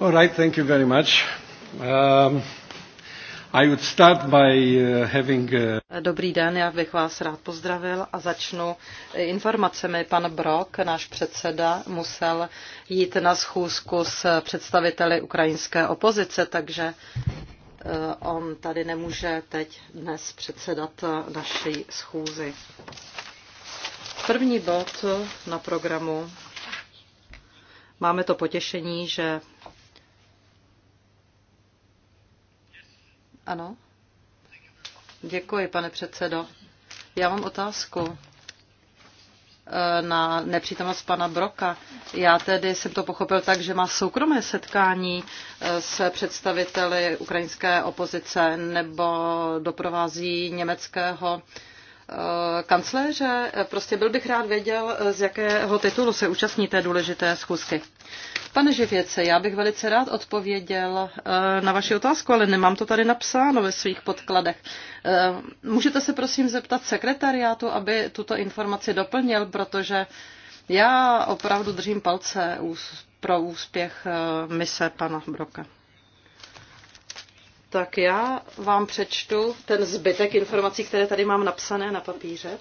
All right, thank you very much. Um, I would start by uh, having a... Uh, Dobrý den, já bych vás rád pozdravil a začnu informacemi. Pan Brok, náš předseda, musel jít na schůzku s představiteli ukrajinské opozice, takže uh, on tady nemůže teď dnes předsedat naší schůzi. První bod na programu. Máme to potěšení, že Ano. Děkuji, pane předsedo. Já mám otázku eh, na nepřítomnost pana Broka. Já tedy jsem to pochopil tak, že má soukromé setkání eh, s představiteli ukrajinské opozice nebo doprovází německého Eh, kancléře. Eh, prostě byl bych rád věděl, eh, z jakého titulu se účastní té důležité schůzky. Pane Živěce, já bych velice rád odpověděl na vaši otázku, ale nemám to tady napsáno ve svých podkladech. Můžete se prosím zeptat sekretariátu, aby tuto informaci doplnil, protože já opravdu držím palce pro úspěch mise pana Broka tak já vám přečtu ten zbytek informací, které tady mám napsané na papíře.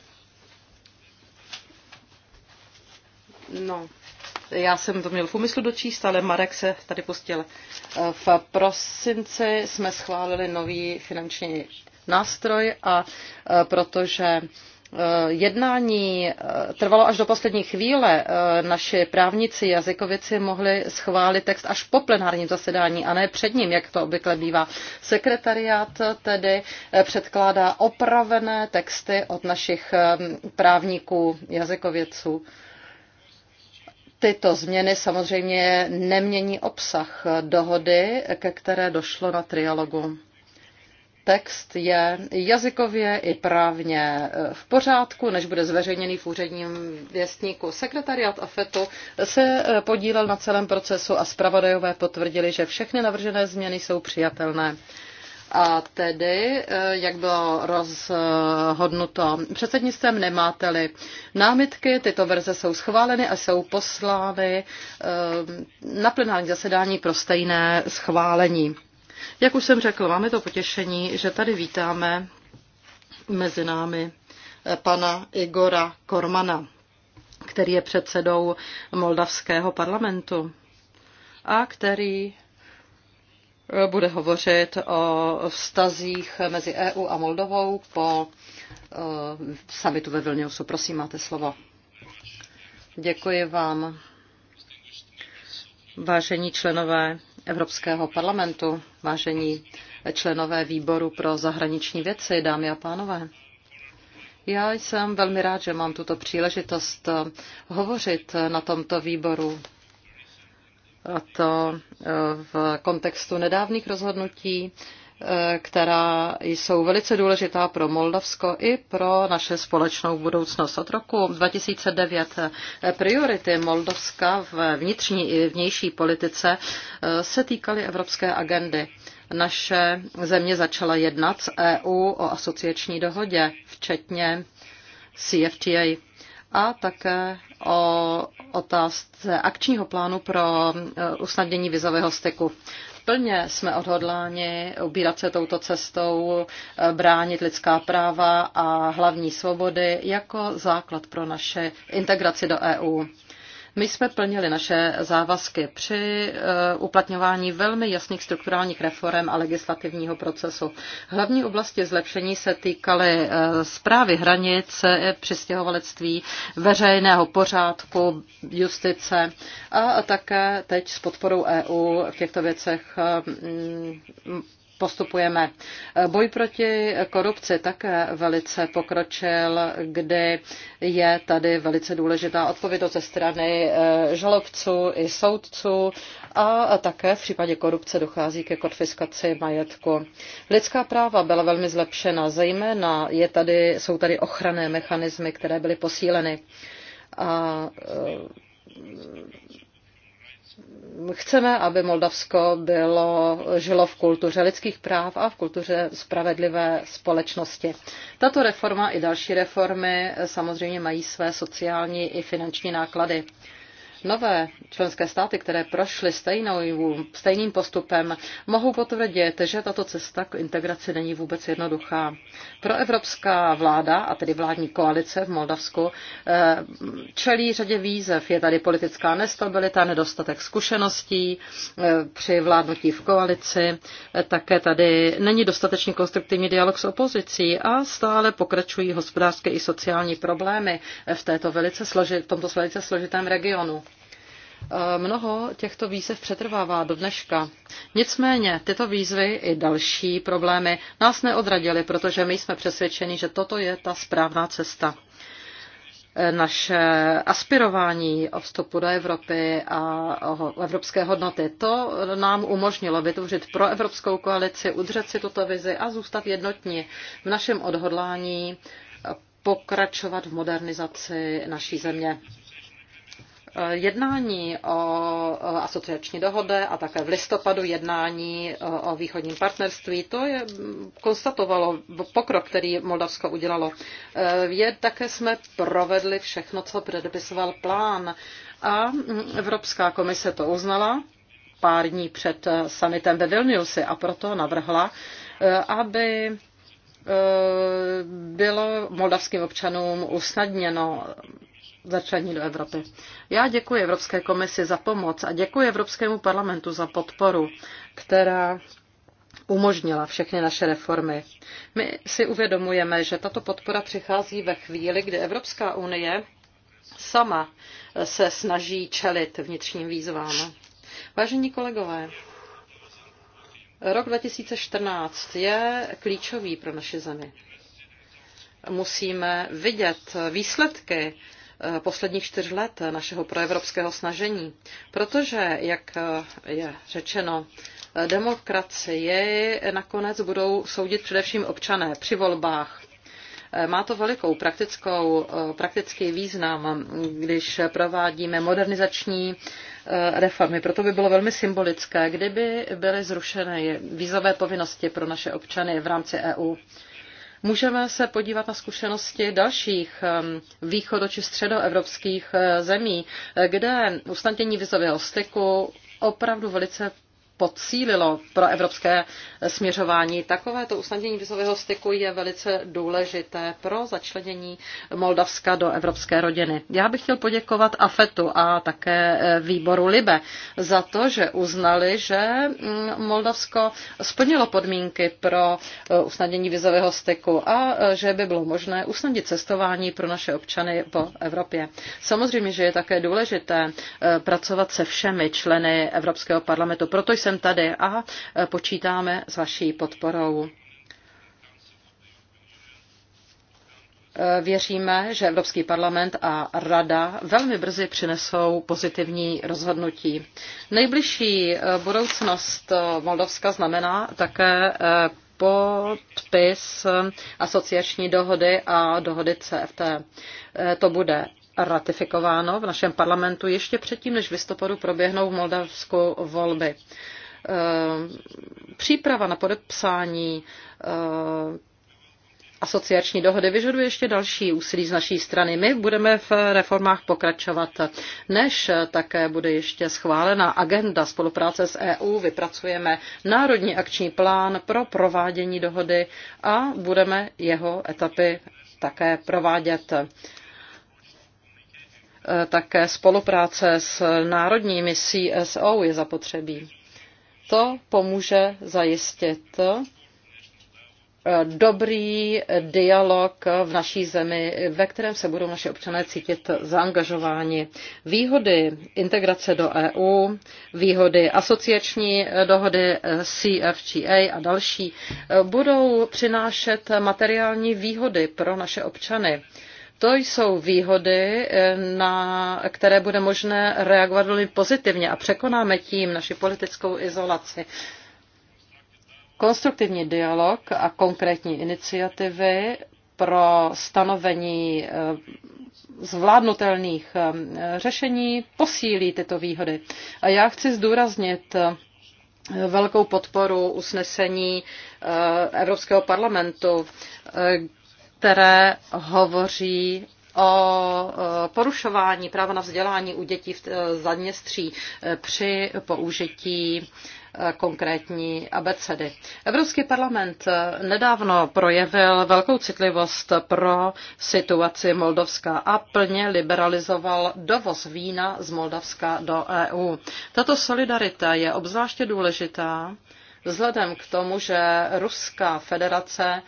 No, já jsem to měl v úmyslu dočíst, ale Marek se tady pustil. V prosinci jsme schválili nový finanční nástroj a e, protože Eh, jednání eh, trvalo až do poslední chvíle. Eh, naši právníci, jazykovici mohli schválit text až po plenárním zasedání a ne před ním, jak to obvykle bývá. Sekretariát tedy předkládá opravené texty od našich právníků, jazykovědců. Tyto změny samozřejmě nemění obsah dohody, ke které došlo na trialogu text je jazykově i právně e, v pořádku, než bude zveřejněný v úředním věstníku. Sekretariat AFETu se e, podílel na celém procesu a zpravodajové potvrdili, že všechny navržené změny jsou přijatelné. A tedy, e, jak bylo rozhodnuto předsednictvem, nemáte-li námitky, tyto verze jsou schváleny a jsou poslány na plenární zasedání pro stejné schválení. Jak už jsem řekl, máme to potěšení, že tady vítáme mezi námi eh, pana Igora Kormana, který je předsedou Moldavského parlamentu a který eh, bude hovořit o vztazích mezi EU a Moldovou po eh, samitu ve Vilniusu. Prosím, máte slovo. Děkuji vám, vážení členové Evropského parlamentu, vážení členové výboru pro zahraniční věci, dámy a pánové. Já jsem velmi rád, že mám tuto příležitost hovořit na tomto výboru. A to v kontextu nedávných rozhodnutí Eh, která jsou velice důležitá pro Moldavsko i pro naše společnou budoucnost. Od roku 2009 eh, priority Moldavska v vnitřní i vnější politice eh, se týkaly evropské agendy. Naše země začala jednat s EU o asociační dohodě, včetně CFTA a také o otázce akčního plánu pro usnadnění vizového styku plně jsme odhodláni ubírat se touto cestou, eh, bránit lidská práva a hlavní svobody jako základ pro naše integraci do EU. My jsme plnili naše závazky při eh, uplatňování velmi jasných strukturálních reform a legislativního procesu. Hlavní oblasti zlepšení se týkaly eh, zprávy hranic, eh, přistěhovalectví, veřejného pořádku, justice a také teď s podporou EU v těchto věcech postupujeme. Boj proti korupci také velice pokročil, kdy je tady velice důležitá odpovědnost ze strany eh, žalobců i soudců a také v případě korupce dochází ke konfiskaci majetku. Lidská práva byla velmi zlepšena, zejména je tady, jsou tady ochranné mechanismy, které byly posíleny. A, eh, chceme, aby Moldavsko bylo, žilo v kultuře lidských práv a v kultuře spravedlivé společnosti. Tato reforma i další reformy samozřejmě mají své sociální i finanční náklady. Nové členské státy, které prošly stejnou, stejným postupem, mohou potvrdit, že tato cesta k integraci není vůbec jednoduchá. Pro evropská vláda, a tedy vládní koalice v Moldavsku, eh, čelí řadě výzev. Je tady politická nestabilita, nedostatek zkušeností eh, při vládnutí v koalici, eh, také tady není dostatečný konstruktivní dialog s opozicí a stále pokračují hospodářské i sociální problémy v, této velice složit, v tomto velice složitém regionu. Eh, mnoho těchto výzev přetrvává do dneška. Nicméně tyto výzvy i další problémy nás neodradily, protože my jsme přesvědčeni, že toto je ta správná cesta. Eh, naše aspirování o vstupu do Evropy a o evropské hodnoty, to nám umožnilo vytvořit pro evropskou koalici, udřet si tuto vizi a zůstat jednotní v našem odhodlání pokračovat v modernizaci naší země. Eh, jednání o eh, asociační dohode a také v listopadu jednání eh, o východním partnerství, to je, mm, konstatovalo pokrok, který Moldavsko udělalo. Je, také jsme provedli všechno, co předpisoval plán a mm, Evropská komise to uznala pár dní před summitem ve Vilniusy a proto navrhla, aby bylo moldavským občanům usnadněno začlení do Evropy. Já děkuji Evropské komisi za pomoc a děkuji Evropskému parlamentu za podporu, která umožnila všechny naše reformy. My si uvědomujeme, že tato podpora přichází ve chvíli, kdy Evropská unie sama se snaží čelit vnitřním výzvám. Vážení kolegové, rok 2014 je klíčový pro naše zemi. Musíme vidět výsledky Eh, posledních čtyř let našeho proevropského snažení. Protože, jak eh, je řečeno, eh, demokracie nakonec budou soudit především občané při volbách. Má to velikou praktickou, praktický význam, když provádíme modernizační reformy. Proto by bylo velmi symbolické, kdyby byly zrušeny vízové povinnosti pro naše občany v rámci EU. Můžeme se podívat na zkušenosti dalších východo- či středoevropských eh, zemí, eh, kde usnadnění vizového styku opravdu velice podsílilo pro evropské směřování. to usnadnění vizového styku je velice důležité pro začlenění Moldavska do evropské rodiny. Já bych chtěl poděkovat AFETu a také eh, výboru LIBE za to, že uznali, že mm, Moldavsko splnilo podmínky pro eh, usnadnění vizového styku a eh, že by bylo možné usnadnit cestování pro naše občany po Evropě. Samozřejmě, že je také důležité pracovat se všemi členy Evropského parlamentu. Proto jsem jsem tady a e, počítáme s vaší podporou. E, věříme, že Evropský parlament a Rada velmi brzy přinesou pozitivní rozhodnutí. Nejbližší e, budoucnost Moldovska znamená také podpis asociační dohody a dohody CFT. To bude ratifikováno v našem parlamentu ještě předtím, než v listopadu proběhnou v Moldavsku volby. Eh, příprava na podepsání eh, asociační dohody vyžaduje ještě další úsilí z naší strany. My budeme v reformách pokračovat. Než také bude ještě schválena agenda spolupráce s EU, vypracujeme národní akční plán pro provádění dohody a budeme jeho etapy také provádět eh, také spolupráce s národními CSO je zapotřebí to pomůže zajistit eh, dobrý dialog v naší zemi, ve kterém se budou naše občané cítit zaangažováni. Výhody integrace do EU, výhody asociační eh, dohody eh, CFGA a další budou přinášet materiální výhody pro naše občany. To jsou výhody, eh, na které bude možné reagovat velmi pozitivně a překonáme tím naši politickou izolaci. Konstruktivní dialog a konkrétní iniciativy pro stanovení eh, zvládnutelných eh, řešení posílí tyto výhody. A já chci zdůraznit velkou podporu usnesení Evropského parlamentu, které hovoří o e, porušování práva na vzdělání u dětí v e, zadněstří e, při použití konkrétní abecedy. Evropský parlament nedávno projevil velkou citlivost pro situaci Moldavska a plně liberalizoval dovoz vína z Moldavska do EU. Tato solidarita je obzvláště důležitá vzhledem k tomu, že Ruská federace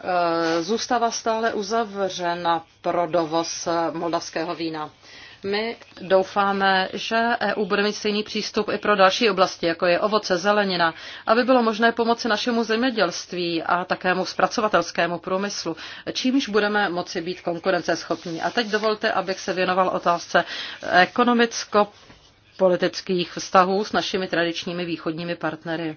Eh, zůstává stále uzavřena pro dovoz eh, moldavského vína. My doufáme, že EU bude mít stejný přístup i pro další oblasti, jako je ovoce, zelenina, aby bylo možné pomoci našemu zemědělství a takému zpracovatelskému průmyslu, čímž budeme moci být konkurenceschopní. A teď dovolte, abych se věnoval otázce ekonomicko-politických vztahů s našimi tradičními východními partnery.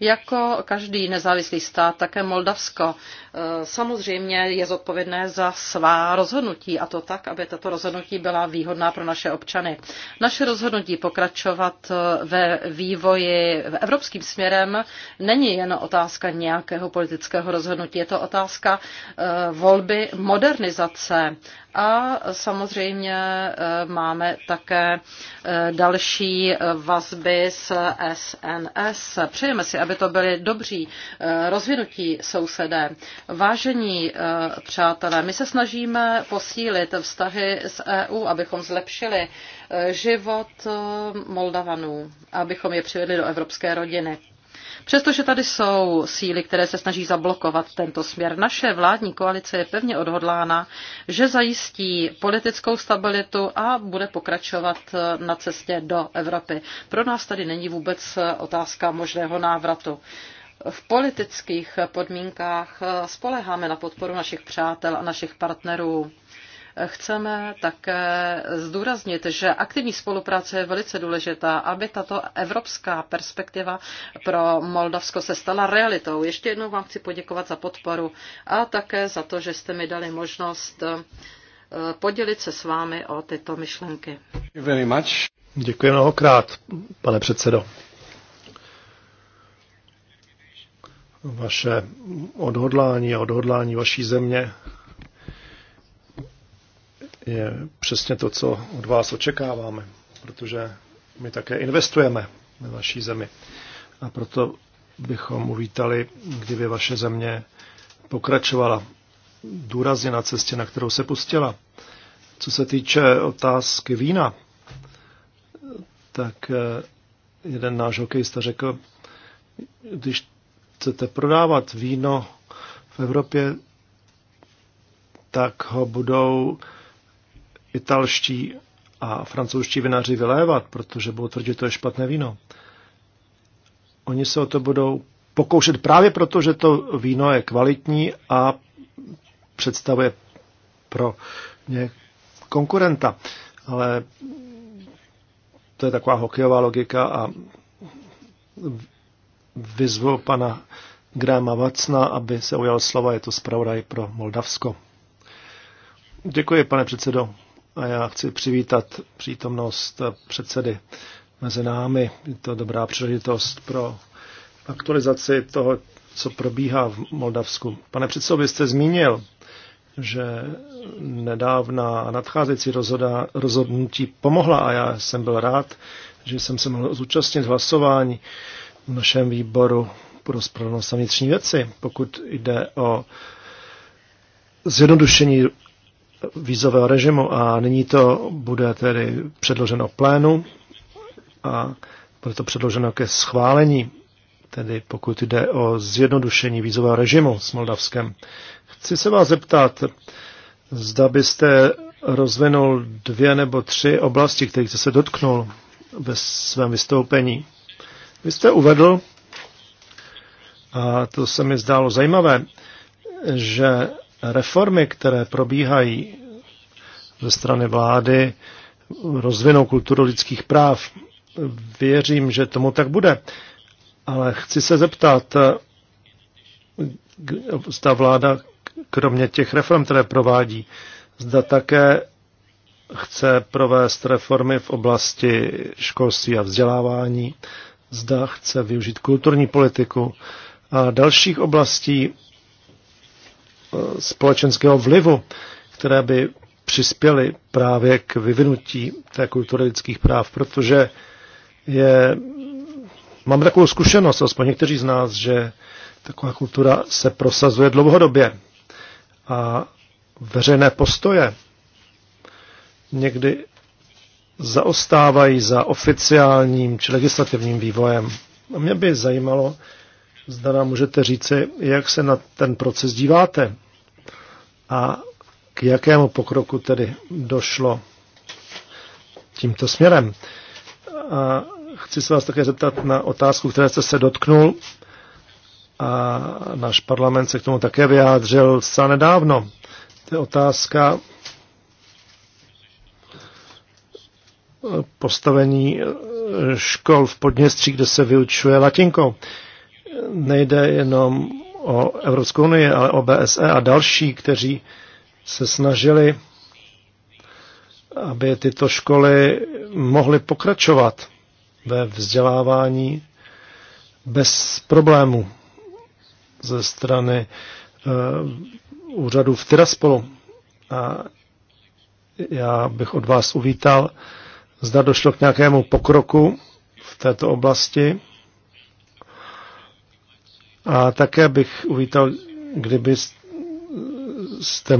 Jako každý nezávislý stát, také Moldavsko eh, samozřejmě je zodpovědné za svá rozhodnutí a to tak, aby tato rozhodnutí byla výhodná pro naše občany. Naše rozhodnutí pokračovat eh, ve vývoji v evropským směrem není jen otázka nějakého politického rozhodnutí, je to otázka eh, volby modernizace a samozřejmě eh, máme také eh, další vazby s SNS. Přejeme si, aby to byly dobří eh, rozvinutí sousedé. Vážení přátelé, my se snažíme posílit vztahy s EU, abychom zlepšili život Moldavanů, abychom je přivedli do evropské rodiny. Přestože tady jsou síly, které se snaží zablokovat tento směr, naše vládní koalice je pevně odhodlána, že zajistí politickou stabilitu a bude pokračovat na cestě do Evropy. Pro nás tady není vůbec otázka možného návratu v politických podmínkách spoleháme na podporu našich přátel a našich partnerů Chceme také zdůraznit, že aktivní spolupráce je velice důležitá, aby tato evropská perspektiva pro Moldavsko se stala realitou. Ještě jednou vám chci poděkovat za podporu a také za to, že jste mi dali možnost eh, podělit se s vámi o tyto myšlenky. Very much. Děkuji mnohokrát, pane předsedo. Vaše odhodlání a odhodlání vaší země je přesně to, co od vás očekáváme, protože my také investujeme ve vaší zemi. A proto bychom uvítali, kdyby vaše země pokračovala důrazně na cestě, na kterou se pustila. Co se týče otázky vína, tak eh, jeden náš hokejista řekl, když chcete prodávat víno v Evropě, tak ho budou italští a francouzští vinaři vylévat, protože budou tvrdit, že to je špatné víno. Oni se o to budou pokoušet právě proto, že to víno je kvalitní a představuje pro ně konkurenta. Ale to je taková hokejová logika a vyzvu pana Gráma Vacna, aby se ujal slova, je to zpravodaj pro Moldavsko. Děkuji, pane předsedo a já chci přivítat přítomnost předsedy mezi námi. Je to dobrá příležitost pro aktualizaci toho, co probíhá v Moldavsku. Pane předsedo, vy jste zmínil, že nedávna nadcházející rozhoda, rozhodnutí pomohla a já jsem byl rád, že jsem se mohl zúčastnit hlasování v našem výboru pro spravedlnost a vnitřní věci, pokud jde o zjednodušení vízového režimu a nyní to bude tedy předloženo plénu a bude to předloženo ke schválení, tedy pokud jde o zjednodušení vízového režimu s Moldavskem. Chci se vás zeptat, zda byste rozvinul dvě nebo tři oblasti, kterých jste se dotknul ve svém vystoupení. Vy jste uvedl, a to se mi zdálo zajímavé, že reformy, které probíhají ze strany vlády, rozvinou kulturu lidských práv. Věřím, že tomu tak bude. Ale chci se zeptat, zda vláda, kromě těch reform, které provádí, zda také chce provést reformy v oblasti školství a vzdělávání, zda chce využít kulturní politiku a dalších oblastí, společenského vlivu, které by přispěly právě k vyvinutí té kultury lidských práv, protože je, mám takovou zkušenost, aspoň někteří z nás, že taková kultura se prosazuje dlouhodobě a veřejné postoje někdy zaostávají za oficiálním či legislativním vývojem. A mě by zajímalo, zda nám můžete říci, jak se na ten proces díváte a k jakému pokroku tedy došlo tímto směrem. A chci se vás také zeptat na otázku, které jste se dotknul a náš parlament se k tomu také vyjádřil zcela nedávno. To je otázka postavení škol v Podněstří, kde se vyučuje latinko. Nejde jenom o Evropskou unii, ale o BSE a další, kteří se snažili, aby tyto školy mohly pokračovat ve vzdělávání bez problémů ze strany uh, úřadu v Tiraspolu. A já bych od vás uvítal, zda došlo k nějakému pokroku v této oblasti a také bych uvítal, kdyby jste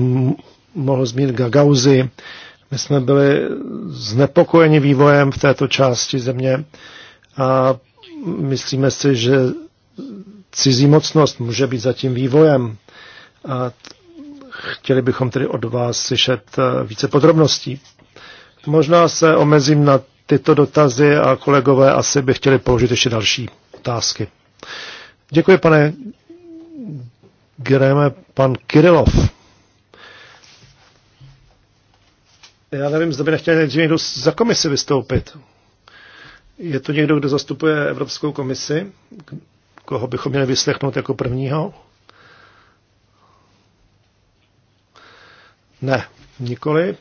mohl zmínit Gagauzi. My jsme byli znepokojeni vývojem v této části země a myslíme si, že cizí mocnost může být zatím vývojem. A chtěli bychom tedy od vás slyšet eh, více podrobností. Možná se omezím na tyto dotazy a kolegové asi by chtěli položit ještě další otázky. Děkuji, pane Gereme, pan Kirilov. Já nevím, zda by nechtěl nejdřív někdo za komisi vystoupit. Je to někdo, kdo zastupuje Evropskou komisi? Koho bychom měli vyslechnout jako prvního? Ne, nikoli.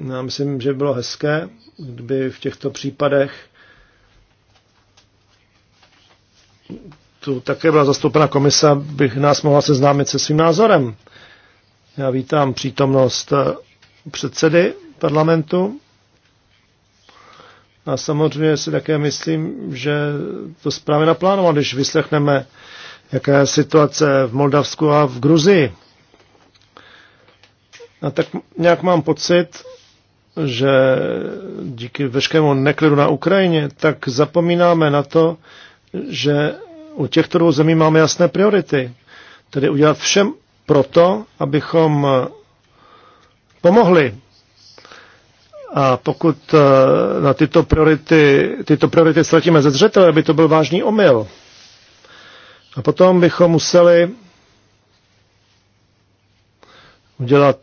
No, já myslím, že by bylo hezké, kdyby v těchto případech tu také byla zastoupena komisa, bych nás mohla seznámit se svým názorem. Já vítám přítomnost eh, předsedy parlamentu a samozřejmě si také myslím, že to správně naplánovat, když vyslechneme, jaká je situace v Moldavsku a v Gruzii. A tak nějak mám pocit, že díky veškerému neklidu na Ukrajině, tak zapomínáme na to, že u těchto dvou zemí máme jasné priority. Tedy udělat všem proto, abychom pomohli. A pokud eh, na tyto priority, tyto priority ztratíme ze zřetele, aby to byl vážný omyl. A potom bychom museli udělat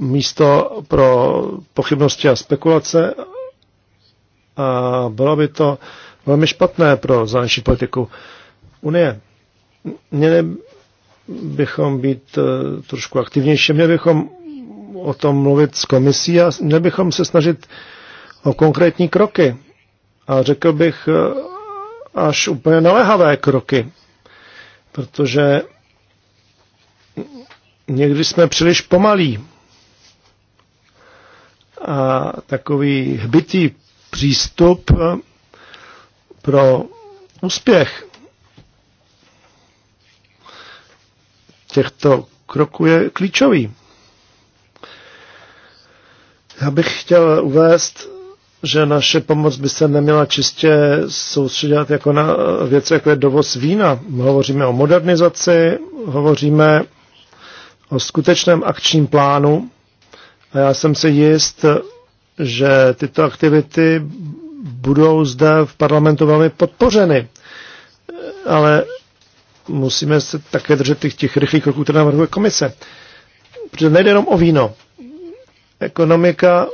místo pro pochybnosti a spekulace a bylo by to velmi špatné pro zahraniční politiku Unie. Měli bychom být eh, trošku aktivnější, měli bychom o tom mluvit s komisí a měli bychom se snažit o konkrétní kroky. A řekl bych eh, až úplně naléhavé kroky, protože někdy jsme příliš pomalí a takový hbitý přístup pro úspěch těchto kroků je klíčový. Já bych chtěl uvést, že naše pomoc by se neměla čistě soustředit jako na věci, jako je dovoz vína. Hovoříme o modernizaci, hovoříme o skutečném akčním plánu, a já jsem si jist, že tyto aktivity budou zde v parlamentu velmi podpořeny. Ale musíme se také držet těch, těch rychlých kroků, které navrhuje komise. Protože nejde jenom o víno. Ekonomika,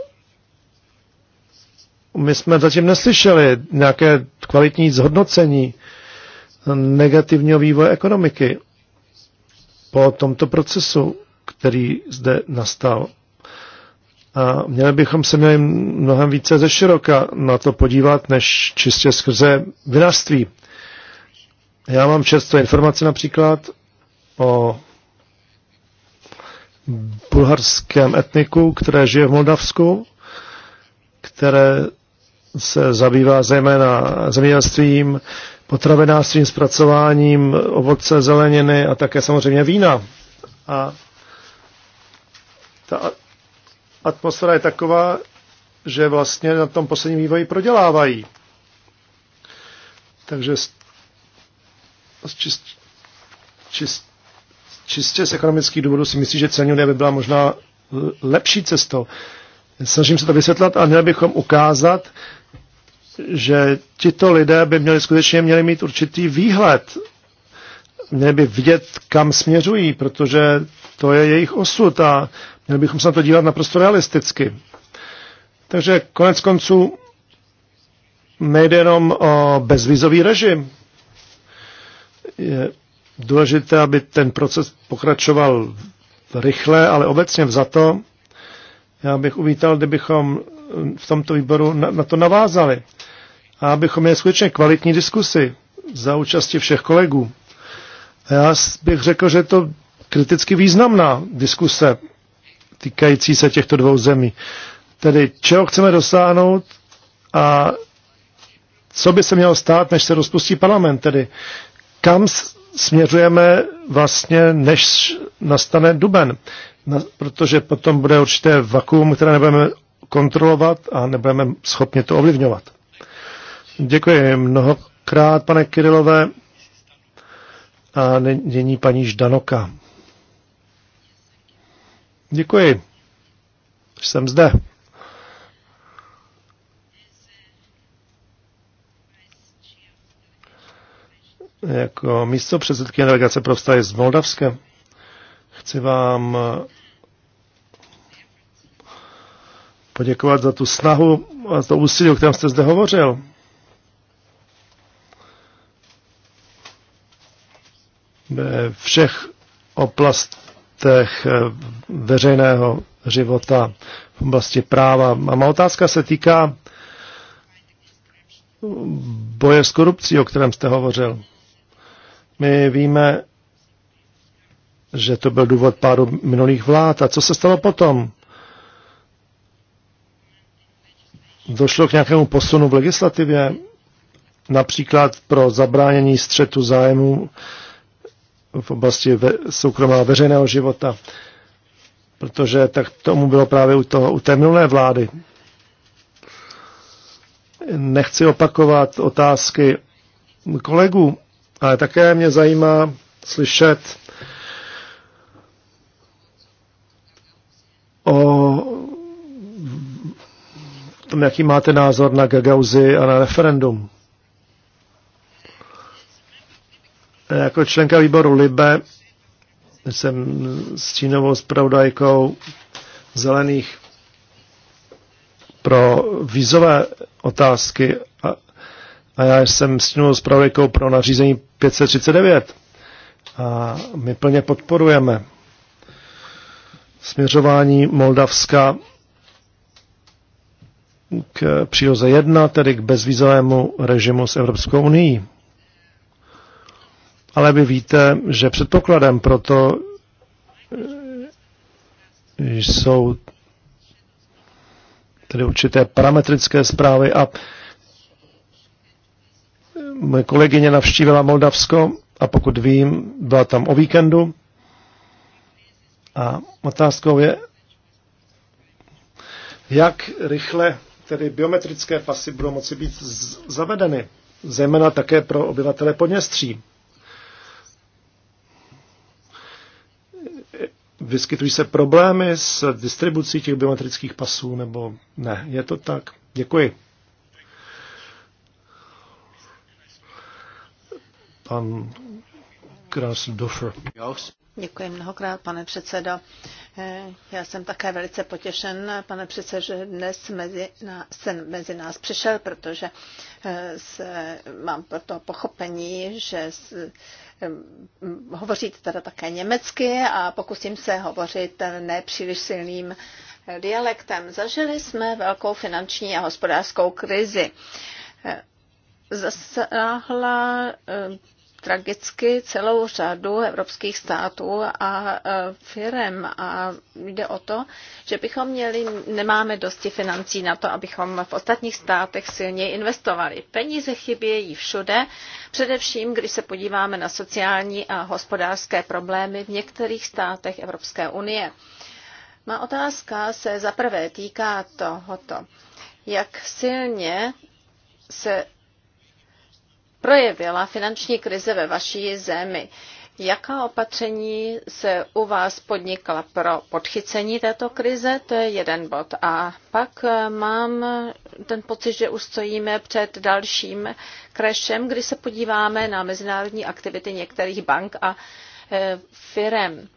my jsme zatím neslyšeli nějaké kvalitní zhodnocení negativního vývoje ekonomiky po tomto procesu, který zde nastal. A měli bychom se měli mnohem více ze široka na to podívat, než čistě skrze vinařství. Já mám často informace například o bulharském etniku, které žije v Moldavsku, které se zabývá zejména zemědělstvím, potravinářstvím, zpracováním ovoce, zeleniny a také samozřejmě vína. A ta atmosféra je taková, že vlastně na tom posledním vývoji prodělávají. Takže čist, čist, čistě z ekonomických důvodů si myslí, že celní unie by byla možná lepší cestou. Snažím se to vysvětlit a měli bychom ukázat, že tito lidé by měli skutečně měli mít určitý výhled. Měli by vidět, kam směřují, protože to je jejich osud a Měli bychom se na to dívat naprosto realisticky. Takže konec konců nejde jenom o bezvizový režim. Je důležité, aby ten proces pokračoval rychle, ale obecně vzato. Já bych uvítal, kdybychom v tomto výboru na, na to navázali. A abychom měli skutečně kvalitní diskusy za účasti všech kolegů. A já bych řekl, že je to kriticky významná diskuse týkající se těchto dvou zemí. Tedy čeho chceme dosáhnout a co by se mělo stát, než se rozpustí parlament, tedy kam směřujeme vlastně, než nastane duben, Na, protože potom bude určité vakuum, které nebudeme kontrolovat a nebudeme schopni to ovlivňovat. Děkuji mnohokrát, pane Kirilové. A nyní paní Ždanoka. Děkuji. Jsem zde. Jako místo předsedkyně delegace pro vztahy s Moldavskem chci vám poděkovat za tu snahu a za to úsilí, o kterém jste zde hovořil. Ve všech oblast, oblastech eh, veřejného života, v oblasti práva. A má otázka se týká boje s korupcí, o kterém jste hovořil. My víme, že to byl důvod pádu minulých vlád. A co se stalo potom? Došlo k nějakému posunu v legislativě, například pro zabránění střetu zájmu v oblasti ve, soukromého veřejného života, protože tak tomu bylo právě u, toho, u té minulé vlády. Nechci opakovat otázky kolegů, ale také mě zajímá slyšet o tom, jaký máte názor na Gagauzi a na referendum. Eh, jako členka výboru LIBE jsem s Čínovou zpravodajkou zelených pro vízové otázky a, a já jsem s Čínovou zpravodajkou pro nařízení 539 a my plně podporujeme směřování Moldavska k příloze 1, tedy k bezvízovému režimu s Evropskou unii. Ale vy víte, že předpokladem pro to eh, jsou tedy určité parametrické zprávy a moje kolegyně navštívila Moldavsko a pokud vím, byla tam o víkendu a otázkou je, jak rychle tedy biometrické pasy budou moci být zavedeny, zejména také pro obyvatele Podněstří. Vyskytují se problémy s distribucí těch biometrických pasů, nebo ne? Je to tak? Děkuji. Pan Krasdorfer. Děkuji mnohokrát, pane předsedo. Já jsem také velice potěšen, pane předsedo, že dnes mezi nás, jsem mezi nás přišel, protože eh, se, mám proto pochopení, že hovořit teda také německy a pokusím se hovořit nepříliš silným eh, dialektem. Zažili jsme velkou finanční a hospodářskou krizi eh, zasáhla eh, tragicky celou řadu evropských států a e, firem. A jde o to, že bychom měli, nemáme dosti financí na to, abychom v ostatních státech silně investovali. Peníze chybějí všude, především když se podíváme na sociální a hospodářské problémy v některých státech Evropské unie. Má otázka se zaprvé týká tohoto, jak silně se projevila finanční krize ve vaší zemi. Jaká opatření se u vás podnikla pro podchycení této krize? To je jeden bod. A pak eh, mám ten pocit, že už stojíme před dalším krešem, kdy se podíváme na mezinárodní aktivity některých bank a eh, firem.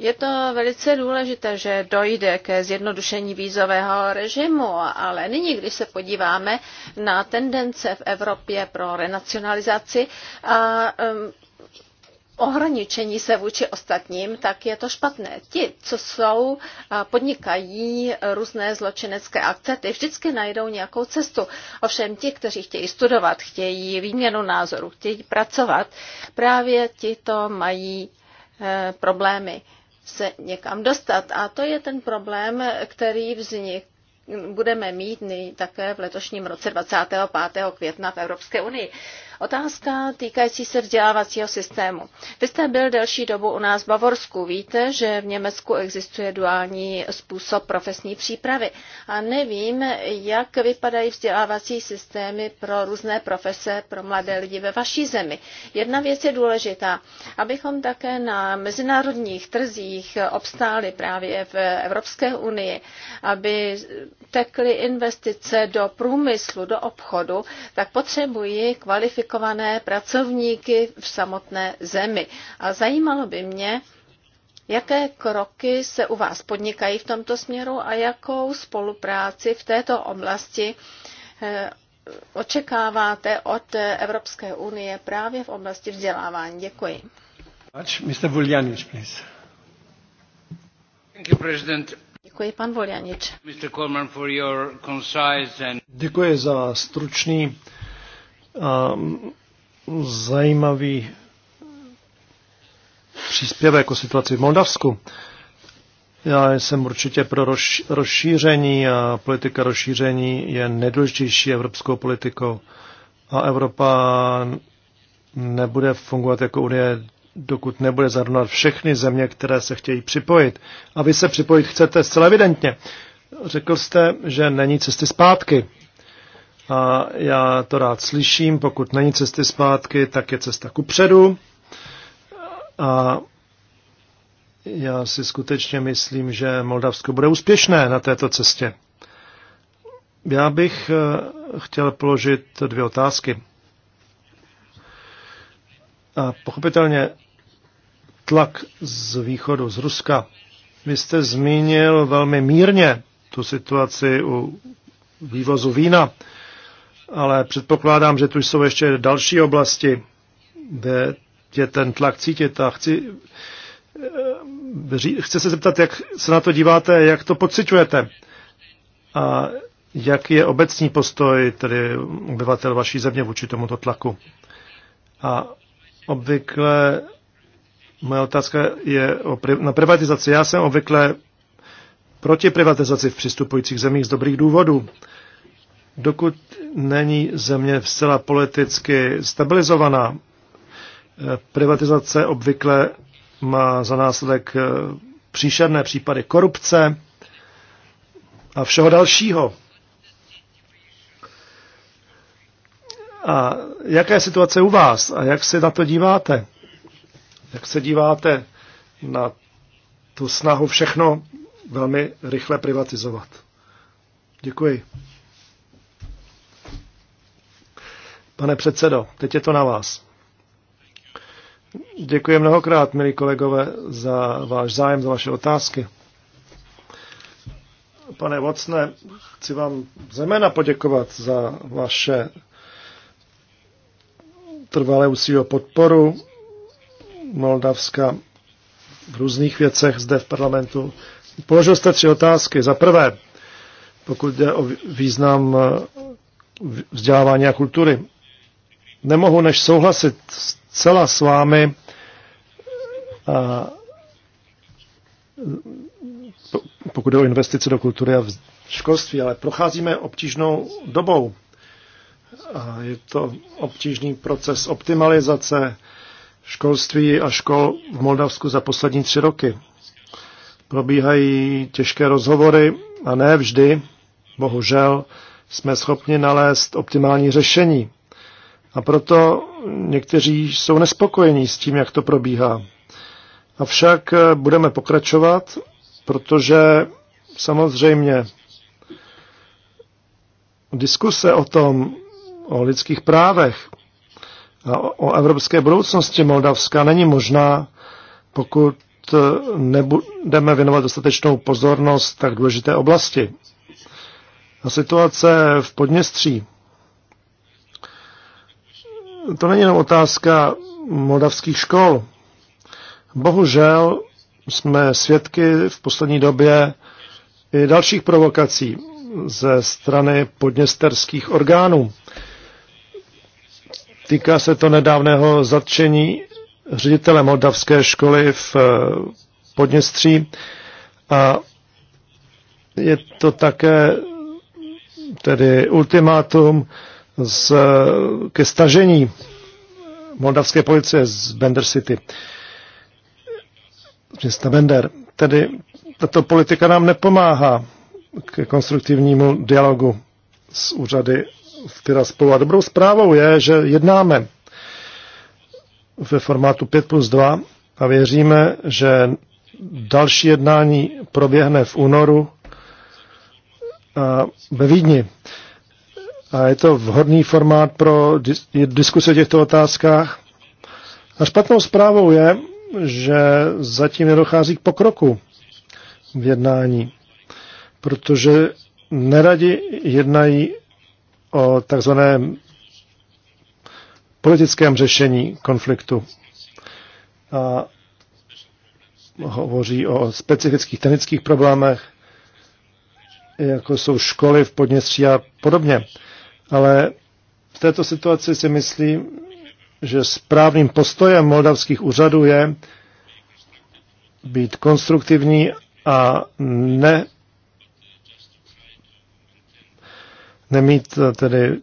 Je to velice důležité, že dojde ke zjednodušení vízového režimu, ale nyní, když se podíváme na tendence v Evropě pro renacionalizaci a um, ohraničení se vůči ostatním, tak je to špatné. Ti, co jsou, podnikají různé zločinecké akce, ty vždycky najdou nějakou cestu. Ovšem ti, kteří chtějí studovat, chtějí výměnu názoru, chtějí pracovat, právě ti to mají eh, problémy se někam dostat. A to je ten problém, který vznik budeme mít nyní také v letošním roce 25. května v Evropské unii. Otázka týkající se vzdělávacího systému. Vy jste byl delší dobu u nás v Bavorsku. Víte, že v Německu existuje duální způsob profesní přípravy. A nevím, jak vypadají vzdělávací systémy pro různé profese pro mladé lidi ve vaší zemi. Jedna věc je důležitá, abychom také na mezinárodních trzích obstáli právě v Evropské unii, aby tekly investice do průmyslu, do obchodu, tak potřebují kvalifikovat kvalifikované pracovníky v samotné zemi. A zajímalo by mě, jaké kroky se u vás podnikají v tomto směru a jakou spolupráci v této oblasti eh, očekáváte od Evropské unie právě v oblasti vzdělávání. Děkuji. Mr. Vuljanic, Děkuji, pan Voljanič. Děkuji za stručný a mm, zajímavý příspěvek o situaci v Moldavsku. Já jsem určitě pro rozšíření a politika rozšíření je nejdůležitější evropskou politikou. A Evropa nebude fungovat jako Unie, dokud nebude zahrnovat všechny země, které se chtějí připojit. A vy se připojit chcete zcela evidentně. Řekl jste, že není cesty zpátky. A já to rád slyším, pokud není cesty zpátky, tak je cesta ku předu. A já si skutečně myslím, že Moldavsko bude úspěšné na této cestě. Já bych eh, chtěl položit dvě otázky. A pochopitelně tlak z východu, z Ruska. Vy jste zmínil velmi mírně tu situaci u vývozu vína ale předpokládám, že tu jsou ještě další oblasti, kde je ten tlak cítit a chci, eh, chci se zeptat, jak se na to díváte, jak to pocitujete a jak je obecný postoj tedy obyvatel vaší země vůči tomuto tlaku. A obvykle moje otázka je o, na privatizaci. Já jsem obvykle proti privatizaci v přistupujících zemích z dobrých důvodů dokud není země zcela politicky stabilizovaná, eh, privatizace obvykle má za následek eh, příšerné případy korupce a všeho dalšího. A jaká je situace u vás a jak se na to díváte? Jak se díváte na tu snahu všechno velmi rychle privatizovat? Děkuji. Pane předsedo, teď je to na vás. Děkuji mnohokrát, milí kolegové, za váš zájem, za vaše otázky. Pane Vocne, chci vám zejména poděkovat za vaše trvalé úsilí o podporu Moldavska v různých věcech zde v parlamentu. Položil jste tři otázky. Za prvé, pokud jde o význam vzdělávání a kultury nemohu než souhlasit zcela s vámi a pokud jde o investice do kultury a školství, ale procházíme obtížnou dobou. A je to obtížný proces optimalizace školství a škol v Moldavsku za poslední tři roky. Probíhají těžké rozhovory a ne vždy, bohužel, jsme schopni nalézt optimální řešení. A proto někteří jsou nespokojení s tím, jak to probíhá. Avšak eh, budeme pokračovat, protože samozřejmě diskuse o tom, o lidských právech a o evropské budoucnosti Moldavska není možná, pokud eh, nebudeme věnovat dostatečnou pozornost tak důležité oblasti. A situace v Podněstří to není jenom otázka moldavských škol. Bohužel jsme svědky v poslední době i dalších provokací ze strany podněsterských orgánů. Týká se to nedávného zatčení ředitele moldavské školy v eh, Podněstří a je to také tedy ultimátum z, ke stažení moldavské policie z Bender City, z města Bender. Tedy tato politika nám nepomáhá k konstruktivnímu dialogu s úřady v Tiraspolu. A dobrou zprávou je, že jednáme ve formátu 5 plus 2 a věříme, že další jednání proběhne v únoru ve Vídni. A je to vhodný formát pro diskuse o těchto otázkách. A špatnou zprávou je, že zatím nedochází k pokroku v jednání, protože neradi jednají o takzvaném politickém řešení konfliktu. A hovoří o specifických technických problémech, jako jsou školy v Podněstří a podobně. Ale v této situaci si myslím, že správným postojem moldavských úřadů je být konstruktivní a ne nemít tedy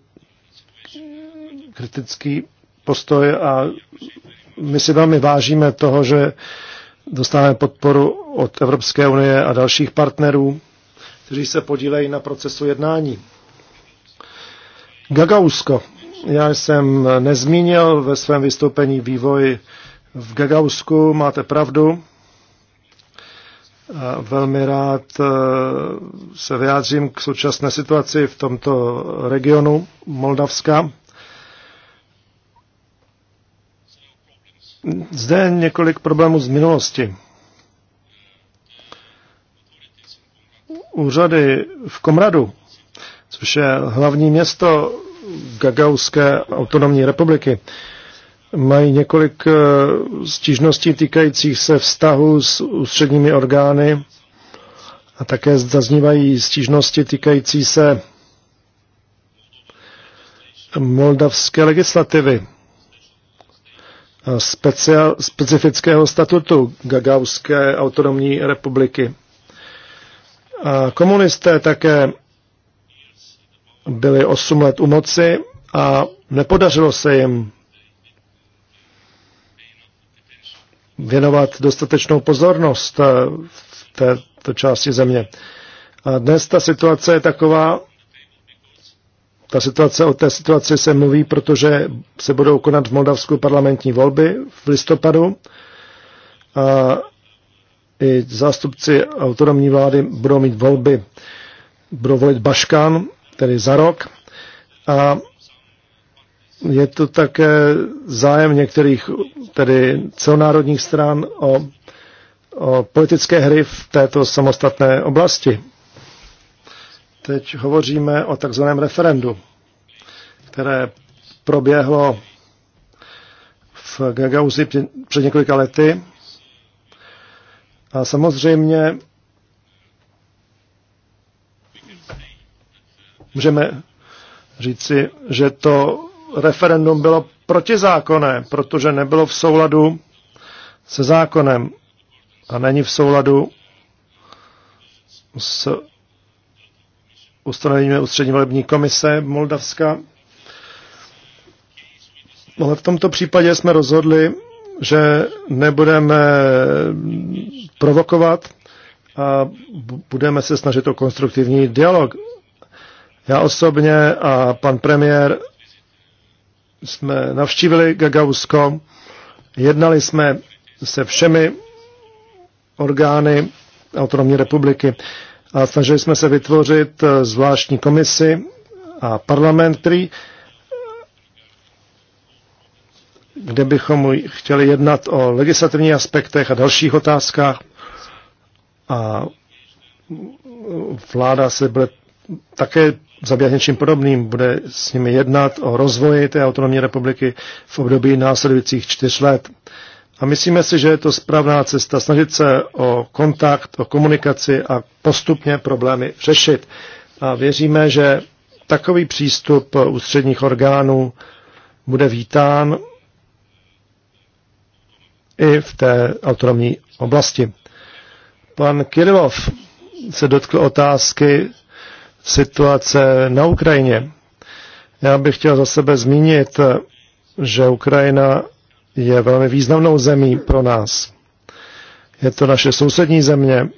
kritický postoj a my si velmi vážíme toho, že dostáváme podporu od Evropské unie a dalších partnerů, kteří se podílejí na procesu jednání. Gagausko. Já jsem nezmínil ve svém vystoupení vývoj v Gagausku, máte pravdu. Velmi rád e, se vyjádřím k současné situaci v tomto regionu Moldavska. Zde je několik problémů z minulosti. Úřady v Komradu což je hlavní město Gagauské autonomní republiky, mají několik eh, stížností týkajících se vztahu s ústředními orgány a také zaznívají stížnosti týkající se moldavské legislativy, speciál, specifického statutu Gagauské autonomní republiky. A komunisté také byli 8 let u moci a nepodařilo se jim věnovat dostatečnou pozornost eh, v této části země. A dnes ta situace je taková, ta situace, o té situaci se mluví, protože se budou konat v Moldavsku parlamentní volby v listopadu a i zástupci autonomní vlády budou mít volby, budou volit Baškán tedy za rok. A je to také zájem některých tedy celonárodních stran o, o politické hry v této samostatné oblasti. Teď hovoříme o takzvaném referendu, které proběhlo v Gagauzi před několika lety. A samozřejmě můžeme říci, že to referendum bylo protizákonné, protože nebylo v souladu se zákonem a není v souladu s ustanovením ústřední volební komise Moldavska. Ale v tomto případě jsme rozhodli, že nebudeme provokovat a budeme se snažit o konstruktivní dialog já osobně a pan premiér jsme navštívili Gagausko, jednali jsme se všemi orgány autonomní republiky a snažili jsme se vytvořit eh, zvláštní komisi a parlament, který, kde bychom chtěli jednat o legislativních aspektech a dalších otázkách. A vláda se bude také zabývat něčím podobným, bude s nimi jednat o rozvoji té autonomní republiky v období následujících čtyř let. A myslíme si, že je to správná cesta snažit se o kontakt, o komunikaci a postupně problémy řešit. A věříme, že takový přístup ústředních orgánů bude vítán i v té autonomní oblasti. Pan Kirilov se dotkl otázky situace na Ukrajině. Já bych chtěl za sebe zmínit, že Ukrajina je velmi významnou zemí pro nás. Je to naše sousední země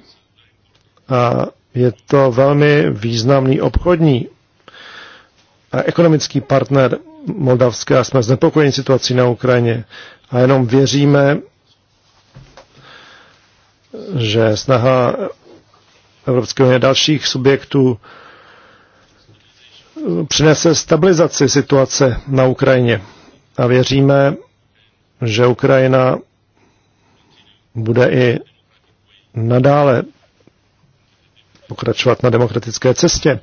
a je to velmi významný obchodní a ekonomický partner Moldavské a jsme znepokojeni situací na Ukrajině. A jenom věříme, že snaha Evropské unie dalších subjektů přinese stabilizaci situace na Ukrajině. A věříme, že Ukrajina bude i nadále pokračovat na demokratické cestě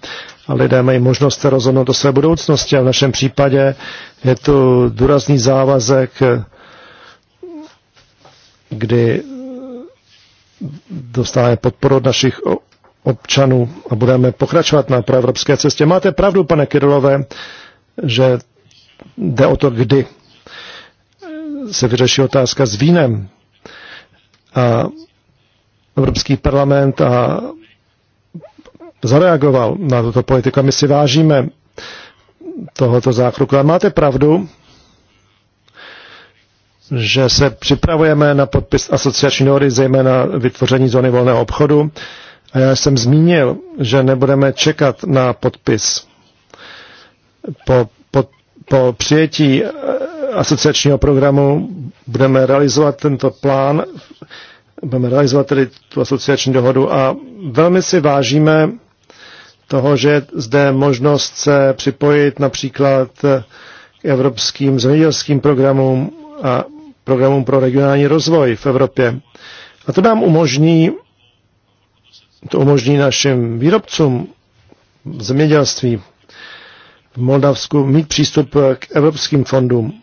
a lidé mají možnost se rozhodnout o své budoucnosti a v našem případě je to důrazný závazek, kdy dostáváme podporu od našich občanů a budeme pokračovat na proevropské cestě. Máte pravdu, pane Kirilové, že jde o to, kdy se vyřeší otázka s vínem. A Evropský parlament a zareagoval na tuto politiku. my si vážíme tohoto zákroku. A máte pravdu, že se připravujeme na podpis asociační dohody, zejména vytvoření zóny volného obchodu a já jsem zmínil, že nebudeme čekat na podpis. Po, po, po přijetí eh, asociačního programu budeme realizovat tento plán, budeme realizovat tedy tu asociační dohodu a velmi si vážíme toho, že je zde možnost se připojit například k evropským zemědělským programům a programům pro regionální rozvoj v Evropě. A to nám umožní to umožní našim výrobcům v zemědělství v Moldavsku mít přístup k evropským fondům.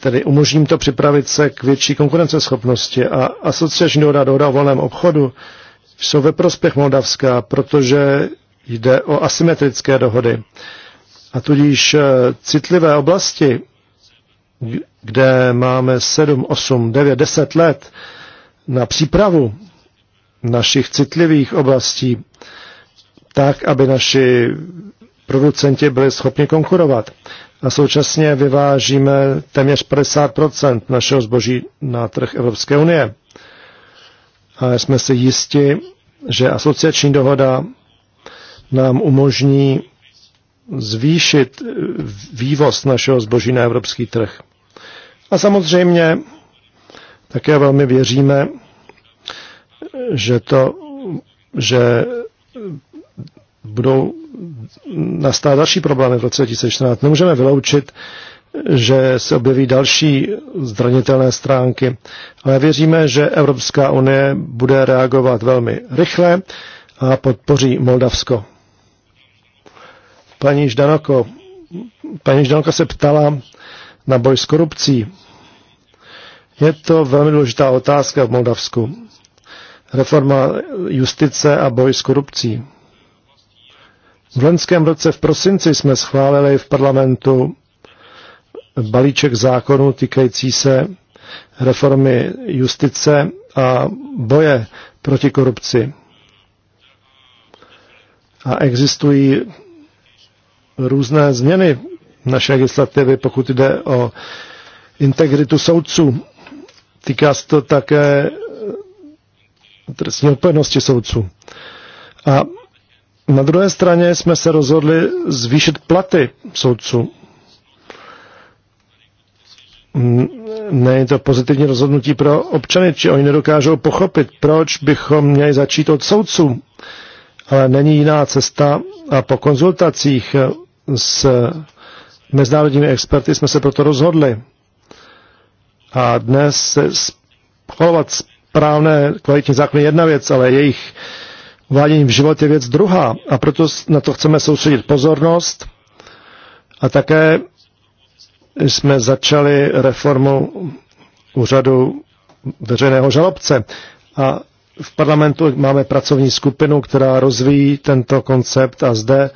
Tedy umožním to připravit se k větší konkurenceschopnosti a asociační dohoda, dohoda o volném obchodu jsou ve prospěch Moldavska, protože jde o asymetrické dohody. A tudíž eh, citlivé oblasti, kde máme 7, 8, 9, 10 let na přípravu našich citlivých oblastí, tak, aby naši producenti byli schopni konkurovat. A současně vyvážíme téměř 50 našeho zboží na trh Evropské unie. A jsme si jisti, že asociační dohoda nám umožní zvýšit vývoz našeho zboží na evropský trh. A samozřejmě také velmi věříme, že to, že budou nastávat další problémy v roce 2014. Nemůžeme vyloučit, že se objeví další zranitelné stránky, ale věříme, že Evropská unie bude reagovat velmi rychle a podpoří Moldavsko. Paní Ždanoko, paní Ždanoko se ptala na boj s korupcí. Je to velmi důležitá otázka v Moldavsku reforma justice a boj s korupcí. V loňském roce v prosinci jsme schválili v parlamentu balíček zákonů týkající se reformy justice a boje proti korupci. A existují různé změny naše legislativy, pokud jde o integritu soudců. Týká se to také trestní odpovědnosti soudců. A na druhé straně jsme se rozhodli zvýšit platy soudců. Není to pozitivní rozhodnutí pro občany, či oni nedokážou pochopit, proč bychom měli začít od soudců. Ale není jiná cesta a po konzultacích s mezinárodními experty jsme se proto rozhodli. A dnes se správné kvalitní zákony jedna věc, ale jejich uvádění v život je věc druhá. A proto na to chceme soustředit pozornost. A také jsme začali reformu úřadu veřejného žalobce. A v parlamentu máme pracovní skupinu, která rozvíjí tento koncept a zde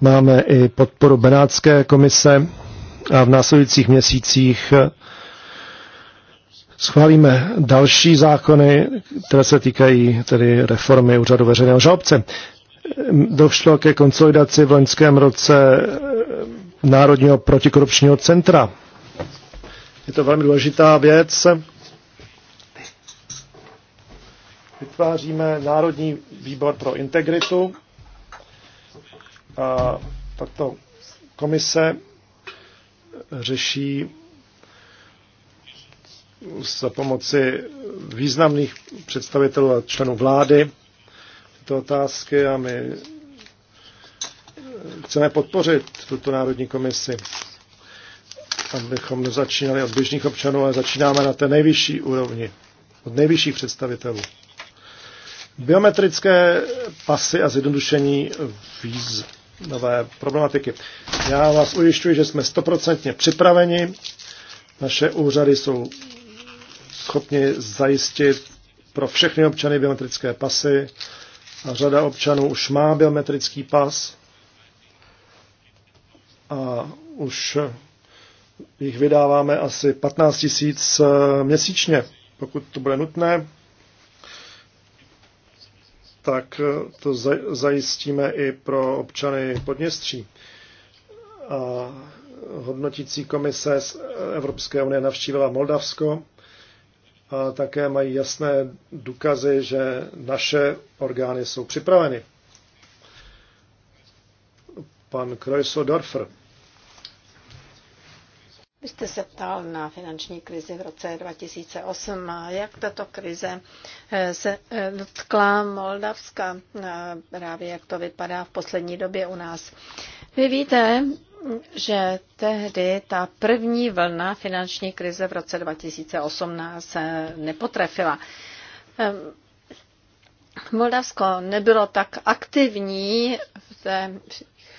máme i podporu Benátské komise a v následujících měsících schválíme další zákony, které se týkají tedy reformy úřadu veřejného žalobce. Došlo ke konsolidaci v loňském roce eh, Národního protikorupčního centra. Je to velmi důležitá věc. Vytváříme Národní výbor pro integritu a tato komise řeší za pomoci významných představitelů a členů vlády tyto otázky a my eh, chceme podpořit tuto Národní komisi, abychom nezačínali od běžných občanů, ale začínáme na té nejvyšší úrovni, od nejvyšších představitelů. Biometrické pasy a zjednodušení víz nové problematiky. Já vás ujišťuji, že jsme stoprocentně připraveni. Naše úřady jsou schopni zajistit pro všechny občany biometrické pasy. A řada občanů už má biometrický pas a už jich vydáváme asi 15 tisíc eh, měsíčně. Pokud to bude nutné, tak eh, to zajistíme i pro občany Podněstří. A hodnotící komise z Evropské unie navštívila Moldavsko a také mají jasné důkazy, že naše orgány jsou připraveny. Pan Krojso Dorfer. Vy jste se ptal na finanční krizi v roce 2008 a jak tato krize eh, se eh, dotkla Moldavska, právě jak to vypadá v poslední době u nás. Vy víte, že tehdy ta první vlna finanční krize v roce 2018 se eh, nepotrefila. Ehm, Moldavsko nebylo tak aktivní v, té,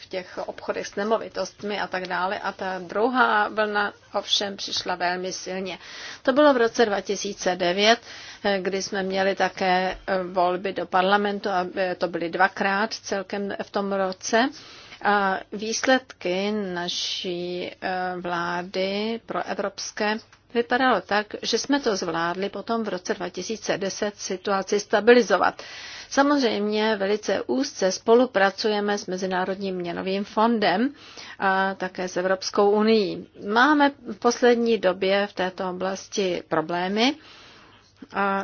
v těch obchodech s nemovitostmi a tak dále a ta druhá vlna ovšem přišla velmi silně. To bylo v roce 2009, eh, kdy jsme měli také eh, volby do parlamentu a to byly dvakrát celkem v tom roce výsledky naší e, vlády pro evropské vypadalo tak, že jsme to zvládli potom v roce 2010 situaci stabilizovat. Samozřejmě velice úzce spolupracujeme s Mezinárodním měnovým fondem a také s Evropskou unii. Máme v poslední době v této oblasti problémy a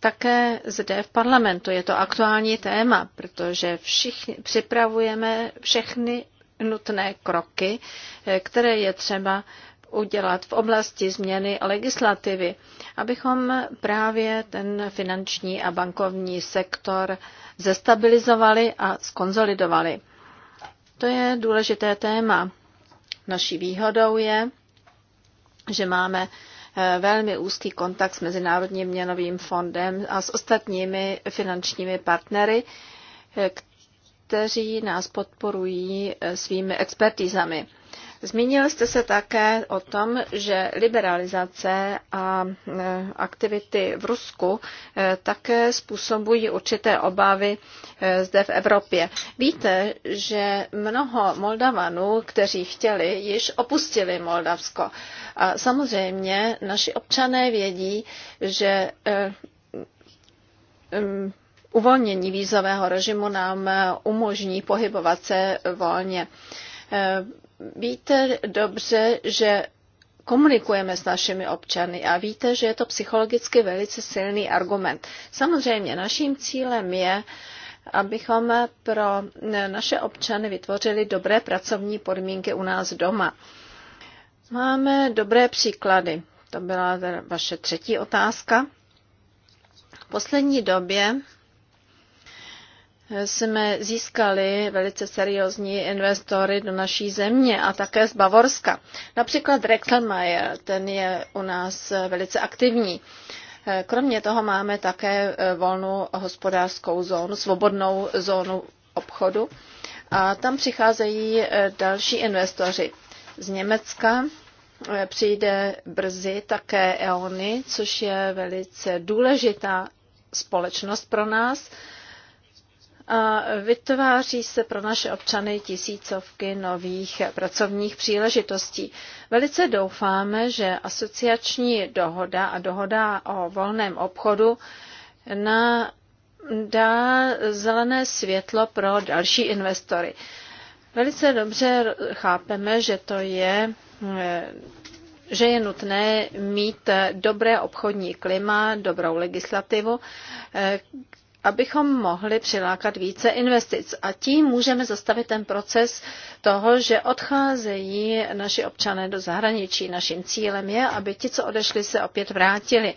také zde v parlamentu. Je to aktuální téma, protože všichni připravujeme všechny nutné kroky, eh, které je třeba udělat v oblasti změny legislativy, abychom právě ten finanční a bankovní sektor zestabilizovali a skonzolidovali. To je důležité téma. Naší výhodou je, že máme Eh, velmi úzký kontakt s Mezinárodním měnovým fondem a s ostatními finančními partnery, eh, kteří nás podporují eh, svými expertizami. Zmínil jste se také o tom, že liberalizace a eh, aktivity v Rusku eh, také způsobují určité obavy eh, zde v Evropě. Víte, že mnoho Moldavanů, kteří chtěli, již opustili Moldavsko. A samozřejmě naši občané vědí, že uvolnění vízového režimu nám umožní pohybovat se volně víte dobře, že komunikujeme s našimi občany a víte, že je to psychologicky velice silný argument. Samozřejmě naším cílem je, abychom pro naše občany vytvořili dobré pracovní podmínky u nás doma. Máme dobré příklady. To byla vaše třetí otázka. V poslední době jsme získali velice seriózní investory do naší země a také z Bavorska. Například Rexelmeier, ten je u nás velice aktivní. Kromě toho máme také eh, volnou hospodářskou zónu, svobodnou zónu obchodu a tam přicházejí eh, další investoři. Z Německa eh, přijde brzy také EONY, což je velice důležitá společnost pro nás a vytváří se pro naše občany tisícovky nových pracovních příležitostí. Velice doufáme, že asociační dohoda a dohoda o volném obchodu na, dá zelené světlo pro další investory. Velice dobře chápeme, že to je že je nutné mít dobré obchodní klima, dobrou legislativu, abychom mohli přilákat více investic. A tím můžeme zastavit ten proces toho, že odcházejí naši občané do zahraničí. Naším cílem je, aby ti, co odešli, se opět vrátili.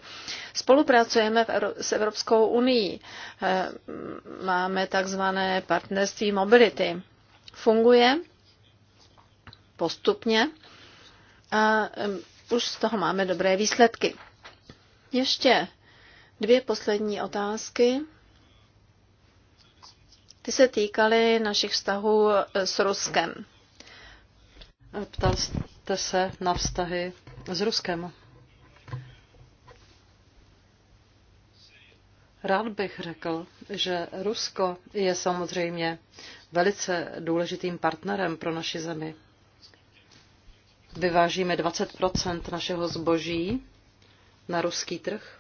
Spolupracujeme s Evropskou unii. Eh, máme takzvané partnerství mobility. Funguje postupně a už z toho máme dobré výsledky. Ještě dvě poslední otázky. Ty se týkaly našich vztahů eh, s Ruskem. Ptal jste se na vztahy s Ruskem. Rád bych řekl, že Rusko je samozřejmě velice důležitým partnerem pro naši zemi. Vyvážíme 20 našeho zboží na ruský trh,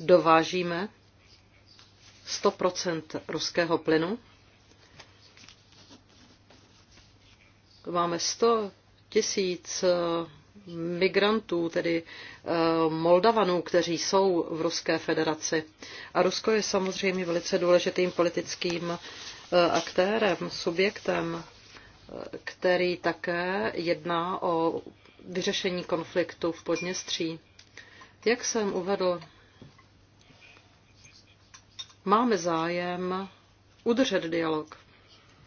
dovážíme 100% ruského plynu. Máme 100 tisíc eh, migrantů, tedy eh, Moldavanů, kteří jsou v Ruské federaci. A Rusko je samozřejmě velice důležitým politickým eh, aktérem, subjektem, který také jedná o vyřešení konfliktu v Podněstří. Jak jsem uvedl Máme zájem udržet dialog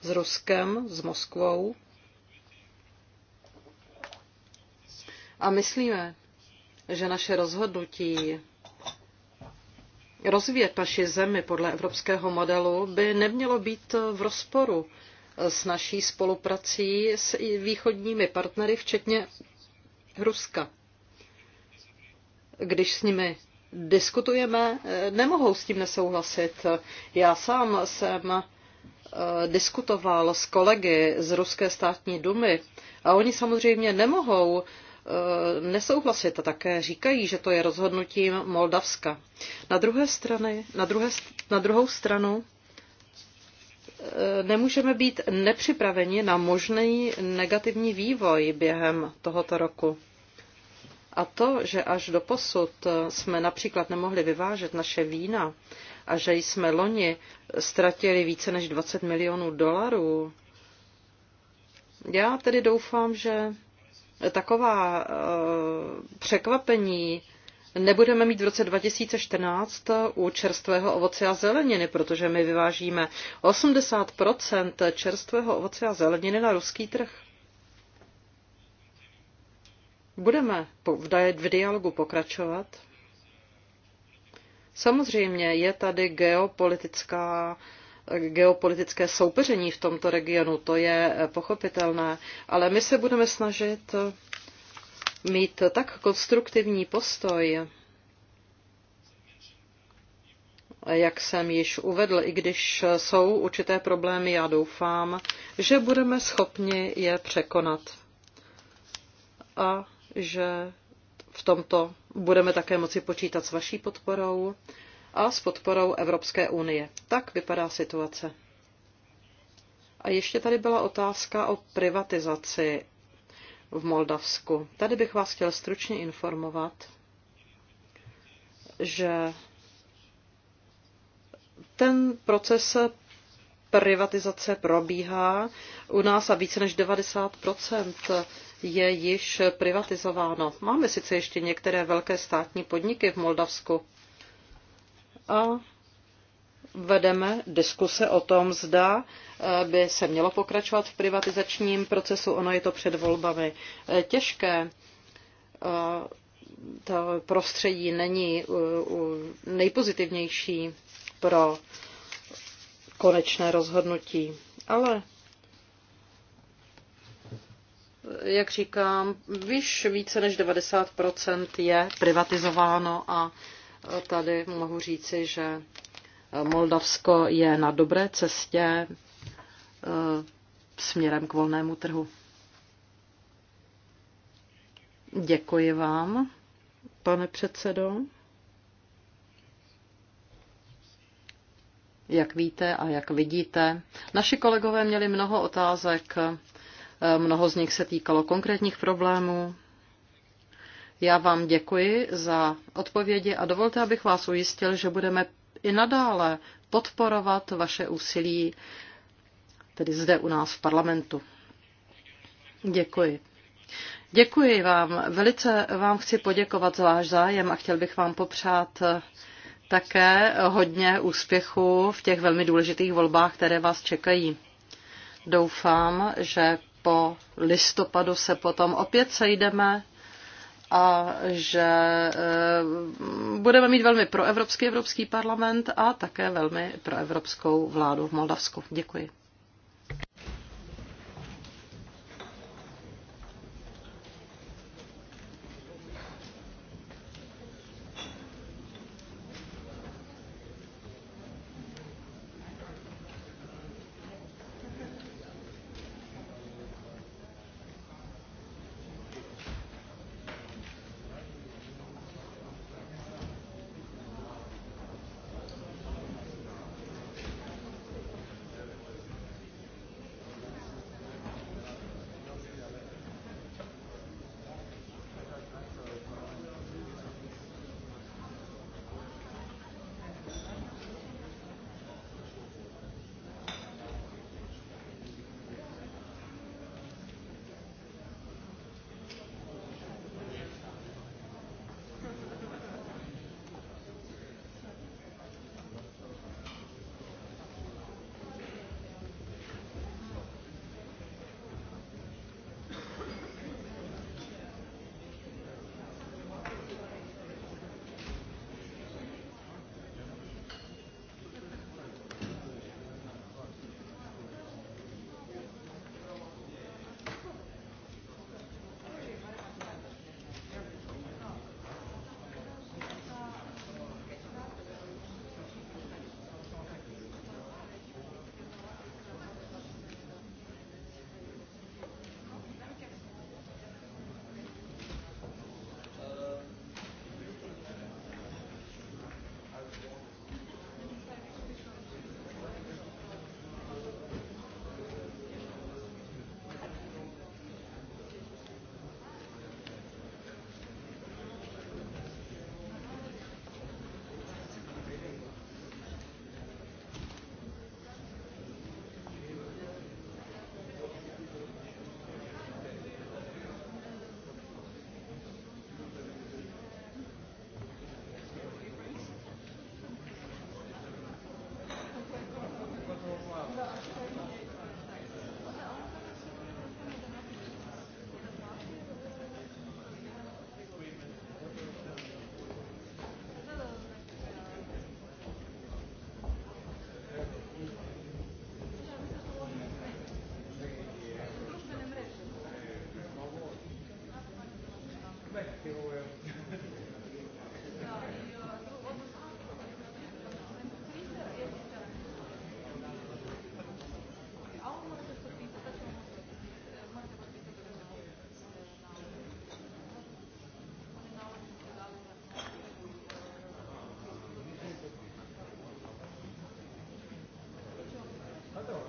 s Ruskem, s Moskvou a myslíme, že naše rozhodnutí rozvíjet naši zemi podle evropského modelu by nemělo být v rozporu s naší spoluprací s východními partnery, včetně Ruska. Když s nimi diskutujeme, eh, nemohou s tím nesouhlasit. Já sám jsem eh, diskutoval s kolegy z Ruské státní dumy a oni samozřejmě nemohou eh, nesouhlasit a také říkají, že to je rozhodnutím Moldavska. Na, druhé strany, na, druhé, na druhou stranu nemůžeme být nepřipraveni na možný negativní vývoj během tohoto roku. A to, že až do posud jsme například nemohli vyvážet naše vína a že jsme loni ztratili více než 20 milionů dolarů, já tedy doufám, že taková eh, překvapení nebudeme mít v roce 2014 u čerstvého ovoce a zeleniny, protože my vyvážíme 80 čerstvého ovoce a zeleniny na ruský trh. Budeme v dialogu pokračovat. Samozřejmě je tady geopolitická geopolitické soupeření v tomto regionu, to je pochopitelné, ale my se budeme snažit mít tak konstruktivní postoj, jak jsem již uvedl, i když jsou určité problémy, já doufám, že budeme schopni je překonat. A že v tomto budeme také moci počítat s vaší podporou a s podporou Evropské unie. Tak vypadá situace. A ještě tady byla otázka o privatizaci v Moldavsku. Tady bych vás chtěl stručně informovat, že ten proces privatizace probíhá u nás a více než 90 je již privatizováno. Máme sice ještě některé velké státní podniky v Moldavsku a vedeme diskuse o tom, zda eh, by se mělo pokračovat v privatizačním procesu. Ono je to před volbami eh, těžké eh, to prostředí není nejpozitivnější pro konečné rozhodnutí. Ale jak říkám, víš, více než 90% je privatizováno a tady mohu říci, že Moldavsko je na dobré cestě eh, směrem k volnému trhu. Děkuji vám, pane předsedo. Jak víte a jak vidíte, naši kolegové měli mnoho otázek, mnoho z nich se týkalo konkrétních problémů. Já vám děkuji za odpovědi a dovolte, abych vás ujistil, že budeme i nadále podporovat vaše úsilí, tedy zde u nás v parlamentu. Děkuji. Děkuji vám. Velice vám chci poděkovat za váš zájem a chtěl bych vám popřát také hodně úspěchu v těch velmi důležitých volbách, které vás čekají. Doufám, že po listopadu se potom opět sejdeme a že eh, budeme mít velmi proevropský Evropský parlament a také velmi proevropskou vládu v Moldavsku. Děkuji.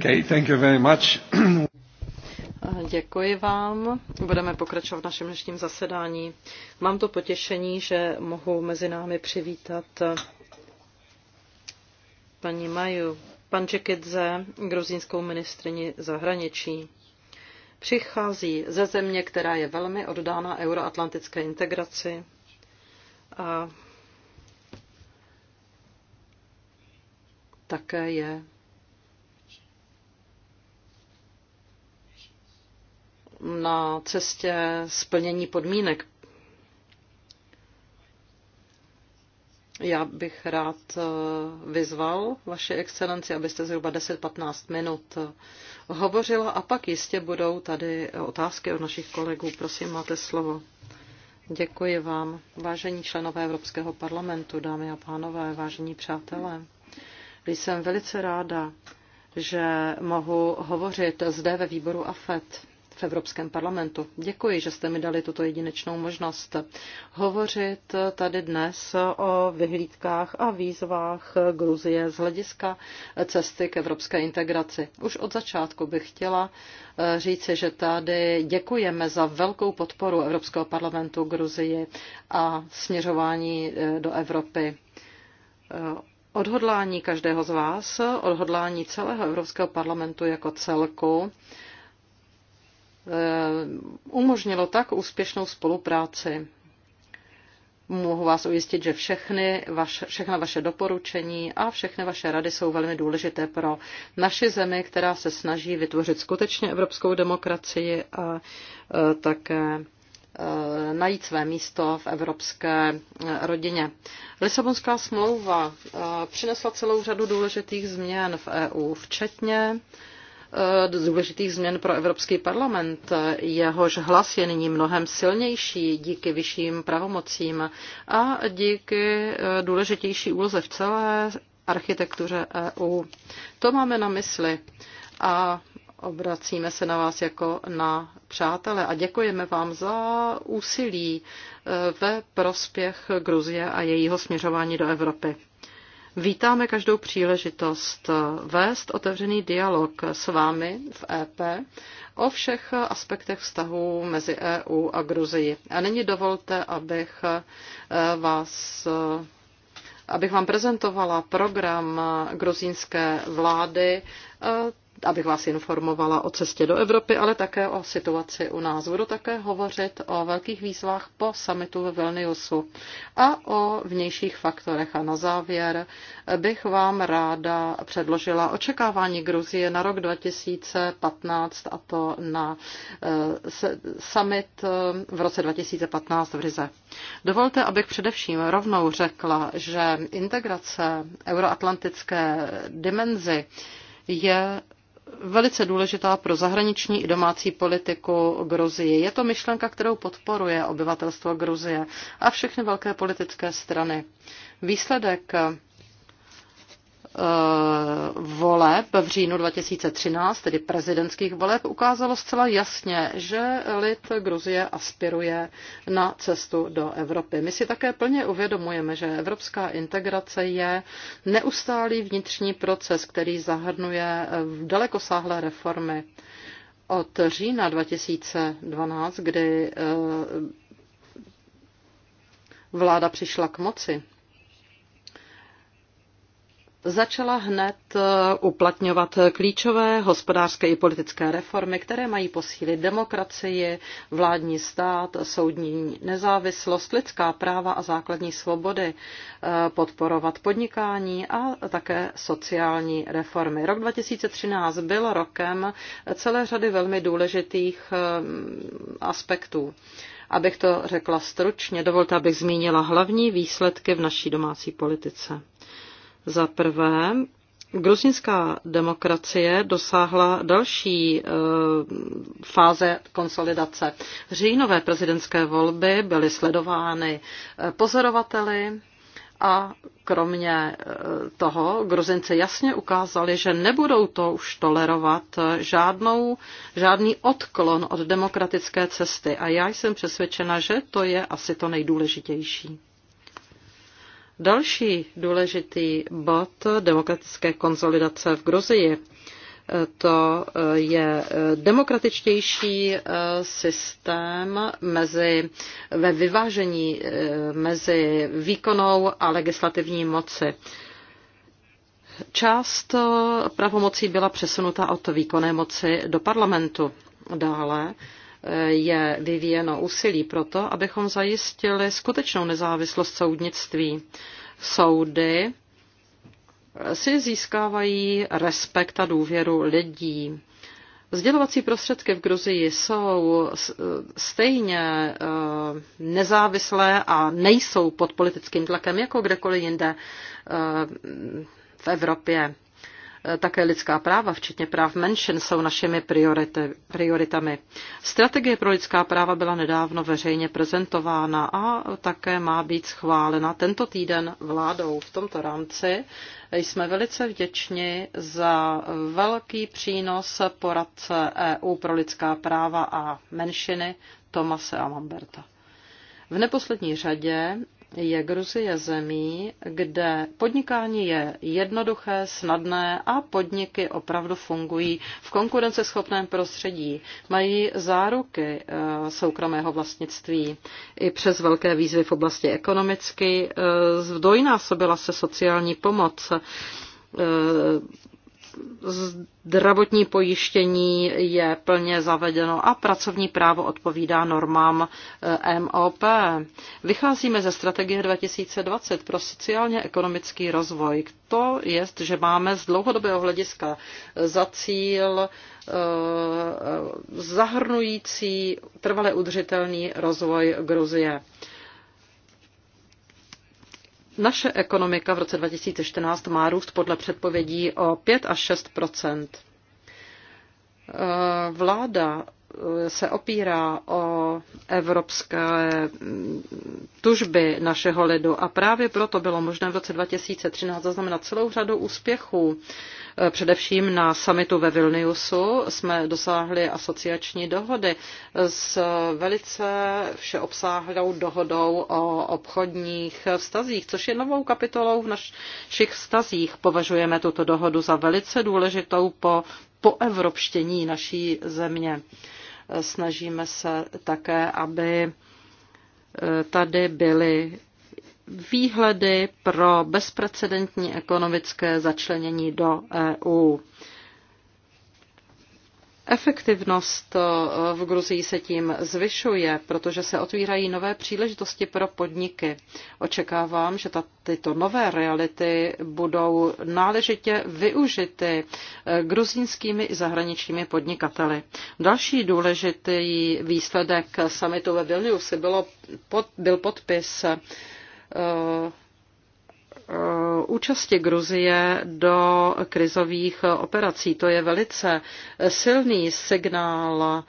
Děkuji vám. Budeme pokračovat v našem dnešním zasedání. Mám to potěšení, že mohu mezi námi přivítat paní Maju Pančekidze, gruzínskou ministrini zahraničí. Přichází ze země, která je velmi oddána euroatlantické integraci a také je na cestě splnění podmínek. Já bych rád eh, vyzval vaše excelenci, abyste zhruba 10-15 minut eh, hovořila a pak jistě budou tady eh, otázky od našich kolegů. Prosím, máte slovo. Děkuji vám, vážení členové Evropského parlamentu, dámy a pánové, vážení přátelé. Jsem velice ráda, že mohu hovořit zde ve výboru AFET v Evropském parlamentu. Děkuji, že jste mi dali tuto jedinečnou možnost hovořit tady dnes o vyhlídkách a výzvách Gruzie z hlediska cesty k evropské integraci. Už od začátku bych chtěla eh, říci, že tady děkujeme za velkou podporu Evropského parlamentu Gruzii a směřování eh, do Evropy. Eh, odhodlání každého z vás, odhodlání celého Evropského parlamentu jako celku, Eh, umožnilo tak úspěšnou spolupráci. Mohu vás ujistit, že všechny vaše, všechna vaše doporučení a všechny vaše rady jsou velmi důležité pro naši zemi, která se snaží vytvořit skutečně evropskou demokracii a eh, také eh, najít své místo v evropské rodině. Lisabonská smlouva přinesla celou řadu důležitých změn v EU, včetně a, Eh, důležitých změn pro Evropský parlament. Jehož hlas je nyní mnohem silnější díky vyšším pravomocím a díky eh, důležitější úloze v celé architektuře EU. To máme na mysli a obracíme se na vás jako na přátele a děkujeme vám za úsilí eh, ve prospěch Gruzie a jejího směřování do Evropy. Vítáme každou příležitost vést otevřený dialog s vámi v EP o všech aspektech vztahů mezi EU a Gruzii. A nyní dovolte, abych eh, vás eh, abych vám prezentovala program gruzínské vlády eh, abych vás informovala o cestě do Evropy, ale také o situaci u nás. Budu také hovořit o velkých výzvách po summitu ve Vilniusu a o vnějších faktorech. A na závěr bych vám ráda předložila očekávání Gruzie na rok 2015 a to na eh, summit eh, v roce 2015 v Rize. Dovolte, abych především rovnou řekla, že integrace euroatlantické dimenzi je velice důležitá pro zahraniční i domácí politiku Gruzie. Je to myšlenka, kterou podporuje obyvatelstvo Gruzie a všechny velké politické strany. Výsledek Eh, voleb v říjnu 2013, tedy prezidentských voleb, ukázalo zcela jasně, že lid Gruzie aspiruje na cestu do Evropy. My si také plně uvědomujeme, že evropská integrace je neustálý vnitřní proces, který zahrnuje dalekosáhlé reformy. Od října 2012, kdy eh, vláda přišla k moci, začala hned eh, uplatňovat klíčové hospodářské i politické reformy, které mají posílit demokracii, vládní stát, soudní nezávislost, lidská práva a základní svobody, eh, podporovat podnikání a také sociální reformy. Rok 2013 byl rokem celé řady velmi důležitých eh, aspektů. Abych to řekla stručně, dovolte, abych zmínila hlavní výsledky v naší domácí politice. Za prvé, gruzinská demokracie dosáhla další e, fáze konsolidace. Říjnové prezidentské volby byly sledovány eh, pozorovateli a kromě eh, toho Gruzinci jasně ukázali, že nebudou to už tolerovat žádnou, žádný odklon od demokratické cesty. A já jsem přesvědčena, že to je asi to nejdůležitější. Další důležitý bod demokratické konsolidace v Gruzii eh, to eh, je eh, demokratičtější systém mezi, ve vyvážení mezi výkonou a legislativní moci. Část pravomocí byla přesunuta od výkonné moci do parlamentu. Dále je vyvíjeno úsilí proto, abychom zajistili skutečnou nezávislost soudnictví. Soudy si získávají respekt a důvěru lidí. Vzdělovací prostředky v Gruzii jsou stejně eh, nezávislé a nejsou pod politickým tlakem jako kdekoliv jinde eh, v Evropě. Eh, také lidská práva, včetně práv menšin, jsou našimi priority, prioritami. Strategie pro lidská práva byla nedávno veřejně prezentována a také má být schválena tento týden vládou. V tomto rámci jsme velice vděční za velký přínos poradce EU pro lidská práva a menšiny Tomase Amamberta. V neposlední řadě je Gruzie zemí, kde podnikání je jednoduché, snadné a podniky opravdu fungují v konkurenceschopném prostředí. Mají záruky eh, soukromého vlastnictví. I přes velké výzvy v oblasti ekonomicky eh, zdvojnásobila se sociální pomoc eh, zdravotní pojištění je plně zavedeno a pracovní právo odpovídá normám eh, MOP. Vycházíme ze strategie 2020 pro sociálně-ekonomický rozvoj. To je, že máme z dlouhodobého hlediska za cíl eh, zahrnující trvale udržitelný rozvoj Gruzie. Naše ekonomika v roce 2014 má růst podle předpovědí o 5 až 6 eh, Vláda se opírá o evropské tužby našeho lidu a právě proto bylo možné v roce 2013 zaznamenat celou řadu úspěchů. Eh, především na samitu ve Vilniusu jsme dosáhli asociační dohody s velice všeobsáhlou dohodou o obchodních vztazích, což je novou kapitolou v našich vztazích. Považujeme tuto dohodu za velice důležitou po po naší země. Snažíme se také, aby eh, tady byly výhledy pro bezprecedentní ekonomické začlenění do EU. Efektivnost eh, v Gruzii se tím zvyšuje, protože se otvírají nové příležitosti pro podniky. Očekávám, že ta, tyto nové reality budou náležitě využity eh, gruzínskými i zahraničními podnikateli. Další důležitý výsledek samitu ve Vilniusy bylo pod, byl podpis eh, Eh, účasti Gruzie do krizových operací. To je velice silný signál,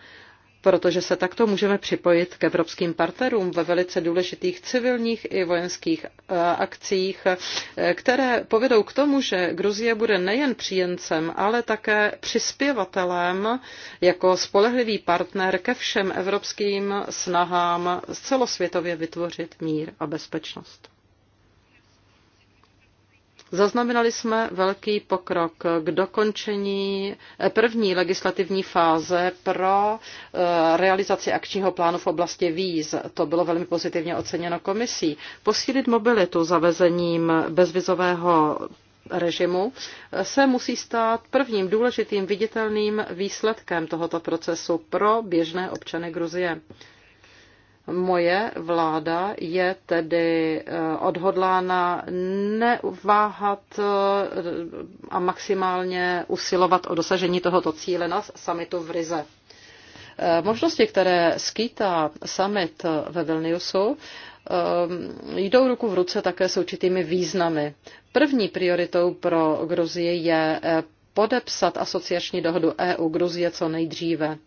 protože se takto můžeme připojit k evropským partnerům ve velice důležitých civilních i vojenských eh, akcích, eh, které povedou k tomu, že Gruzie bude nejen příjemcem, ale také přispěvatelem jako spolehlivý partner ke všem evropským snahám celosvětově vytvořit mír a bezpečnost. Zaznamenali jsme velký pokrok k dokončení eh, první legislativní fáze pro eh, realizaci akčního plánu v oblasti víz. To bylo velmi pozitivně oceněno komisí. Posílit mobilitu zavezením bezvizového režimu eh, se musí stát prvním důležitým viditelným výsledkem tohoto procesu pro běžné občany Gruzie. Moje vláda je tedy eh, odhodlána neváhat eh, a maximálně usilovat o dosažení tohoto cíle na samitu v Rize. Eh, možnosti, které skýtá summit ve Vilniusu, jdou ruku v ruce také s určitými významy. První prioritou pro Gruzii je podepsat asociační dohodu EU Gruzie co nejdříve.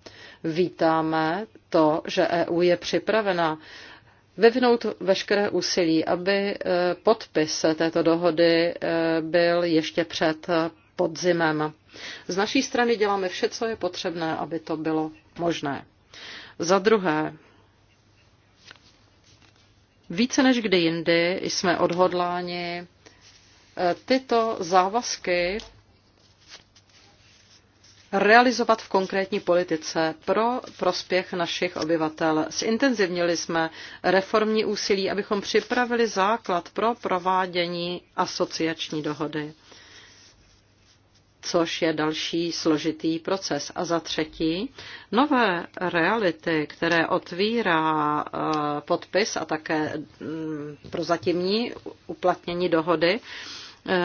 Vítáme to, že EU je připravena vyvinout veškeré úsilí, aby e, podpis této dohody e, byl ještě před podzimem. Z naší strany děláme vše, co je potřebné, aby to bylo možné. Za druhé, více než kdy jindy jsme odhodláni e, tyto závazky realizovat v konkrétní politice pro prospěch našich obyvatel. Zintenzivnili jsme reformní úsilí, abychom připravili základ pro provádění asociační dohody což je další složitý proces. A za třetí, nové reality, které otvírá eh, podpis a také mm, prozatímní uplatnění dohody, eh,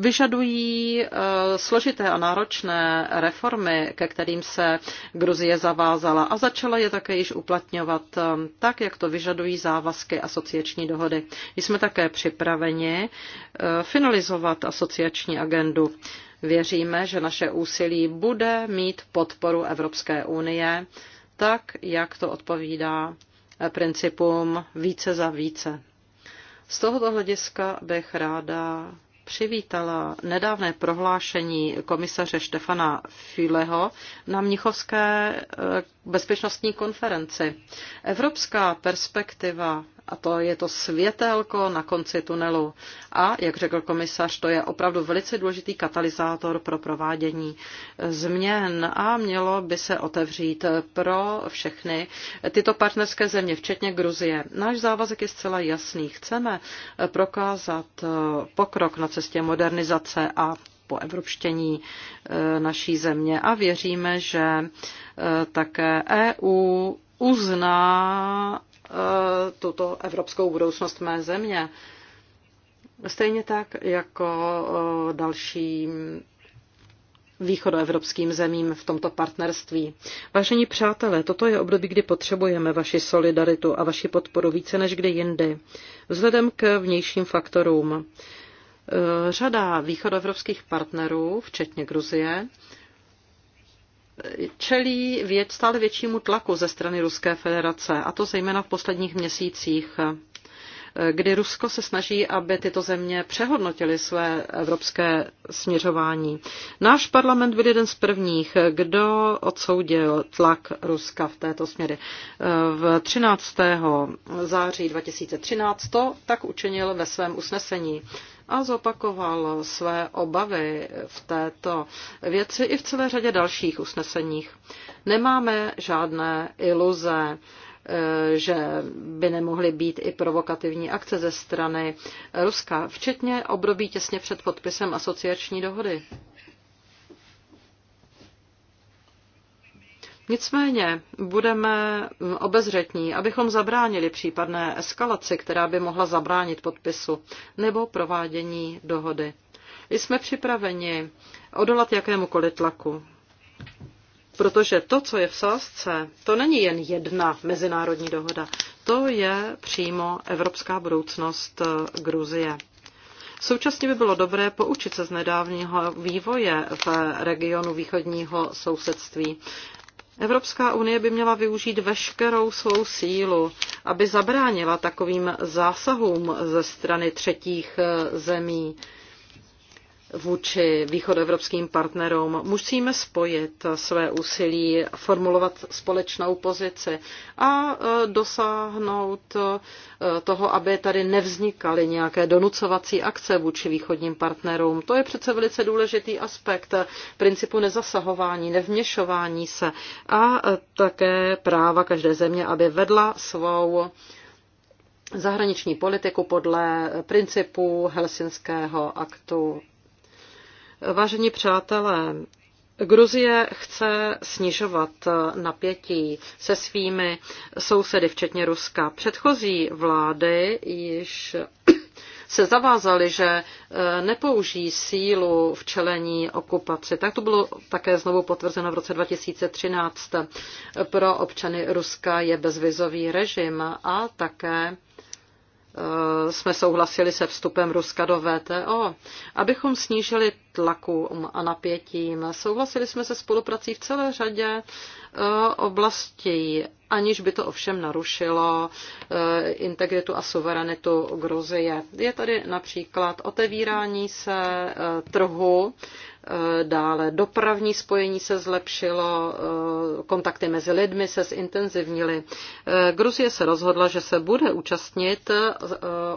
vyžadují eh, složité a náročné reformy, ke kterým se Gruzie zavázala a začala je také již uplatňovat eh, tak, jak to vyžadují závazky asociační dohody. Jsme také připraveni eh, finalizovat asociační agendu. Věříme, že naše úsilí bude mít podporu Evropské unie, tak jak to odpovídá principům více za více. Z tohoto hlediska bych ráda přivítala nedávné prohlášení komisaře Štefana Fileho na Mnichovské eh, bezpečnostní konferenci. Evropská perspektiva a to je to světelko na konci tunelu. A, jak řekl komisař, to je opravdu velice důležitý katalyzátor pro provádění změn a mělo by se otevřít pro všechny tyto partnerské země, včetně Gruzie. Náš závazek je zcela jasný. Chceme prokázat pokrok na cestě modernizace a po evropštění eh, naší země a věříme, že eh, také EU uzná Eh, tuto evropskou budoucnost mé země. Stejně tak jako eh, dalším východoevropským zemím v tomto partnerství. Vážení přátelé, toto je období, kdy potřebujeme vaši solidaritu a vaši podporu více než kdy jindy, vzhledem k vnějším faktorům. Eh, řada východoevropských partnerů, včetně Gruzie, čelí věc stále většímu tlaku ze strany Ruské federace, a to zejména v posledních měsících kdy Rusko se snaží, aby tyto země přehodnotily své evropské směřování. Náš parlament byl jeden z prvních, kdo odsoudil tlak Ruska v této směry. V 13. září 2013 to tak učinil ve svém usnesení a zopakoval své obavy v této věci i v celé řadě dalších usneseních. Nemáme žádné iluze Eh, že by nemohly být i provokativní akce ze strany Ruska, včetně období těsně před podpisem asociační dohody. Nicméně budeme obezřetní, abychom zabránili případné eskalaci, která by mohla zabránit podpisu nebo provádění dohody. Jsme připraveni odolat jakémukoliv tlaku. Protože to, co je v sázce, to není jen jedna mezinárodní dohoda. To je přímo evropská budoucnost eh, Gruzie. Současně by bylo dobré poučit se z nedávního vývoje v regionu východního sousedství. Evropská unie by měla využít veškerou svou sílu, aby zabránila takovým zásahům ze strany třetích eh, zemí vůči východoevropským partnerům. Musíme spojit své úsilí, formulovat společnou pozici a e, dosáhnout e, toho, aby tady nevznikaly nějaké donucovací akce vůči východním partnerům. To je přece velice důležitý aspekt principu nezasahování, nevměšování se a e, také práva každé země, aby vedla svou zahraniční politiku podle principu Helsinského aktu Vážení přátelé, Gruzie chce snižovat napětí se svými sousedy, včetně Ruska. Předchozí vlády již se zavázali, že e, nepoužijí sílu v čelení okupaci. Tak to bylo také znovu potvrzeno v roce 2013. Pro občany Ruska je bezvizový režim a také Eh, jsme souhlasili se vstupem Ruska do VTO, abychom snížili tlaku a napětím. Souhlasili jsme se spoluprací v celé řadě oblastí, aniž by to ovšem narušilo eh, integritu a suverenitu Gruzie. Je tady například otevírání se eh, trhu, eh, dále dopravní spojení se zlepšilo, kontakty mezi lidmi se zintenzivnily. Gruzie se rozhodla, že se bude účastnit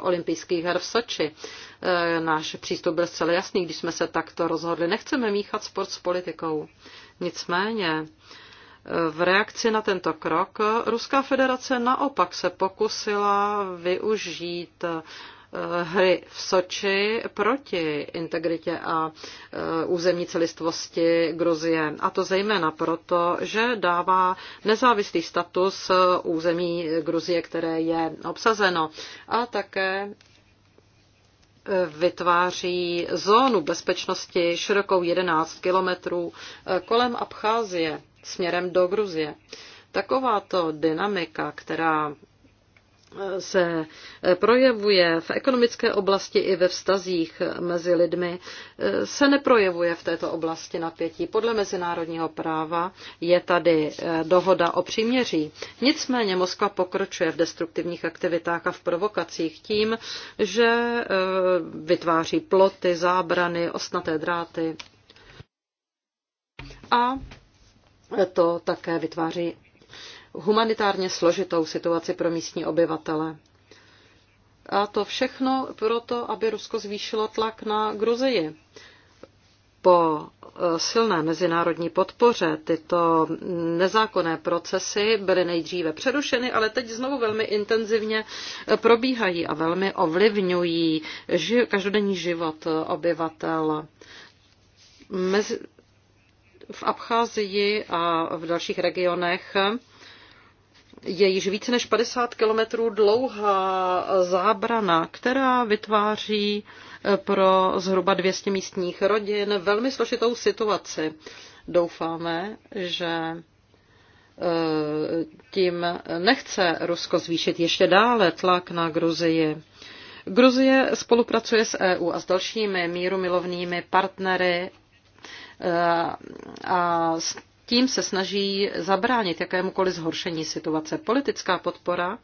olympijských her v Soči. Náš přístup byl zcela jasný, když jsme se takto rozhodli. Nechceme míchat sport s politikou. Nicméně v reakci na tento krok Ruská federace naopak se pokusila využít eh, hry v Soči proti integritě a eh, územní celistvosti Gruzie. A to zejména proto, že dává nezávislý status eh, území Gruzie, které je obsazeno. A také vytváří zónu bezpečnosti širokou 11 kilometrů kolem Abcházie směrem do Gruzie. Takováto dynamika, která eh, se eh, projevuje v ekonomické oblasti i ve vztazích mezi lidmi, eh, se neprojevuje v této oblasti napětí. Podle mezinárodního práva je tady dohoda o příměří. Nicméně Moskva pokročuje v destruktivních aktivitách a v provokacích tím, že vytváří ploty, zábrany, osnaté dráty a to také vytváří humanitárně složitou situaci pro místní obyvatele. A to všechno proto, aby Rusko zvýšilo tlak na Gruzii. Po e, silné mezinárodní podpoře tyto nezákonné procesy byly nejdříve přerušeny, ale teď znovu velmi intenzivně probíhají a velmi ovlivňují každodenní život obyvatel. Mezi, v Abcházii a v dalších regionech je již více než 50 kilometrů dlouhá zábrana, která vytváří eh, pro zhruba 200 místních rodin velmi složitou situaci. Doufáme, že eh, tím nechce Rusko zvýšit ještě dále tlak na Gruzii. Gruzie spolupracuje s EU a s dalšími mírumilovnými partnery Eh, a s tím se snaží zabránit jakémukoliv zhoršení situace. Politická podpora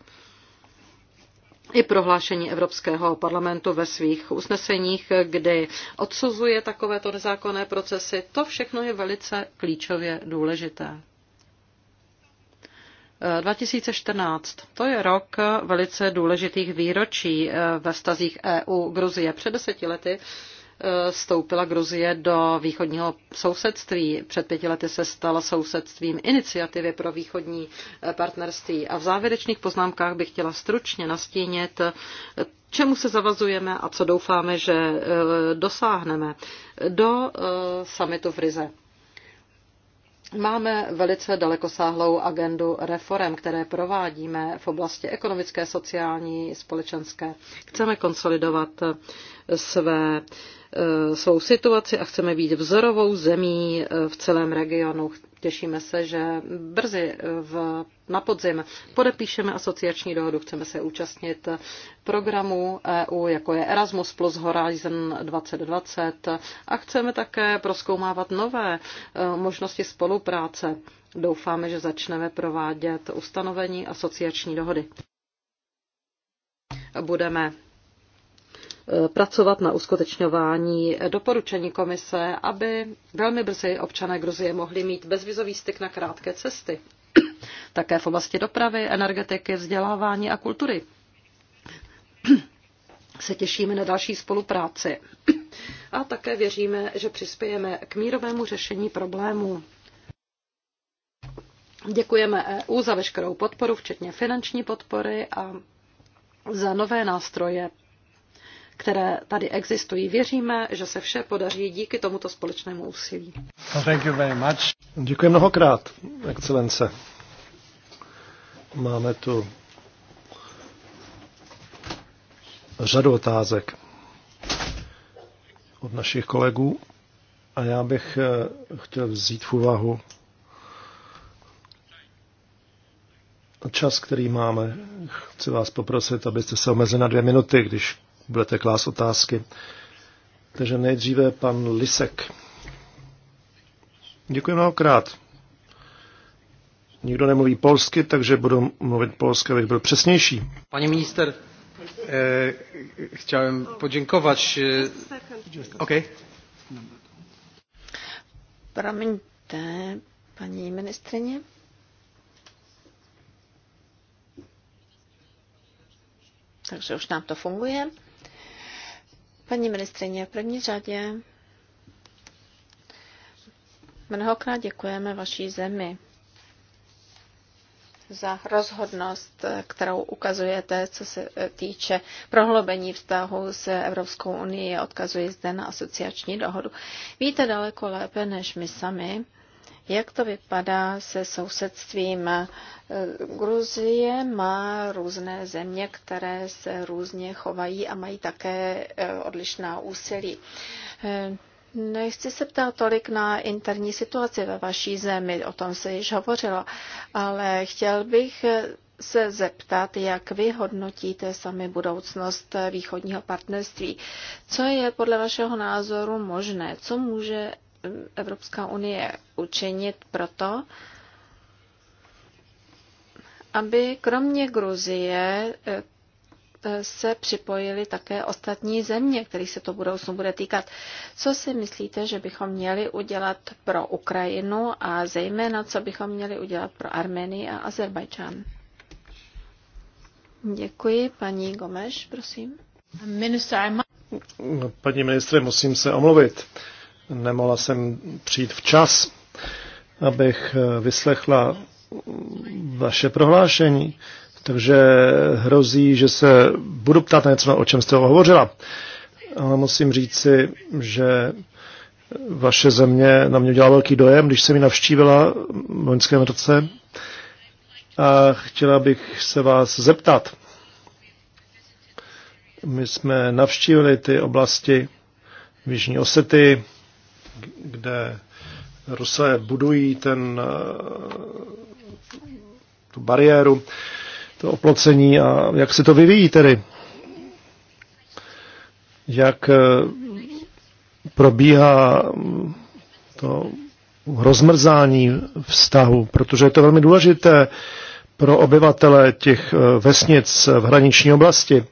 i prohlášení Evropského parlamentu ve svých usneseních, kdy odsuzuje takovéto nezákonné procesy, to všechno je velice klíčově důležité. 2014. Eh, to je rok velice důležitých výročí eh, ve stazích EU Gruzie. Před deseti lety Eh, vstoupila Gruzie do východního sousedství. Před pěti lety se stala sousedstvím iniciativy pro východní eh, partnerství. A v závěrečných poznámkách bych chtěla stručně nastínit eh, čemu se zavazujeme a co doufáme, že dosáhneme do samitu v Rize. Máme velice dalekosáhlou agendu reform, které provádíme v oblasti ekonomické, sociální, společenské. Chceme konsolidovat své Eh, svou situaci a chceme být vzorovou zemí eh, v celém regionu. Těšíme se, že brzy eh, v, na podzim podepíšeme asociační dohodu. Chceme se účastnit programu EU, jako je Erasmus plus Horizon 2020 a chceme také proskoumávat nové možnosti spolupráce. Doufáme, že začneme provádět ustanovení asociační dohody budeme pracovat na uskutečňování doporučení komise, aby velmi brzy občané Gruzie mohli mít bezvizový styk na krátké cesty, také v oblasti dopravy, energetiky, vzdělávání a kultury. Se těšíme na další spolupráci a také věříme, že přispějeme k mírovému řešení problémů. Děkujeme EU za veškerou podporu, včetně finanční podpory a za nové nástroje které tady existují. Věříme, že se vše podaří díky tomuto společnému úsilí. Thank you very much. Děkuji mnohokrát, excelence. Máme tu řadu otázek od našich kolegů a já bych eh, chtěl vzít v úvahu čas, který máme. Chci vás poprosit, abyste se omezili na dvě minuty, když budete klás otázky. Takže nejdříve pan Lisek. Děkuji mnohokrát. Nikdo nemluví polsky, takže budu mluvit polsky, abych byl přesnější. Pani minister, chtěl bych poděkovat. OK. Promiňte, paní ministrině. Takže už nám to funguje. Paní ministrině, v první řadě mnohokrát děkujeme vaší zemi za rozhodnost, kterou ukazujete, co se týče prohloubení vztahu s Evropskou unii. Odkazuji zde na asociační dohodu. Víte daleko lépe než my sami, jak to vypadá se sousedstvím? Gruzie má různé země, které se různě chovají a mají také eh, odlišná úsilí. Eh, nechci se ptát tolik na interní situaci ve vaší zemi, o tom se již hovořilo, ale chtěl bych se zeptat, jak vy hodnotíte sami budoucnost východního partnerství. Co je podle vašeho názoru možné? Co může Evropská unie učinit proto, aby kromě Gruzie eh, se připojili také ostatní země, kterých se to budoucnu bude týkat. Co si myslíte, že bychom měli udělat pro Ukrajinu a zejména, co bychom měli udělat pro Armenii a Azerbajdžán? Děkuji. Paní Gomeš, prosím. No, paní ministře, musím se omluvit nemohla jsem přijít včas, abych eh, vyslechla vaše prohlášení, takže hrozí, že se budu ptát na něco, o čem jste hovořila. Ale musím říci, že vaše země na mě udělala velký dojem, když jsem ji navštívila v loňském roce. A chtěla bych se vás zeptat. My jsme navštívili ty oblasti v Jižní Osety, kde Rusé budují ten, eh, tu bariéru, to oplocení a jak se to vyvíjí tedy. Jak eh, probíhá mm, to rozmrzání vztahu, protože je to velmi důležité pro obyvatele těch eh, vesnic v hraniční oblasti,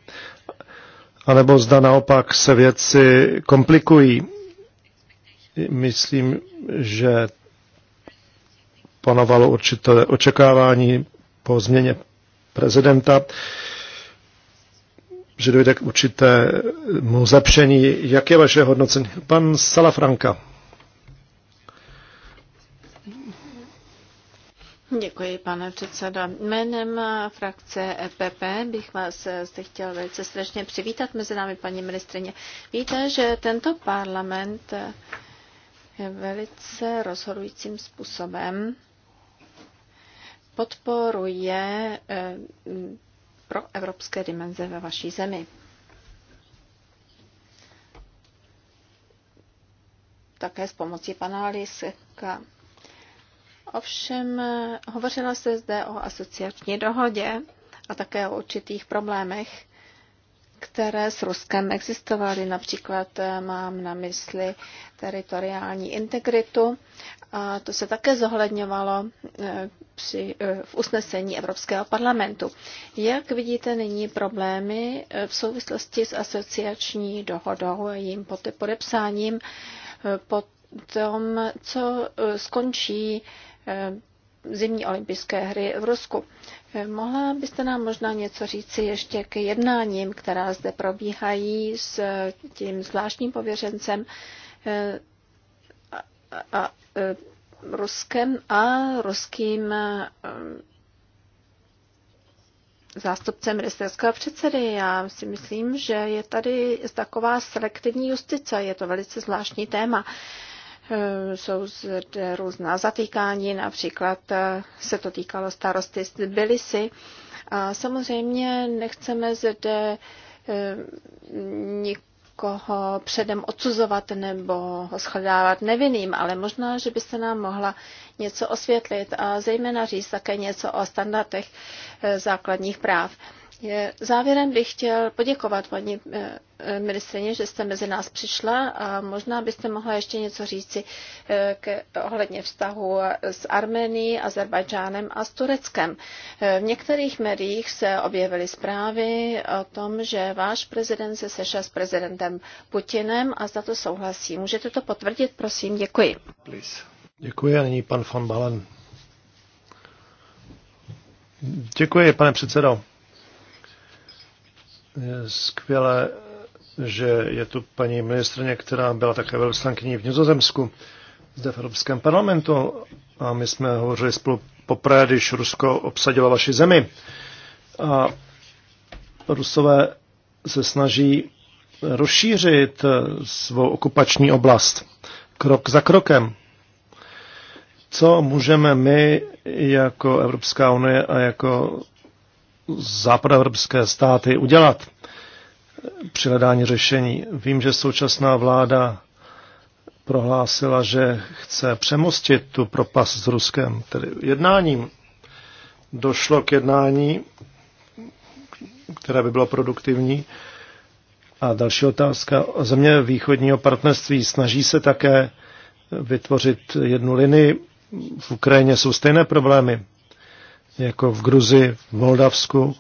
anebo zda naopak se věci komplikují myslím, že panovalo určité očekávání po změně prezidenta, že dojde k určitému zlepšení. Jak je vaše hodnocení? Pan Salafranka. Děkuji, pane předsedo. Jménem frakce EPP bych vás eh, zde chtěl velice srdečně přivítat mezi námi, paní ministrině. Víte, že tento parlament eh, velice rozhodujícím způsobem podporuje eh, pro evropské dimenze ve vaší zemi. Také s pomocí pana Liska. Ovšem, eh, hovořila se zde o asociační dohodě a také o určitých problémech, které s Ruskem existovaly. Například eh, mám na mysli teritoriální integritu a to se také zohledňovalo eh, při, eh, v usnesení Evropského parlamentu. Jak vidíte nyní problémy v souvislosti s asociační dohodou a jejím podepsáním po tom, co skončí zimní olympijské hry v Rusku? Mohla byste nám možná něco říci ještě k jednáním, která zde probíhají s tím zvláštním pověřencem eh, a, a, a eh, Ruskem a ruským eh, zástupcem ministerského předsedy. Já si myslím, že je tady taková selektivní justice. Je to velice zvláštní téma. Eh, jsou zde různá zatýkání, například eh, se to týkalo starosty z Tbilisi. A samozřejmě nechceme zde eh, nikoho předem odsuzovat nebo ho shledávat nevinným, ale možná, že byste nám mohla něco osvětlit a zejména říct také něco o standardech základních práv. Závěrem bych chtěl poděkovat paní eh, eh, ministrině, že jste mezi nás přišla a možná byste mohla ještě něco říci eh, k, ohledně vztahu s Armenií, Azerbajdžánem a s Tureckem. V některých médiích se objevily zprávy o tom, že váš prezident se sešel s prezidentem Putinem a za to souhlasí. Můžete to potvrdit, prosím? Děkuji. Please. Děkuji a nyní pan van Balen. Děkuji, pane předsedo skvělé, že je tu paní ministrně, která byla také velvyslankyní v Nizozemsku zde v Evropském parlamentu a my jsme hovořili spolu poprvé, když Rusko obsadilo vaši zemi. A Rusové se snaží rozšířit svou okupační oblast krok za krokem. Co můžeme my jako Evropská unie a jako západoevropské státy udělat při hledání řešení. Vím, že současná vláda prohlásila, že chce přemostit tu propast s Ruskem, tedy jednáním. Došlo k jednání, které by bylo produktivní. A další otázka. Země východního partnerství snaží se také vytvořit jednu linii. V Ukrajině jsou stejné problémy jako v Gruzi, v Moldavsku.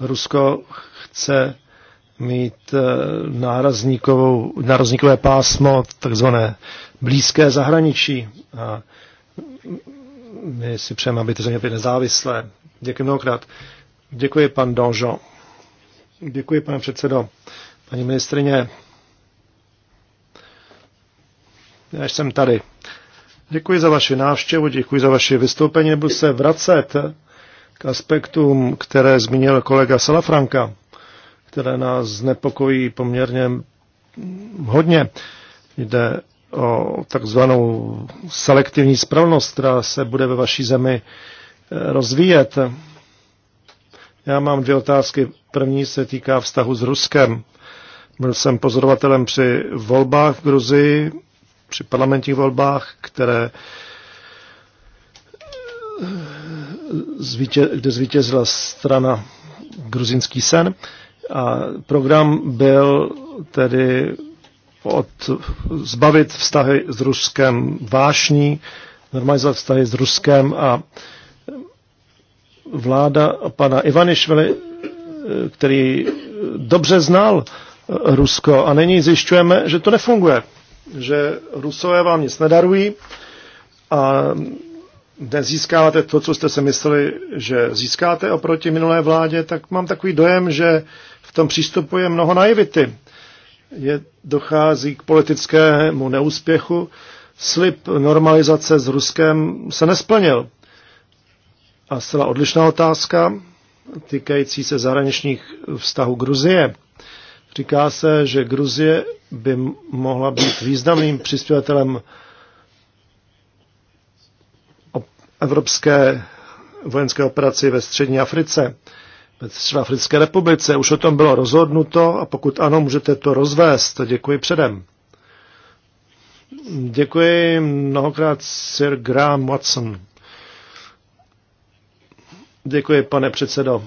Rusko chce mít eh, nárazníkovou, nárazníkové pásmo, takzvané blízké zahraničí. A my si přejeme, aby ty země byly nezávislé. Děkuji mnohokrát. Děkuji, pan Donžo. Děkuji, pane předsedo. Paní ministrině, já jsem tady. Děkuji za vaši návštěvu, děkuji za vaše vystoupení, nebudu se vracet k aspektům, které zmínil kolega Salafranka, které nás znepokojí poměrně hodně. Jde o takzvanou selektivní spravnost, která se bude ve vaší zemi eh, rozvíjet. Já mám dvě otázky. První se týká vztahu s Ruskem. Byl jsem pozorovatelem při volbách v Gruzii, při parlamentních volbách, které eh, zvítě, kde zvítězila strana Gruzinský sen. A program byl tedy od, zbavit vztahy s Ruskem vášní, normalizovat vztahy s Ruskem a vláda pana Ivanišvili, který dobře znal Rusko a nyní zjišťujeme, že to nefunguje, že Rusové vám nic nedarují a nezískáváte to, co jste si mysleli, že získáte oproti minulé vládě, tak mám takový dojem, že v tom přístupu je mnoho naivity. Je, dochází k politickému neúspěchu. Slib normalizace s Ruskem se nesplnil. A zcela odlišná otázka týkající se zahraničních vztahů Gruzie. Říká se, že Gruzie by mohla být významným přispěvatelem evropské vojenské operaci ve střední Africe, ve Africké republice. Už o tom bylo rozhodnuto a pokud ano, můžete to rozvést. Děkuji předem. Děkuji mnohokrát Sir Graham Watson. Děkuji, pane předsedo.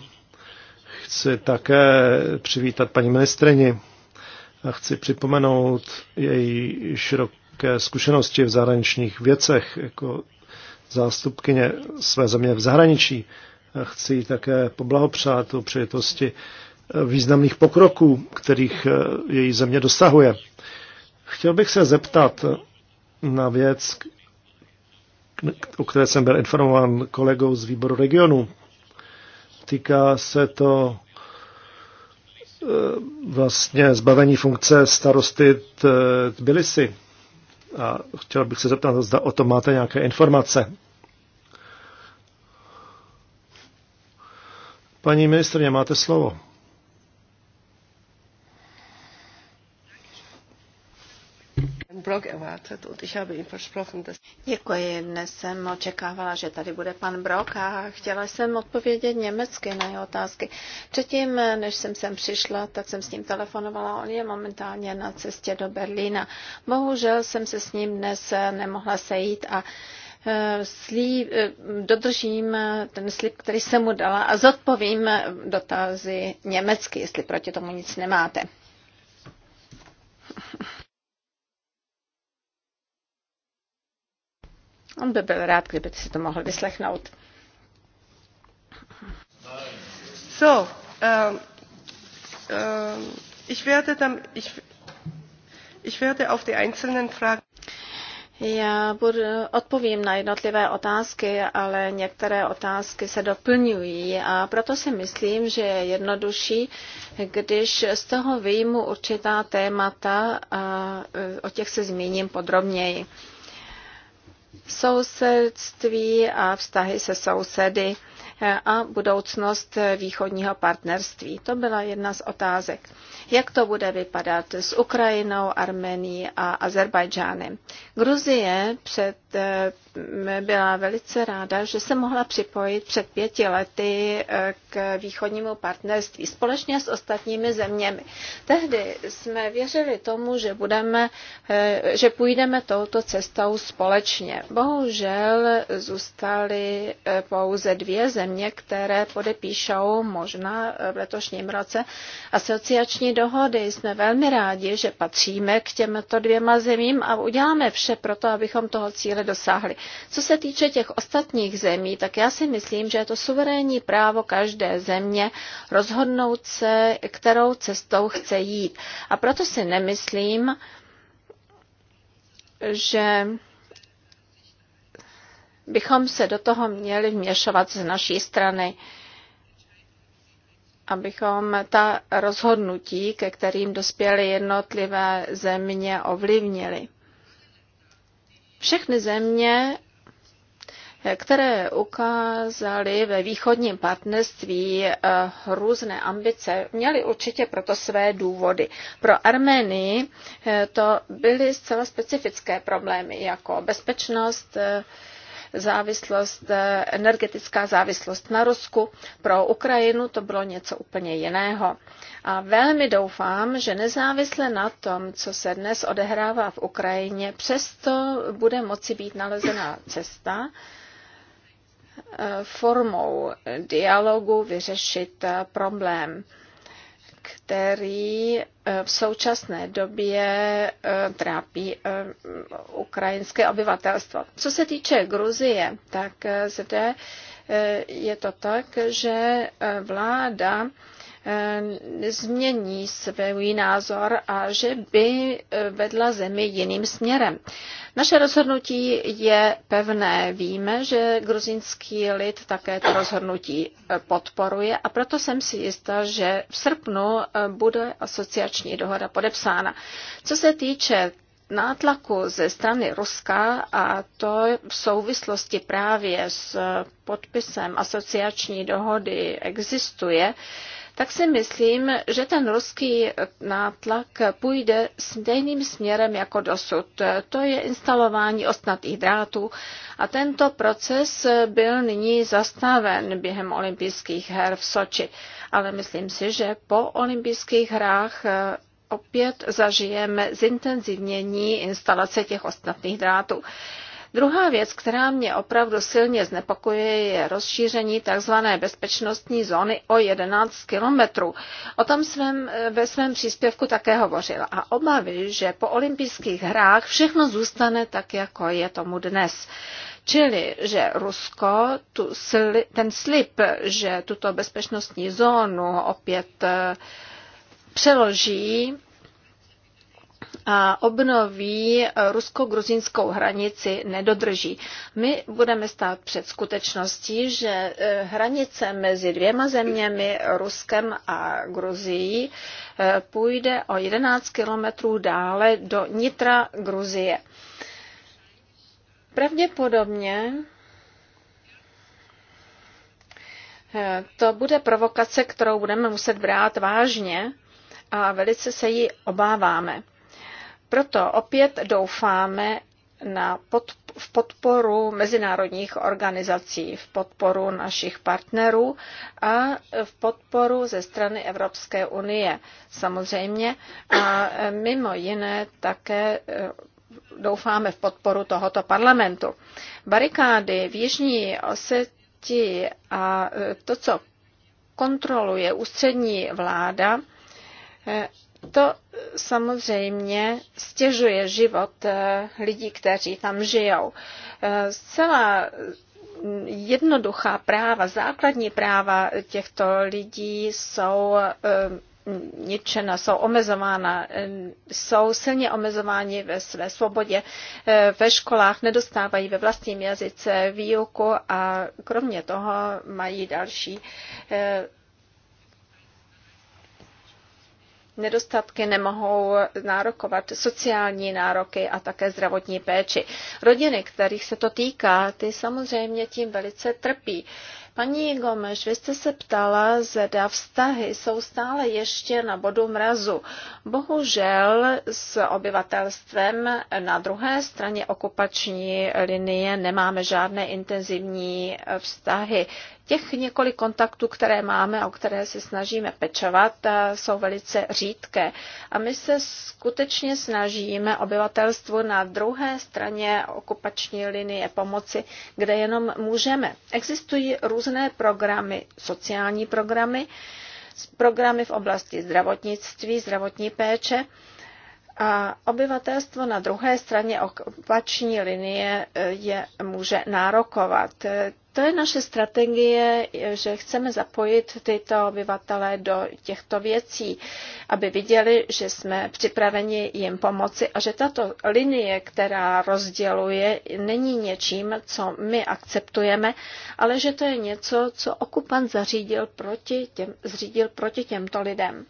Chci také přivítat paní ministrini a chci připomenout její široké zkušenosti v zahraničních věcech jako zástupkyně své země v zahraničí. Chci také poblahopřát o přejetosti významných pokroků, kterých eh, její země dosahuje. Chtěl bych se zeptat na věc, o které jsem byl informován kolegou z výboru regionu. Týká se to eh, vlastně zbavení funkce starosty Tbilisi. A chtěl bych se zeptat, zda o tom máte nějaké informace. Paní ministrně, máte slovo. Brok erwartet und ich habe ihm versprochen, dass... Děkuji, dnes jsem očekávala, že tady bude pan Brok a chtěla jsem odpovědět německy na jeho otázky. Předtím, než jsem sem přišla, tak jsem s ním telefonovala, on je momentálně na cestě do Berlína. Bohužel jsem se s ním dnes eh, nemohla sejít a eh, slí, eh, dodržím ten slib, který jsem mu dala a zodpovím dotazy německy, jestli proti tomu nic nemáte. On by byl rád, kdyby si to mohl vyslechnout. So, ähm, ähm, ich werde dann, ich, ich werde auf die einzelnen Fragen. Já budu, odpovím na jednotlivé otázky, ale některé otázky se doplňují a proto si myslím, že je jednodušší, když z toho vyjmu určitá témata a e, o těch se zmíním podrobněji sousedství a vztahy se sousedy eh, a budoucnost východního partnerství. To byla jedna z otázek. Jak to bude vypadat s Ukrajinou, Armenií a Azerbajdžánem? Gruzie před eh, byla velice ráda, že se mohla připojit před pěti lety eh, k východnímu partnerství společně s ostatními zeměmi. Tehdy jsme věřili tomu, že, budeme, eh, že půjdeme touto cestou společně. Bohužel zůstaly eh, pouze dvě země, které podepíšou možná v letošním roce asociační dohody. Jsme velmi rádi, že patříme k těmto dvěma zemím a uděláme vše pro to, abychom toho cíle dosáhli. Co se týče těch ostatních zemí, tak já si myslím, že je to suverénní právo každé země rozhodnout se, kterou cestou chce jít. A proto si nemyslím, že bychom se do toho měli vměšovat z naší strany, abychom ta rozhodnutí, ke kterým dospěly jednotlivé země, ovlivnili. Všechny země které ukázaly ve východním partnerství eh, různé ambice, měly určitě proto své důvody. Pro Arménii eh, to byly zcela specifické problémy, jako bezpečnost, eh, závislost, eh, energetická závislost na Rusku. Pro Ukrajinu to bylo něco úplně jiného. A velmi doufám, že nezávisle na tom, co se dnes odehrává v Ukrajině, přesto bude moci být nalezená cesta, eh, formou dialogu vyřešit eh, problém který eh, v současné době eh, trápí eh, ukrajinské obyvatelstvo. Co se týče Gruzie, tak zde je to tak, že vláda Eh, změní svůj názor a že by eh, vedla zemi jiným směrem. Naše rozhodnutí je pevné. Víme, že gruzinský lid také to rozhodnutí eh, podporuje a proto jsem si jistá, že v srpnu bude asociační dohoda podepsána. Co se týče nátlaku ze strany Ruska a to v souvislosti právě s podpisem asociační dohody existuje, tak si myslím, že ten ruský nátlak půjde stejným směrem jako dosud. To je instalování ostnatých drátů a tento proces byl nyní zastaven během olympijských her v Soči. Ale myslím si, že po olympijských hrách eh, opět zažijeme zintenzivnění instalace těch ostatních drátů. Druhá věc, která mě opravdu silně znepokojuje, je rozšíření tzv. bezpečnostní zóny o 11 kilometrů. O tom jsem ve svém příspěvku také hovořila a obavy, že po olympijských hrách všechno zůstane tak, jako je tomu dnes. Čili, že Rusko tu sli, ten slib, že tuto bezpečnostní zónu opět eh, přeloží a obnoví rusko-gruzínskou hranici, nedodrží. My budeme stát před skutečností, že e, hranice mezi dvěma zeměmi, Ruskem a Gruzií, e, půjde o 11 kilometrů dále do nitra Gruzie. Pravděpodobně e, to bude provokace, kterou budeme muset brát vážně a velice se ji obáváme. Proto opět doufáme na pod, v podporu mezinárodních organizací, v podporu našich partnerů a v podporu ze strany Evropské unie samozřejmě a mimo jiné také eh, doufáme v podporu tohoto parlamentu. Barikády v Jižní Oseti a eh, to, co kontroluje ústřední vláda, eh, to samozřejmě stěžuje život eh, lidí, kteří tam žijou. Eh, zcela jednoduchá práva, základní práva těchto lidí jsou eh, ničena, jsou omezována, jsou silně omezováni ve své svobodě. Ve školách nedostávají ve vlastním jazyce výuku a kromě toho mají další nedostatky, nemohou nárokovat sociální nároky a také zdravotní péči. Rodiny, kterých se to týká, ty samozřejmě tím velice trpí. Paní Gomeš, vy jste se ptala, zda vztahy jsou stále ještě na bodu mrazu. Bohužel s obyvatelstvem na druhé straně okupační linie nemáme žádné intenzivní vztahy. Těch několik kontaktů, které máme a o které se snažíme pečovat, eh, jsou velice řídké. A my se skutečně snažíme obyvatelstvu na druhé straně okupační linie pomoci, kde jenom můžeme. Existují různé programy, sociální programy, programy v oblasti zdravotnictví, zdravotní péče, a obyvatelstvo na druhé straně opační linie e, je může nárokovat. E, to je naše strategie, e, že chceme zapojit tyto obyvatele do těchto věcí, aby viděli, že jsme připraveni jim pomoci a že tato linie, která rozděluje, není něčím, co my akceptujeme, ale že to je něco, co okupant zařídil proti, těm, zřídil proti těmto lidem.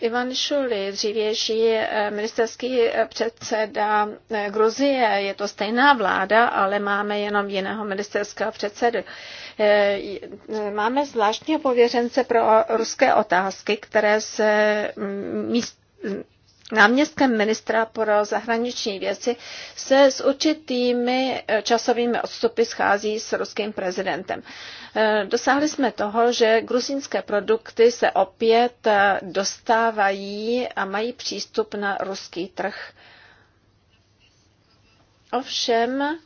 Ivan Šuli, dřívější eh, ministerský eh, předseda eh, Gruzie, je to stejná vláda, ale máme jenom jiného ministerského předsedu. Máme zvláštního pověřence pro ruské otázky, které se mm, míst náměstkem ministra pro zahraniční věci se s určitými e, časovými odstupy schází s ruským prezidentem. E, dosáhli jsme toho, že gruzínské produkty se opět e, dostávají a mají přístup na ruský trh. Ovšem,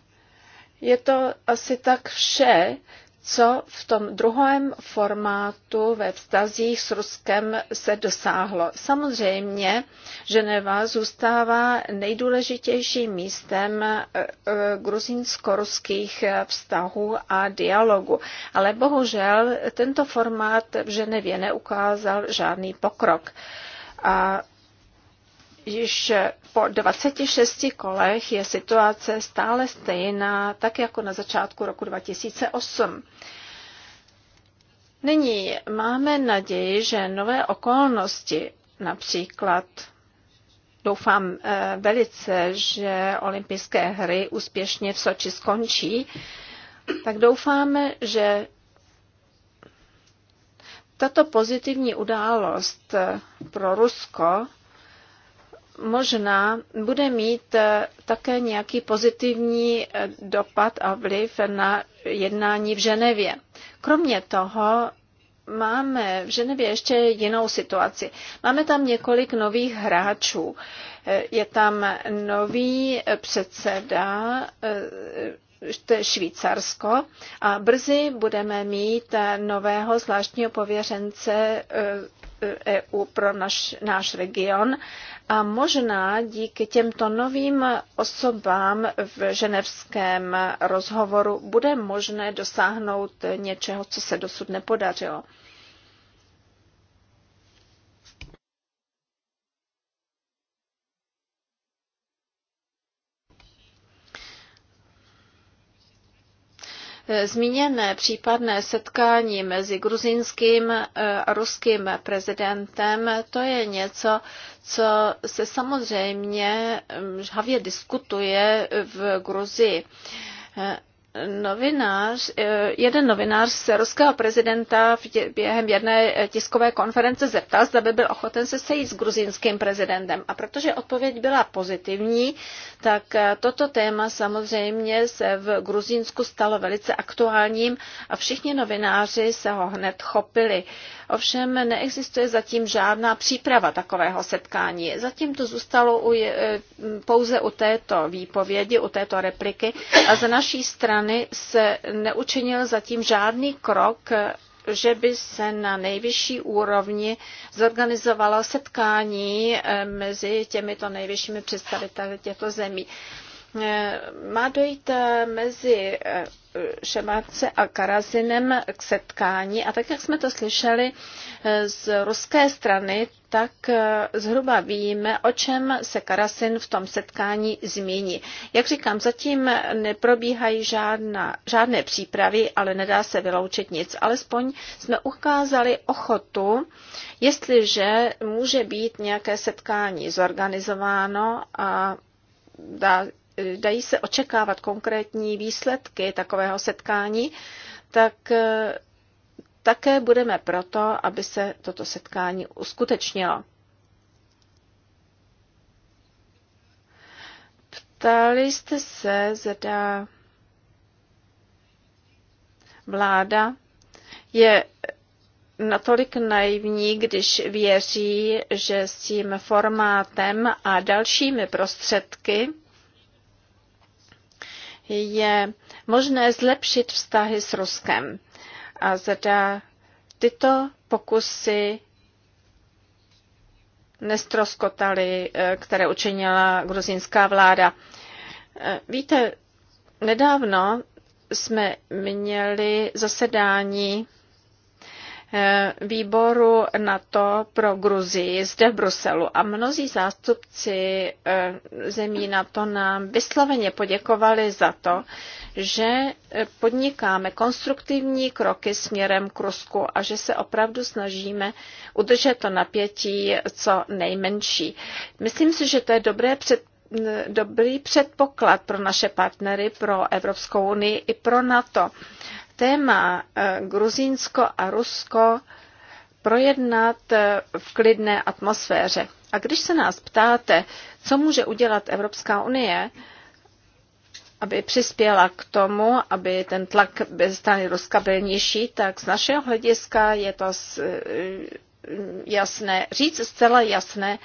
je to asi tak vše, co v tom druhém formátu ve vztazích s Ruskem se dosáhlo. Samozřejmě Ženeva zůstává nejdůležitějším místem e, e, gruzínsko-ruských vztahů a dialogu, ale bohužel tento formát v Ženevě neukázal žádný pokrok. A Již po 26 kolech je situace stále stejná, tak jako na začátku roku 2008. Nyní máme naději, že nové okolnosti, například doufám eh, velice, že olympijské hry úspěšně v Soči skončí, tak doufáme, že tato pozitivní událost eh, pro Rusko možná bude mít eh, také nějaký pozitivní eh, dopad a vliv na jednání v Ženevě. Kromě toho máme v Ženevě ještě jinou situaci. Máme tam několik nových hráčů. Eh, je tam nový předseda Švýcarsko a brzy budeme mít nového zvláštního pověřence EU e pro náš region a možná díky těmto novým osobám v ženevském rozhovoru bude možné dosáhnout něčeho, co se dosud nepodařilo. Zmíněné případné setkání mezi gruzínským a ruským prezidentem, to je něco, co se samozřejmě mm, žhavě diskutuje v Gruzii novinář, eh, jeden novinář se ruského prezidenta během jedné eh, tiskové konference zeptal, zda by byl ochoten se sejít s gruzínským prezidentem. A protože odpověď byla pozitivní, tak eh, toto téma samozřejmě se v Gruzínsku stalo velice aktuálním a všichni novináři se ho hned chopili. Ovšem neexistuje zatím žádná příprava takového setkání. Zatím to zůstalo u, pouze u této výpovědi, u této repliky a za naší strany strany se neučinil zatím žádný krok, že by se na nejvyšší úrovni zorganizovalo setkání eh, mezi těmito nejvyššími představiteli těchto zemí. Eh, má dojít eh, mezi Šemáce a Karazinem k setkání a tak, jak jsme to slyšeli eh, z ruské strany, tak eh, zhruba víme, o čem se Karasin v tom setkání změní. Jak říkám, zatím neprobíhají žádná, žádné přípravy, ale nedá se vyloučit nic. Alespoň jsme ukázali ochotu, jestliže může být nějaké setkání zorganizováno a dá dají se očekávat konkrétní výsledky takového setkání, tak e, také budeme proto, aby se toto setkání uskutečnilo. Ptali jste se, zda vláda je natolik naivní, když věří, že s tím formátem a dalšími prostředky je možné zlepšit vztahy s Ruskem. A zda tyto pokusy nestroskotaly, eh, které učinila gruzínská vláda. Eh, víte, nedávno jsme měli zasedání Eh, výboru NATO pro Gruzii zde v Bruselu a mnozí zástupci eh, zemí NATO nám vysloveně poděkovali za to, že eh, podnikáme konstruktivní kroky směrem k Rusku a že se opravdu snažíme udržet to napětí co nejmenší. Myslím si, že to je dobré před dobrý předpoklad pro naše partnery, pro Evropskou unii i pro NATO téma eh, Gruzínsko a Rusko projednat eh, v klidné atmosféře. A když se nás ptáte, co může udělat Evropská unie, aby přispěla k tomu, aby ten tlak ze strany Ruska byl nižší, tak z našeho hlediska je to eh, jasné, říct zcela jasné,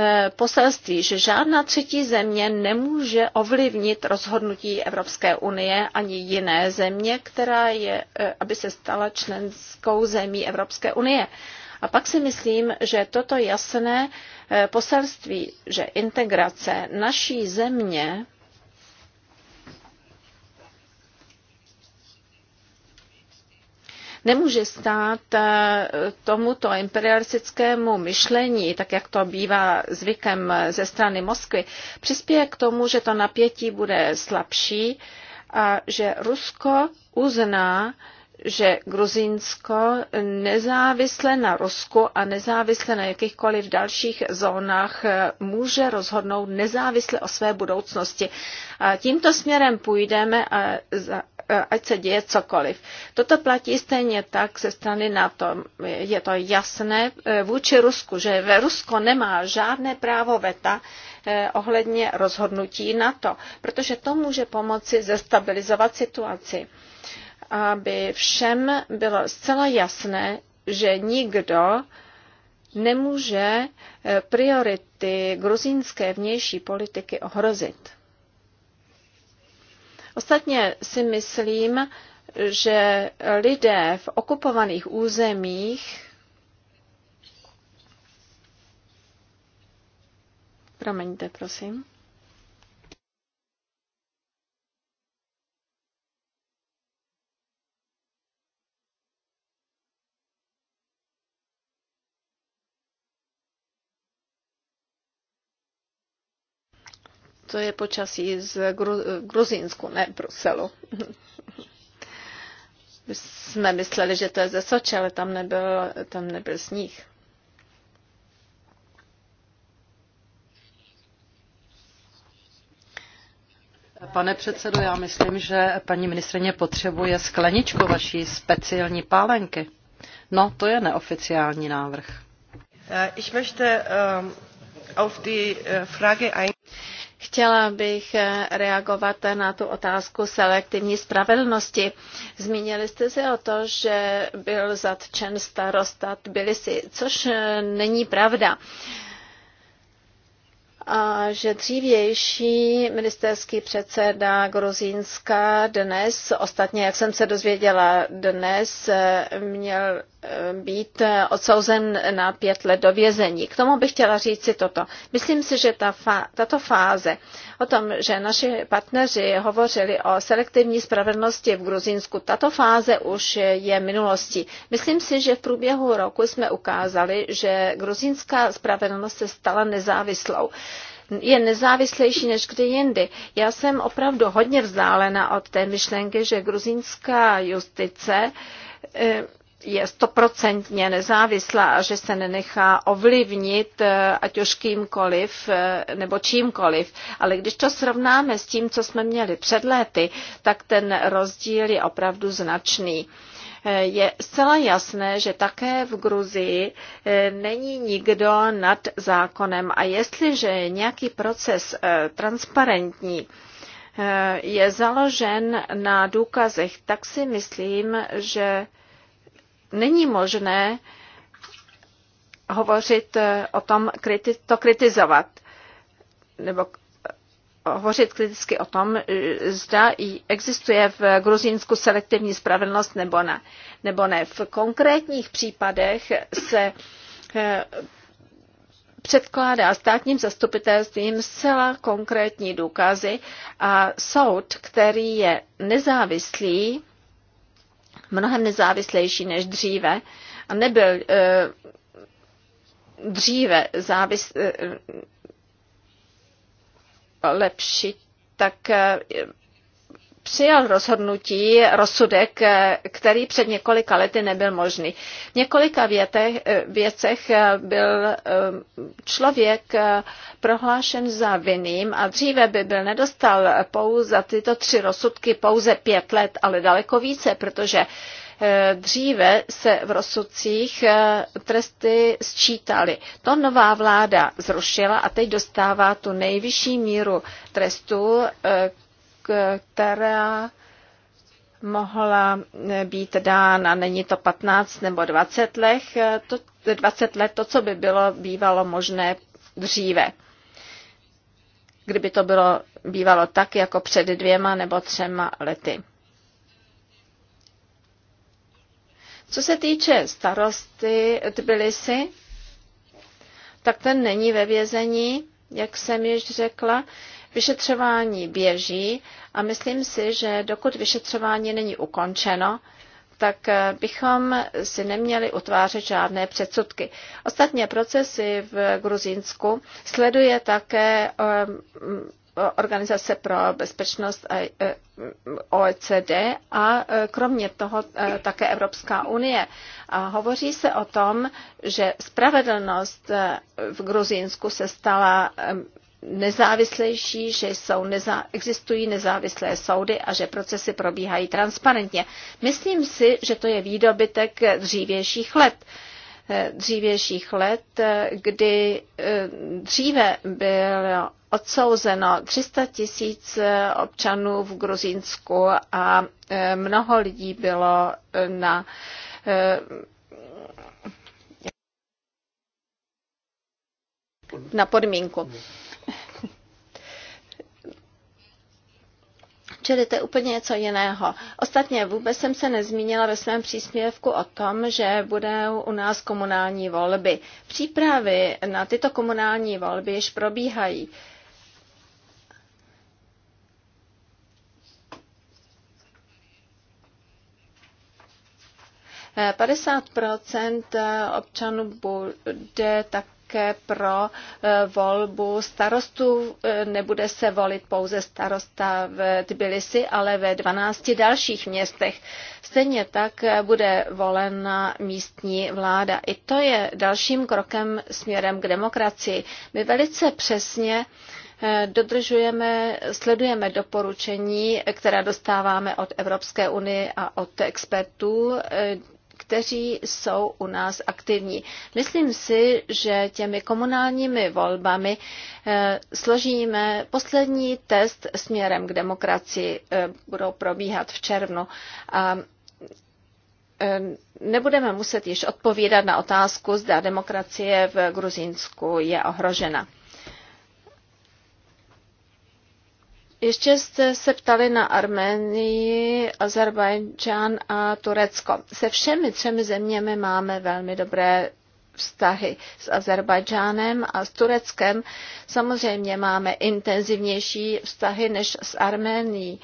Eh, poselství, že žádná třetí země nemůže ovlivnit rozhodnutí Evropské unie ani jiné země, která je, eh, aby se stala členskou zemí Evropské unie. A pak si myslím, že toto jasné eh, poselství, že integrace naší země nemůže stát eh, tomuto imperialistickému myšlení, tak jak to bývá zvykem eh, ze strany Moskvy, přispěje k tomu, že to napětí bude slabší a že Rusko uzná, že Gruzínsko nezávisle na Rusku a nezávisle na jakýchkoliv dalších zónách eh, může rozhodnout nezávisle o své budoucnosti. A tímto směrem půjdeme a Eh, ať se děje cokoliv. Toto platí stejně tak ze strany NATO. Je to jasné eh, vůči Rusku, že Rusko nemá žádné právo veta eh, ohledně rozhodnutí NATO, protože to může pomoci zestabilizovat situaci. Aby všem bylo zcela jasné, že nikdo nemůže priority gruzínské vnější politiky ohrozit. Ostatně si myslím, že lidé v okupovaných územích Promiňte, prosím. To je počasí z Gru- Gruzínsku, ne Bruselu. My Jsme mysleli, že to je ze Soče, ale tam nebyl, tam nebyl sníh. Pane předsedo, já myslím, že paní ministrině potřebuje skleničku vaší speciální pálenky. No, to je neoficiální návrh. Uh, Ich möchte uh, auf die uh, Frage ein... Chtěla bych eh, reagovat na tu otázku selektivní spravedlnosti. Zmínili jste se o to, že byl zatčen starosta Tbilisi, což eh, není pravda. A že dřívější ministerský předseda Gruzínska dnes, ostatně jak jsem se dozvěděla dnes, eh, měl být odsouzen na pět let do vězení. K tomu bych chtěla říct si toto. Myslím si, že ta fa- tato fáze o tom, že naši partneři hovořili o selektivní spravedlnosti v Gruzínsku, tato fáze už je minulostí. Myslím si, že v průběhu roku jsme ukázali, že gruzínská spravedlnost se stala nezávislou je nezávislejší než kdy jindy. Já jsem opravdu hodně vzdálena od té myšlenky, že gruzínská justice eh, je stoprocentně nezávislá a že se nenechá ovlivnit eh, ať už kýmkoliv eh, nebo čímkoliv. Ale když to srovnáme s tím, co jsme měli před léty, tak ten rozdíl je opravdu značný eh, je zcela jasné, že také v Gruzii není nikdo nad zákonem a jestliže je nějaký proces transparentní, je založen na důkazech, tak si myslím, že není možné hovořit eh, o tom, to kritizovat, nebo hovořit kriticky o tom, eh, zda existuje v Gruzínsku selektivní spravedlnost nebo ne. Nebo ne. V konkrétních případech se eh, předkládá státním zastupitelstvím zcela konkrétní důkazy a soud, který je nezávislý, mnohem nezávislejší než dříve a nebyl eh, dříve závis, eh, lepší, tak eh, přijal rozhodnutí, rozsudek, eh, který před několika lety nebyl možný. V několika větech, eh, věcech eh, byl člověk prohlášen za vinným a dříve by byl nedostal pouze za tyto tři rozsudky pouze pět let, ale daleko více, protože dříve se v rozsudcích tresty sčítaly. To nová vláda zrušila a teď dostává tu nejvyšší míru trestu, která mohla být dána, není to 15 nebo 20 let, to, 20 let, to, co by bylo bývalo možné dříve. Kdyby to bylo bývalo tak, jako před dvěma nebo třema lety. Co se týče starosty Tbilisi, tak ten není ve vězení, jak jsem již řekla. Vyšetřování běží a myslím si, že dokud vyšetřování není ukončeno, tak eh, bychom si neměli utvářet žádné předsudky. Ostatně procesy v Gruzínsku sleduje také eh, Organizace pro bezpečnost eh, OECD a kromě toho také Evropská unie. A hovoří se o tom, že spravedlnost v Gruzínsku se stala nezávislejší, že jsou nezá, existují nezávislé soudy a že procesy probíhají transparentně. Myslím si, že to je výdobytek dřívějších let. Eh, dřívějších let, eh, kdy eh, dříve bylo odsouzeno 300 tisíc občanů v Gruzínsku a mnoho lidí bylo na na podmínku. Čili to je úplně něco jiného. Ostatně vůbec jsem se nezmínila ve svém příspěvku o tom, že budou u nás komunální volby. Přípravy na tyto komunální volby již probíhají. Padesát procent občanů bude tak také pro eh, volbu starostů. Eh, nebude se volit pouze starosta v Tbilisi, ale ve 12 dalších městech. Stejně tak eh, bude volena místní vláda. I to je dalším krokem směrem k demokracii. My velice přesně dodržujeme, sledujeme doporučení, která dostáváme od Evropské unie a od expertů kteří jsou u nás aktivní. Myslím si, že těmi komunálními volbami eh, složíme poslední test směrem k demokracii. Eh, budou probíhat v červnu. A eh, nebudeme muset již odpovídat na otázku, zda demokracie v Gruzínsku je ohrožena. Ještě jste se ptali na Arménii, Azerbajdžán a Turecko. Se všemi třemi zeměmi máme velmi dobré vztahy s Azerbajdžánem a s Tureckem. Samozřejmě máme intenzivnější vztahy než s Arménií.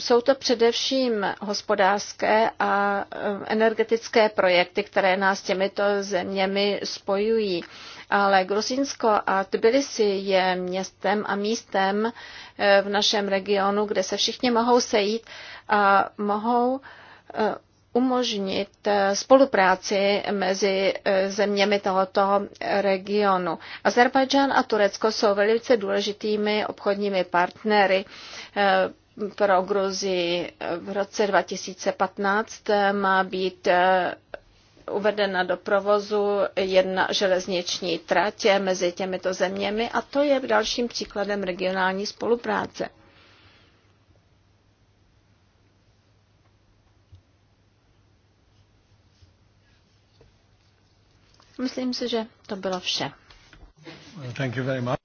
Jsou to především hospodářské a energetické projekty, které nás těmito zeměmi spojují ale Gruzinsko a Tbilisi je městem a místem eh, v našem regionu, kde se všichni mohou sejít a mohou eh, umožnit eh, spolupráci mezi zeměmi tohoto regionu. Azerbajdžán a Turecko jsou velice důležitými obchodními partnery pro Gruzii. V roce 2015 má být uvedena do provozu jedna železniční trať mezi těmito zeměmi a to je dalším příkladem regionální spolupráce. Myslím si, že to bylo vše.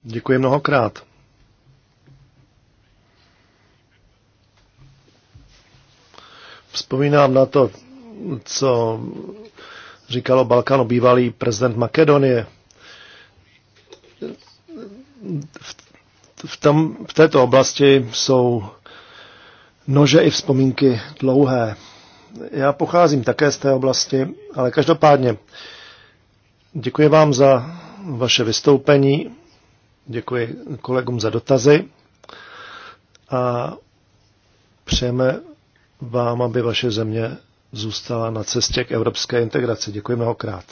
Děkuji mnohokrát. Vzpomínám na to, co říkalo Balkano, bývalý prezident Makedonie. V, v, tom, v této oblasti jsou nože i vzpomínky dlouhé. Já pocházím také z té oblasti, ale každopádně děkuji vám za vaše vystoupení, děkuji kolegům za dotazy a přejeme vám, aby vaše země zůstala na cestě k evropské integraci. Děkuji mnohokrát.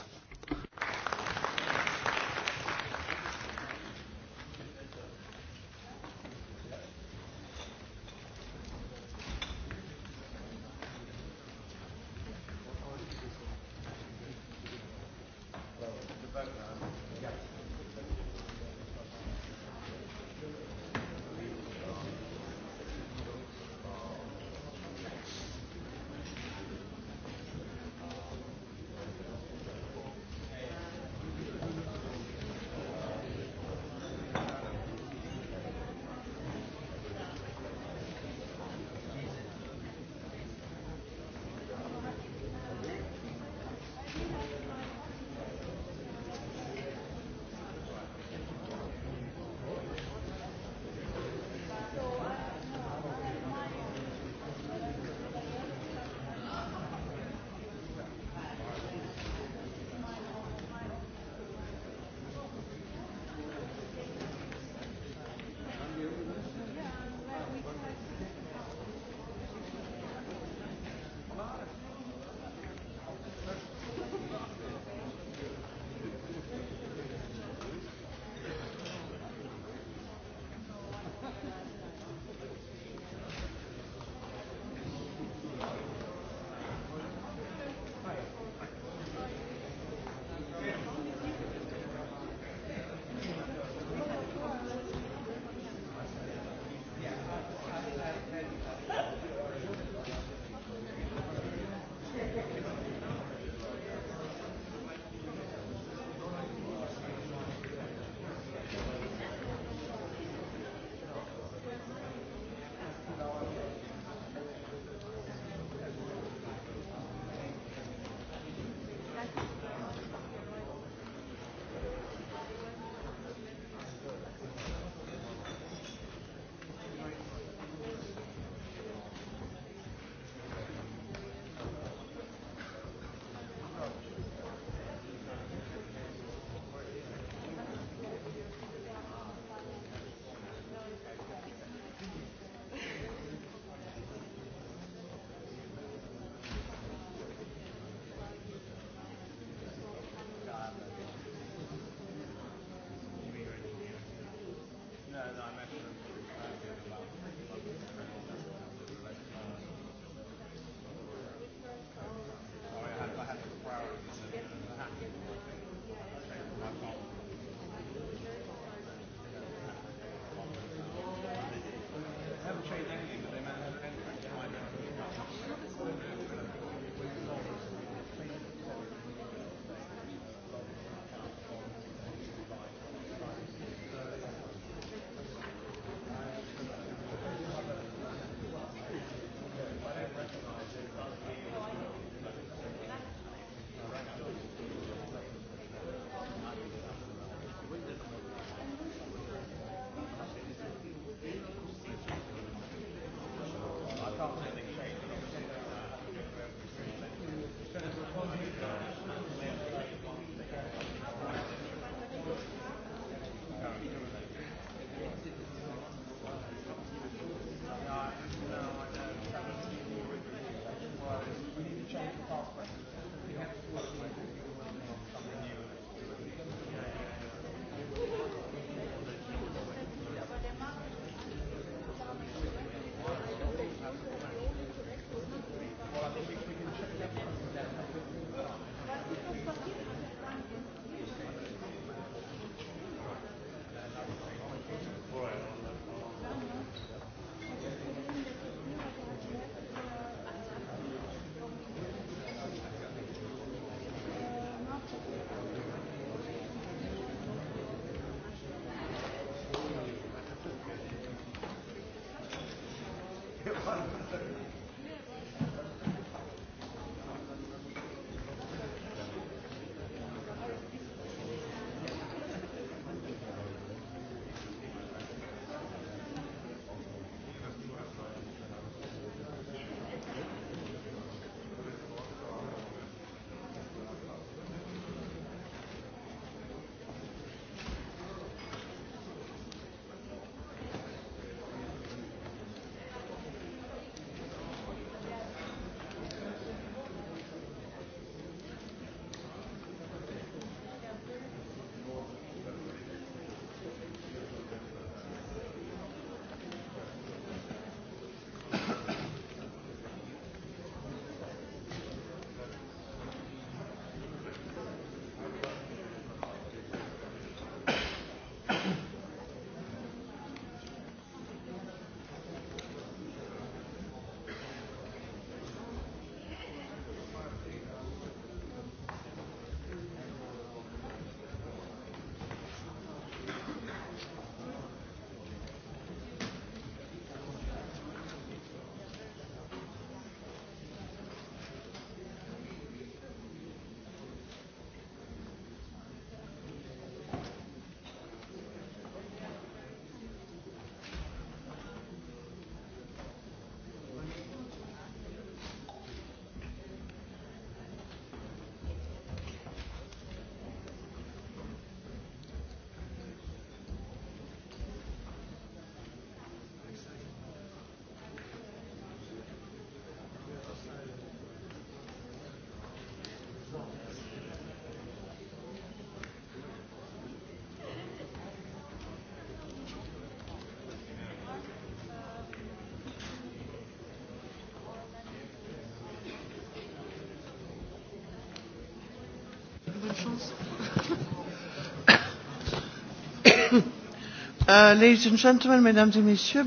Uh,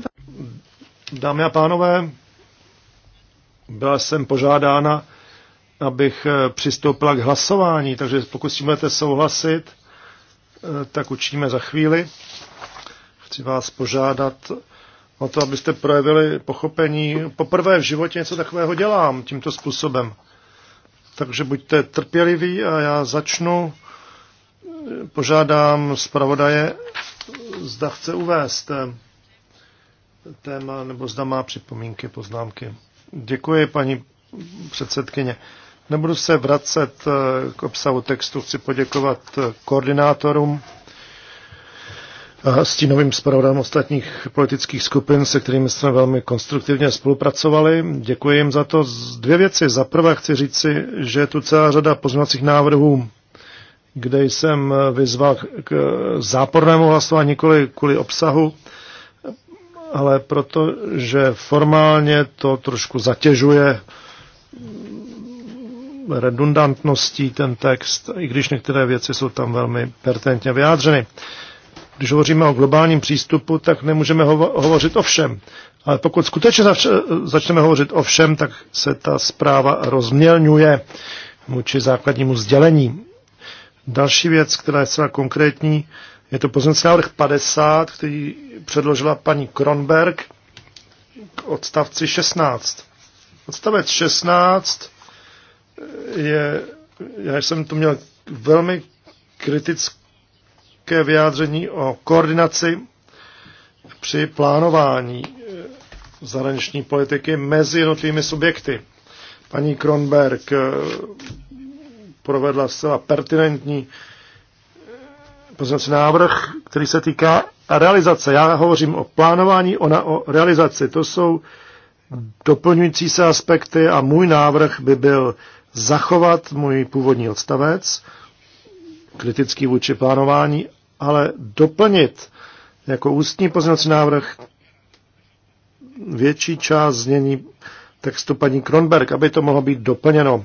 Dámy a pánové, byla jsem požádána, abych eh, přistoupila k hlasování, takže pokud si budete souhlasit, eh, tak učíme za chvíli. Chci vás požádat o to, abyste projevili pochopení. Poprvé v životě něco takového dělám tímto způsobem. Takže buďte trpěliví a já začnu. Eh, požádám zpravodaje, zda chce uvést eh, téma, nebo zda má připomínky, poznámky. Děkuji, paní předsedkyně. Nebudu se vracet eh, k obsahu textu, chci poděkovat eh, koordinátorům a stínovým zpravodajům ostatních politických skupin, se kterými jsme velmi konstruktivně spolupracovali. Děkuji jim za to. Dvě věci. Za prvé chci říci, že je tu celá řada pozměňovacích návrhů, kde jsem vyzval k zápornému hlasování, nikoli kvůli obsahu, ale proto, že formálně to trošku zatěžuje redundantností ten text, i když některé věci jsou tam velmi pertentně vyjádřeny. Když hovoříme o globálním přístupu, tak nemůžeme hovo- hovořit o všem. Ale pokud skutečně zač- začneme hovořit o všem, tak se ta zpráva rozmělňuje vůči základnímu sdělení Další věc, která je celá konkrétní, je to pozměnce návrh 50, který předložila paní Kronberg k odstavci 16. Odstavec 16 je, já jsem tu měl velmi kritické vyjádření o koordinaci při plánování eh, zahraniční politiky mezi jednotlivými subjekty. Paní Kronberg eh, provedla zcela pertinentní eh, pozměnací návrh, který se týká realizace. Já hovořím o plánování, ona o realizaci. To jsou doplňující se aspekty a můj návrh by byl zachovat můj původní odstavec, kritický vůči plánování, ale doplnit jako ústní pozměnací návrh větší část znění textu paní Kronberg, aby to mohlo být doplněno,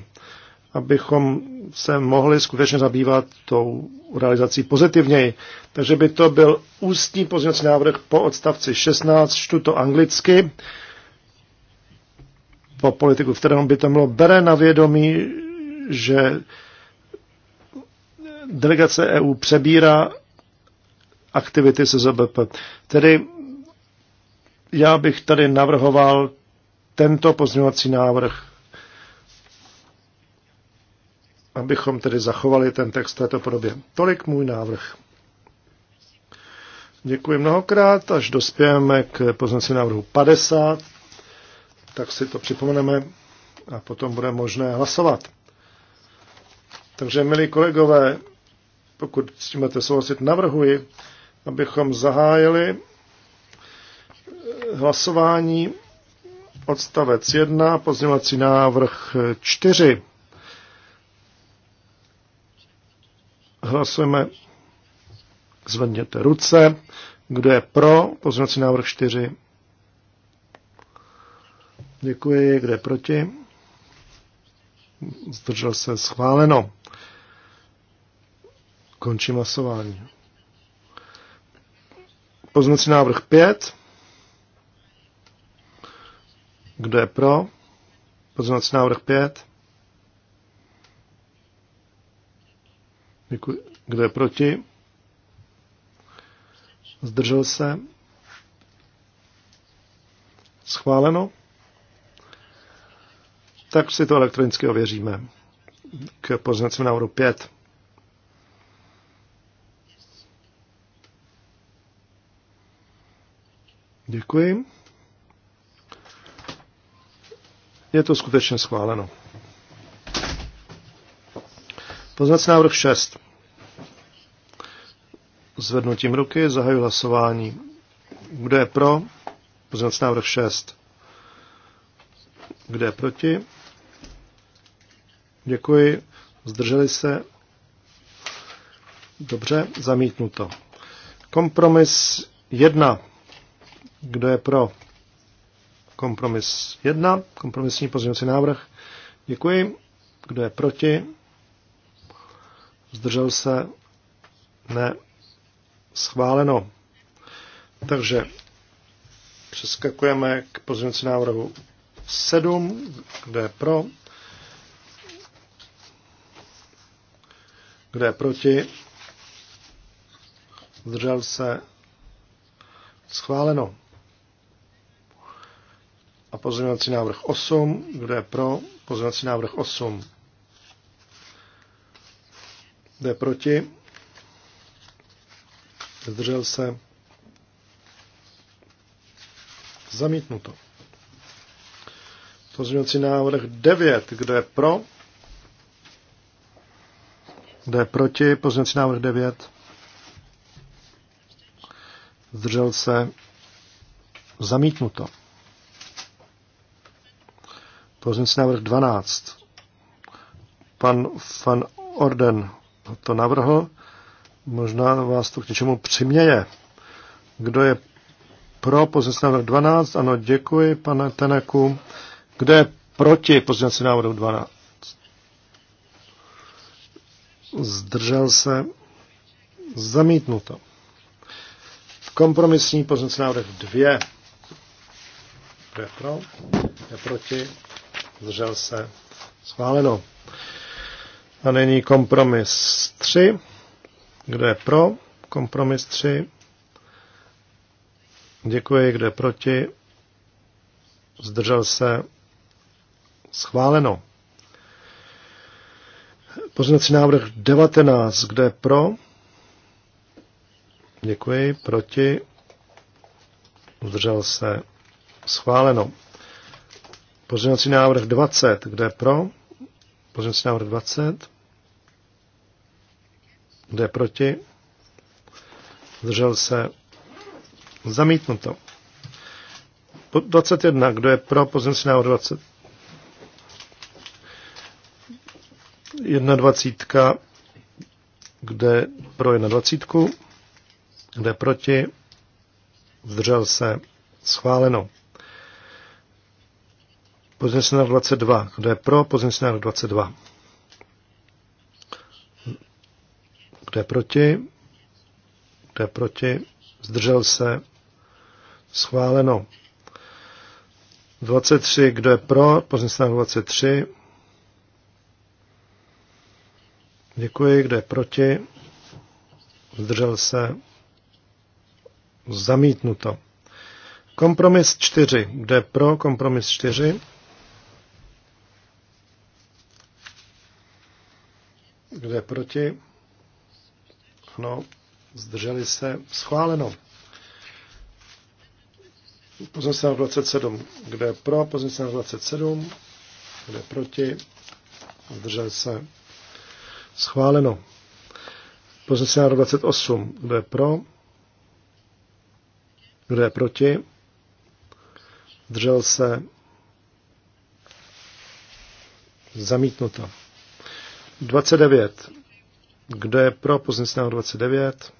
abychom se mohli skutečně zabývat tou realizací pozitivněji. Takže by to byl ústní pozměňovací návrh po odstavci 16, čtu to anglicky, po politiku, v kterém by to bylo bere na vědomí, že delegace EU přebírá aktivity se ZBP. Tedy já bych tady navrhoval tento pozměňovací návrh abychom tedy zachovali ten text v této podobě. Tolik můj návrh. Děkuji mnohokrát, až dospějeme k poznací návrhu 50, tak si to připomeneme a potom bude možné hlasovat. Takže, milí kolegové, pokud s tím budete souhlasit, navrhuji, abychom zahájili hlasování odstavec 1, pozměňovací návrh 4. Hlasujeme. Zvedněte ruce. Kdo je pro pozměňovací návrh 4? Děkuji. Kdo je proti? Zdržel se schváleno. Končím hlasování. Pozměňovací návrh 5. Kdo je pro? Pozměňovací návrh 5. Děkuji. Kdo je proti? Zdržel se? Schváleno? Tak si to elektronicky ověříme. K poznacím návrhu 5. Děkuji. Je to skutečně schváleno. Pozvací návrh 6. Zvednutím ruky zahajuji hlasování. Kdo je pro? Pozvací návrh 6. Kdo je proti? Děkuji. Zdrželi se? Dobře, zamítnuto. Kompromis 1. Kdo je pro? Kompromis 1. Kompromisní pozvací návrh. Děkuji. Kdo je proti? zdržel se, ne, schváleno. Takže přeskakujeme k pozměnci návrhu 7, kde je pro, kde je proti, zdržel se, schváleno. A pozměňovací návrh 8, kde je pro, pozměňovací návrh 8, Jde proti. Zdržel se. Zamítnuto. Pozměňovací návrh 9. Kdo je pro? Kdo je proti? Pozměňovací návrh 9. Zdržel se. Zamítnuto. Pozměňovací návrh 12. Pan Van Orden to navrhl. Možná vás to k něčemu přiměje. Kdo je pro pozici návrh 12? Ano, děkuji, pane Teneku. Kdo je proti pozici návrhu 12? Zdržel se. Zamítnuto. Kompromisní pozici návrh 2. Kdo je pro? Kdo je proti? Zdržel se. Schváleno. A není kompromis 3. Kdo je pro? Kompromis 3. Děkuji. Kdo je proti? Zdržel se? Schváleno. Pozměnací návrh 19. Kdo je pro? Děkuji. Proti? Zdržel se? Schváleno. Pozměnací návrh 20. Kdo je pro? Pozměňovací návrh 20. Kdo je proti? Zdržel se? Zamítnuto. 21. Kdo je pro pozměňovací návrh 20? 21. Kde pro 21. Kde proti? Zdržel se? Schváleno. Pozměnce 22. Kdo je pro? Pozměnce 22. Kdo je proti? Kdo je proti? Zdržel se? Schváleno. 23. Kdo je pro? Pozměnce 23. Děkuji. Kdo je proti? Zdržel se? Zamítnuto. Kompromis 4. Kde pro kompromis 4? Kdo je proti? Ano, zdrželi se. Schváleno. Pozměnce na 27. Kdo je pro? Pozměnce na 27. Kdo je proti? Zdrželi se. Schváleno. Pozměnce na 28. Kdo je pro? Kdo je proti? Zdržel se. Zamítnuto. 29. Kdo je pro pozměňovací 29?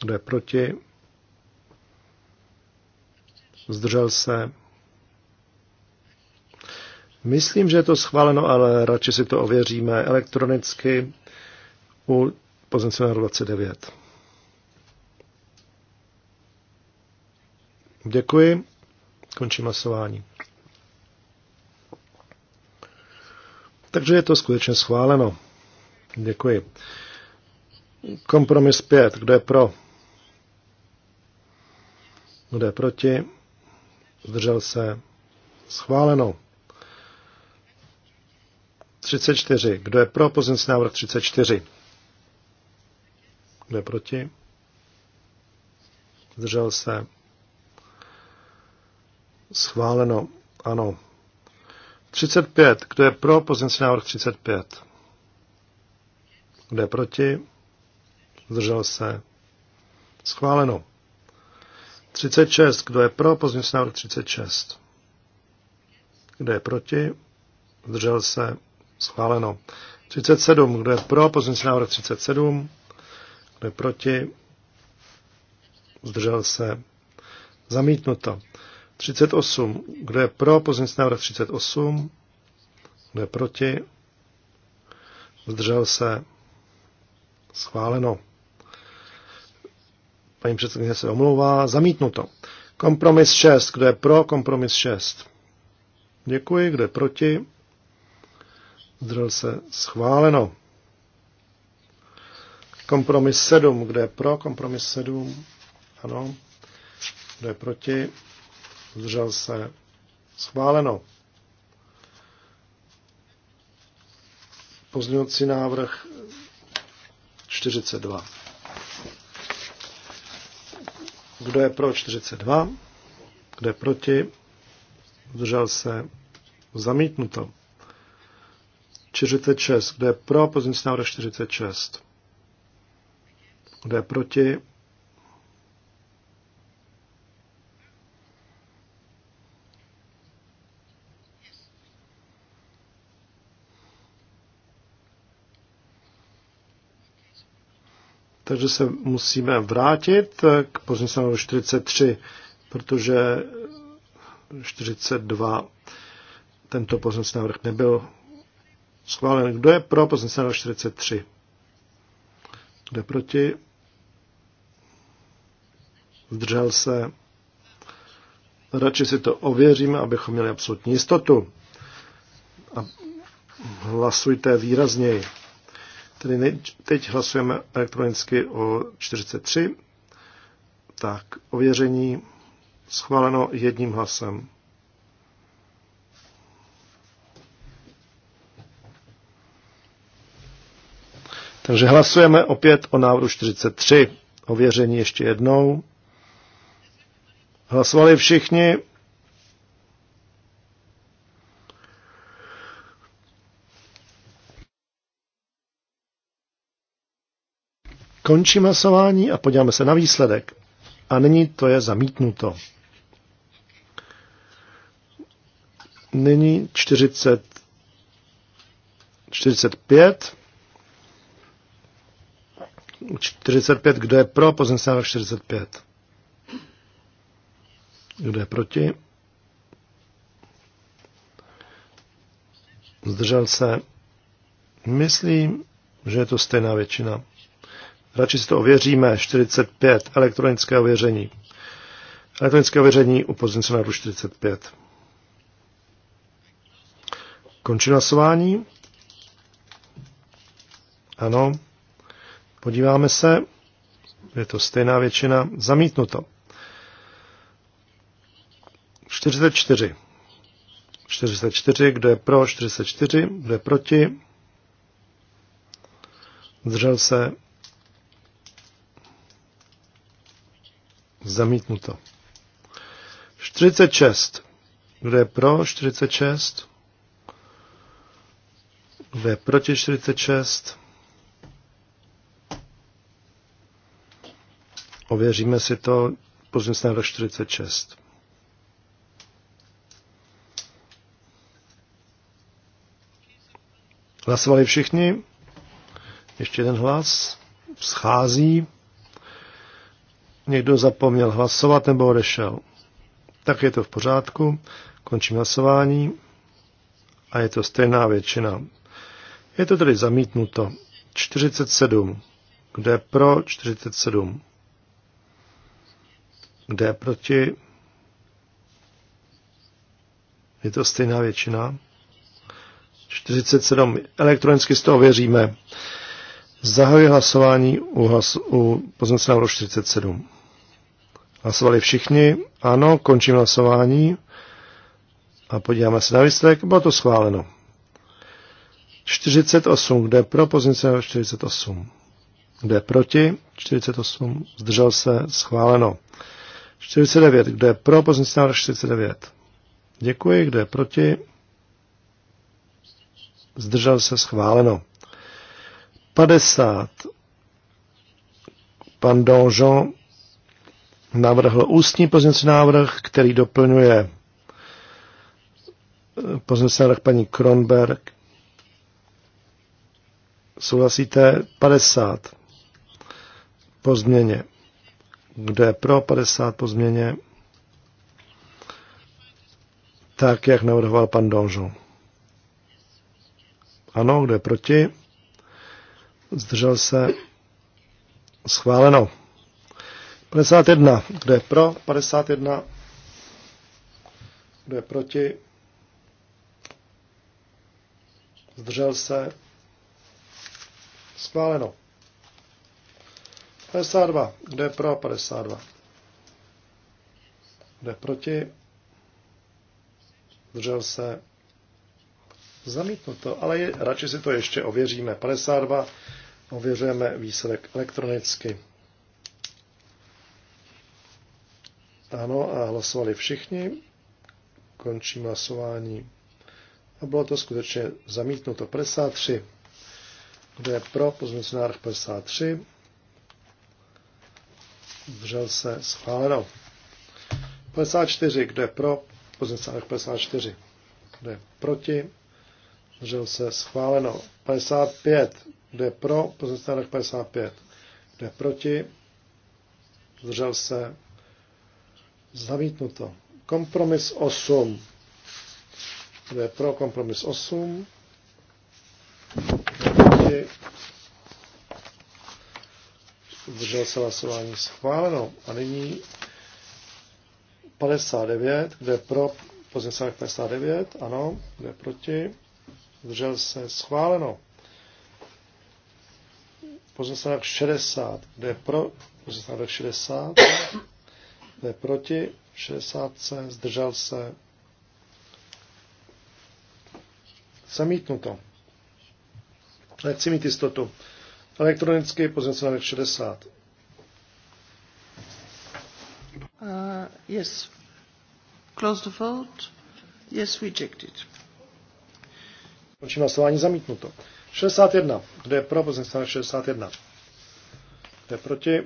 Kdo je proti? Zdržel se? Myslím, že je to schváleno, ale radši si to ověříme elektronicky u pozice 29. Děkuji. Končím hlasování. Takže je to skutečně schváleno. Děkuji. Kompromis 5. Kdo je pro? Kdo je proti? Zdržel se? Schváleno. 34. Kdo je pro pozměnce návrh 34? Kdo je proti? Zdržel se? Schváleno. Ano. 35. Kdo je pro pozměňovací návrh 35? Kdo je proti? Zdržel se. Schváleno. 36. Kdo je pro pozměňovací návrh 36? Kdo je proti? Zdržel se. Schváleno. 37. Kdo je pro pozměňovací návrh 37? Kdo je proti? Zdržel se. Zamítnuto. 38. Kdo je pro pozměňovací návrh 38? Kdo je proti? Zdržel se? Schváleno. Paní předsedkyně se omlouvá. Zamítnuto. Kompromis 6. Kdo je pro? Kompromis 6. Děkuji. Kdo je proti? Zdržel se? Schváleno. Kompromis 7. Kdo je pro? Kompromis 7. Ano. Kdo je proti? zdržel se, schváleno. Pozměňovací návrh 42. Kdo je pro 42? Kdo je proti? Zdržel se zamítnuto. 46. Kdo je pro pozměňovací návrh 46? Kdo je proti? Takže se musíme vrátit k pozměnu 43, protože 42 tento pozměnce návrh nebyl schválen. Kdo je pro pozměnce 43? Kdo je proti? Zdržel se. Radši si to ověříme, abychom měli absolutní jistotu. A hlasujte výrazněji. Tedy teď hlasujeme elektronicky o 43. Tak, ověření schváleno jedním hlasem. Takže hlasujeme opět o návrhu 43. Ověření ještě jednou. Hlasovali všichni. Končím hlasování a podíváme se na výsledek. A nyní to je zamítnuto. Nyní 40, 45. 45, kdo je pro, pozem návrh 45. Kdo je proti? Zdržel se. Myslím, že je to stejná většina. Radši si to ověříme. 45. Elektronické ověření. Elektronické ověření u pozicionáru 45. Končí hlasování. Ano. Podíváme se. Je to stejná většina. Zamítnuto. 44. 44. Kdo je pro? 44. Kdo je proti? Zdržel se? Zamítnuto. 46. Kdo je pro 46? Kdo je proti 46? Ověříme si to. Pozměnce návrh 46. Hlasovali všichni? Ještě jeden hlas. Schází někdo zapomněl hlasovat nebo odešel. Tak je to v pořádku, končím hlasování a je to stejná většina. Je to tedy zamítnuto. 47. Kdo je pro 47? Kdo je proti? Je to stejná většina. 47. Elektronicky z toho věříme. Zahajuji hlasování u, hlas, u pozměnce návrhu 47. Hlasovali všichni? Ano, končím hlasování. A podíváme se na výsledek. Bylo to schváleno. 48, kde pro, pozice 48. Kde proti, 48, zdržel se, schváleno. 49, kde pro, pozice 49. Děkuji, kde proti, zdržel se, schváleno. 50. Pan Donjon navrhl ústní pozměnce návrh, který doplňuje eh, pozměnce návrh paní Kronberg. Souhlasíte 50 po změně. Kdo je pro 50 po změně? Tak, jak navrhoval pan Donjon. Ano, kdo je proti? zdržel se, schváleno. 51, kdo je pro, 51, kdo je proti, zdržel se, schváleno. 52, kdo je pro, 52, kdo je proti, zdržel se, zamítnuto, ale je, radši si to ještě ověříme. 52, Ověřujeme výsledek elektronicky. Ano, a hlasovali všichni. Končím hlasování. A bylo to skutečně zamítnuto 53. Kdo je pro pozměňovací návrh 53? Držel se schváleno. 54. Kdo je pro pozměňovací návrh 54? Kdo je proti? Držel se schváleno. 55. Kdo je pro pozměňovací návrh 55? Kdo je proti? Zdržel se? Zamítnuto. Kompromis 8. Kdo je pro kompromis 8? Kdo je proti? Zdržel se hlasování schváleno. A nyní 59. Kdo je pro pozměňovací návrh 59? Ano. Kdo je proti? Zdržel se schváleno pozastavek 60, kde je pro, pozastavek 60, kde je proti, 60 se, zdržel se, zamítnuto. Nechci mít jistotu. Elektronicky pozastavek 60. Uh, yes. Close the vote. Yes, rejected. Končím hlasování zamítnuto. 61. kde je pro pozměňovací 61? Kde je proti?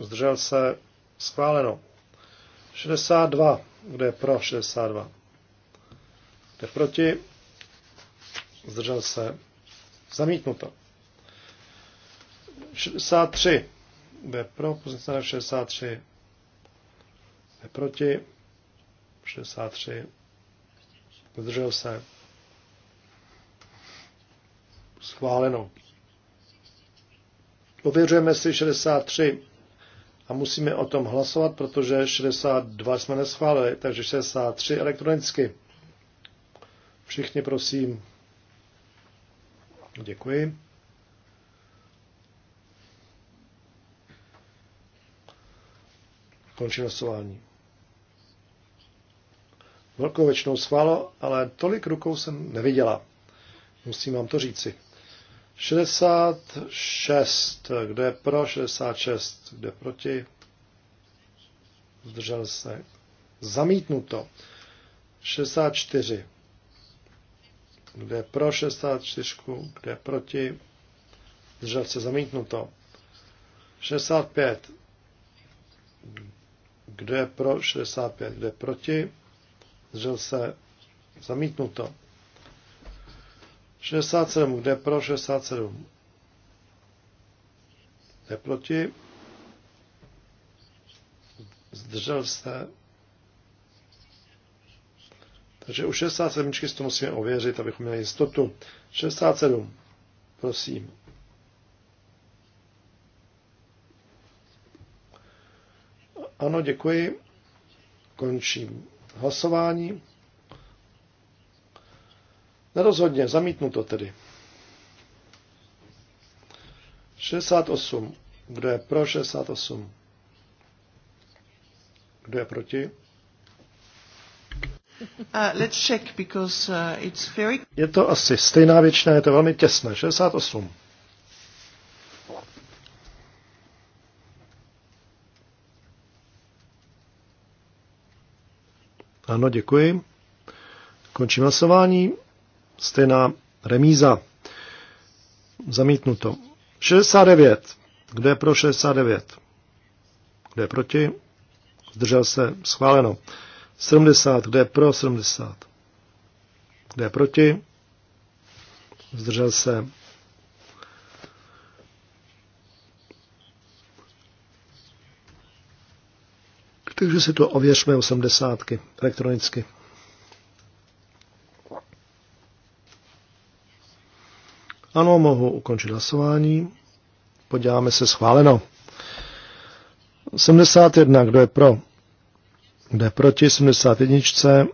Zdržel se? Schváleno. 62. kde je pro 62? Kde je proti? Zdržel se? Zamítnuto. 63. kde je pro pozměňovací 63? Kde je proti? 63. Zdržel se? schváleno. Ověřujeme si 63 a musíme o tom hlasovat, protože 62 jsme neschválili, takže 63 elektronicky. Všichni prosím. Děkuji. Končím hlasování. Velkou většinou schválo, ale tolik rukou jsem neviděla. Musím vám to říci. 66. Kdo je pro? 66. Kdo je proti? Zdržel se. Zamítnuto. 64. Kdo je pro 64? Kdo je proti? Zdržel se. Zamítnuto. 65. Kdo je pro 65? Kdo je proti? Zdržel se. Zamítnuto. 67, kde pro 67? Kde proti? Zdržel se. Takže u 67 si to musíme ověřit, abychom měli jistotu. 67, prosím. Ano, děkuji. Končím hlasování. Nerozhodně, to tedy. 68. Kdo je pro 68? Kdo je proti? Uh, let's check, because, uh, it's very... Je to asi stejná většina, je to velmi těsné. 68. Ano, děkuji. Končím hlasování. Stejná remíza. Zamítnuto. 69. Kdo je pro 69? Kdo je proti? Zdržel se. Schváleno. 70. Kdo je pro 70? Kdo je proti? Zdržel se. 80. Takže si to ověřme 80 elektronicky. Ano, mohu ukončit hlasování. Podíváme se schváleno. 71, kdo je pro? Kdo je proti? 71.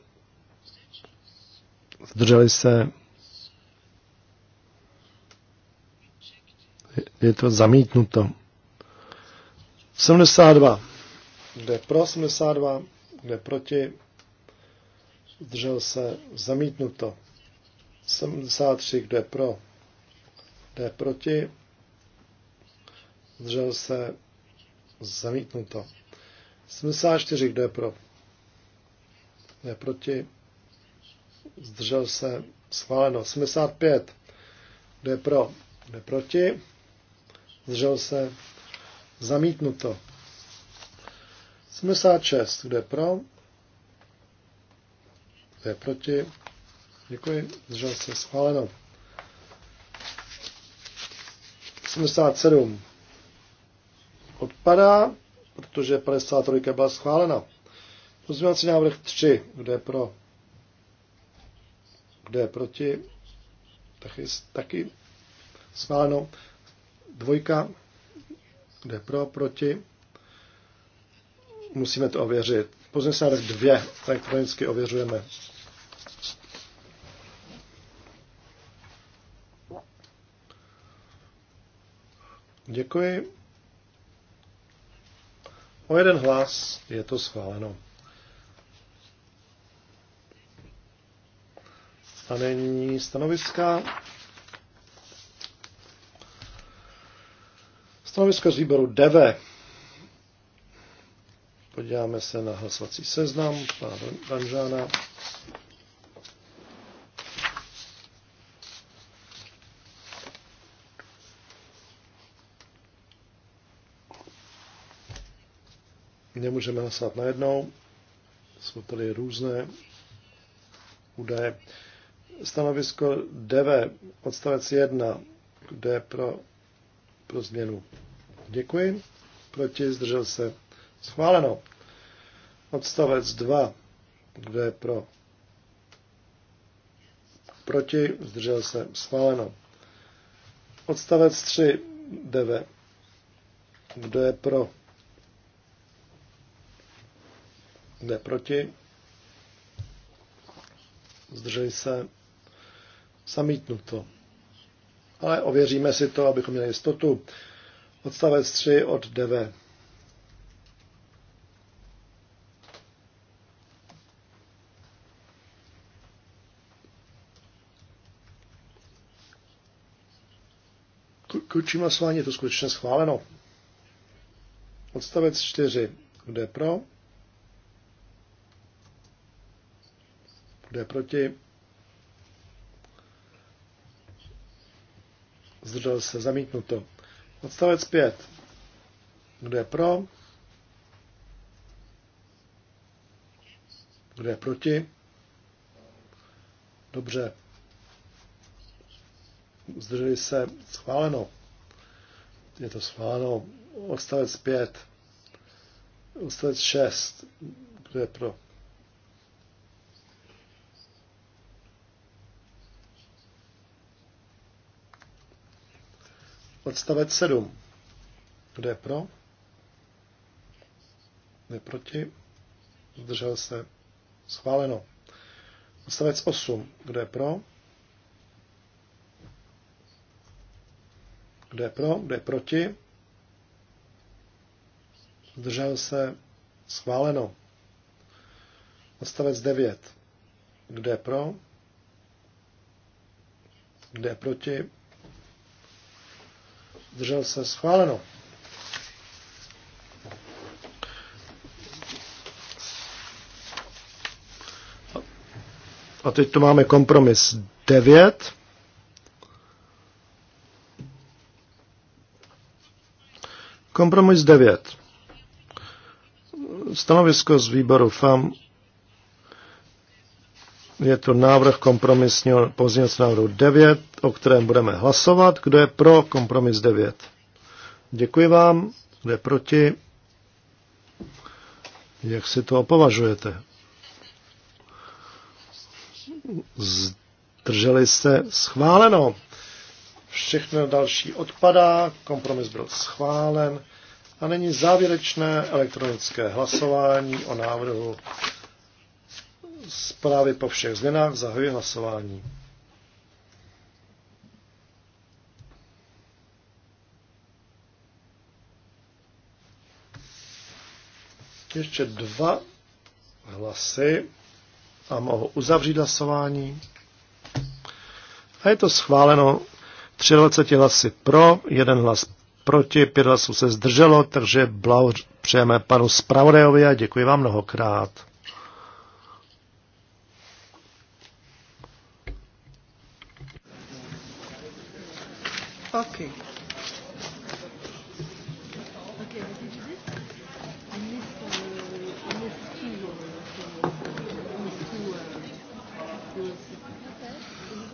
Zdrželi se. Je to zamítnuto. 72. Kdo je pro 72? Kdo je proti? Zdržel se. Zamítnuto. 73. Kdo je pro? jde proti? Zdržel se zamítnuto. 74. Kdo je pro? Kdo je proti? Zdržel se schváleno. 75. Kdo je pro? Kdo je proti? Zdržel se zamítnuto. 76. Kdo je pro? Kdo je proti? Děkuji. Zdržel se schváleno. 77 odpadá, protože 53 byla schválena. Pozměňovací návrh 3, kde je pro, kde je proti, taky, taky schváleno. Dvojka, kde je pro, proti, musíme to ověřit. Pozměňovací návrh 2, elektronicky ověřujeme. Děkuji. O jeden hlas je to schváleno. A není stanoviska. Stanoviska z výboru DV. Podíváme se na hlasovací seznam pana Danžána. nemůžeme hlasovat najednou. Jsou tady různé údaje. Stanovisko DV, odstavec 1, kde je pro, pro změnu. Děkuji. Proti, zdržel se. Schváleno. Odstavec 2, kde je pro. Proti, zdržel se. Schváleno. Odstavec 3, DV. kde je pro? Kde proti? Zdrželi se zamítnuto. Ale ověříme si to, abychom měli jistotu. Odstavec 3 od 9. Klučím hlasování, je to skutečně schváleno. Odstavec 4. Kde pro? Kdo proti? Zdržel se zamítnuto. Odstavec 5. Kdo je pro? Kdo je proti? Dobře. Zdrželi se. Schváleno. Je to schváleno. Odstavec 5. Odstavec 6. Kdo je pro? Odstavec 7. Kdo je pro? Kdo je proti? Zdržel se. Schváleno. Odstavec 8. Kdo je pro? Kdo je pro? Kdo je proti? Zdržel se. Schváleno. Odstavec 9. Kdo je pro? Kdo je proti? zdržel se schváleno. A teď tu máme kompromis 9. Kompromis 9. Stanovisko z výboru FAM je to návrh kompromisního pozdějovacího návrhu 9, o kterém budeme hlasovat. Kdo je pro kompromis 9? Děkuji vám. Kdo je proti? Jak si to opovažujete? Zdrželi jste schváleno. Všechno další odpadá, kompromis byl schválen a není závěrečné elektronické hlasování o návrhu zprávy po všech změnách zahajuji hlasování. Ještě dva hlasy a mohu uzavřít hlasování. A je to schváleno 23 hlasy pro, jeden hlas proti, pět hlasů se zdrželo, takže blahopřejeme panu zpravodajovi a děkuji vám mnohokrát. taky.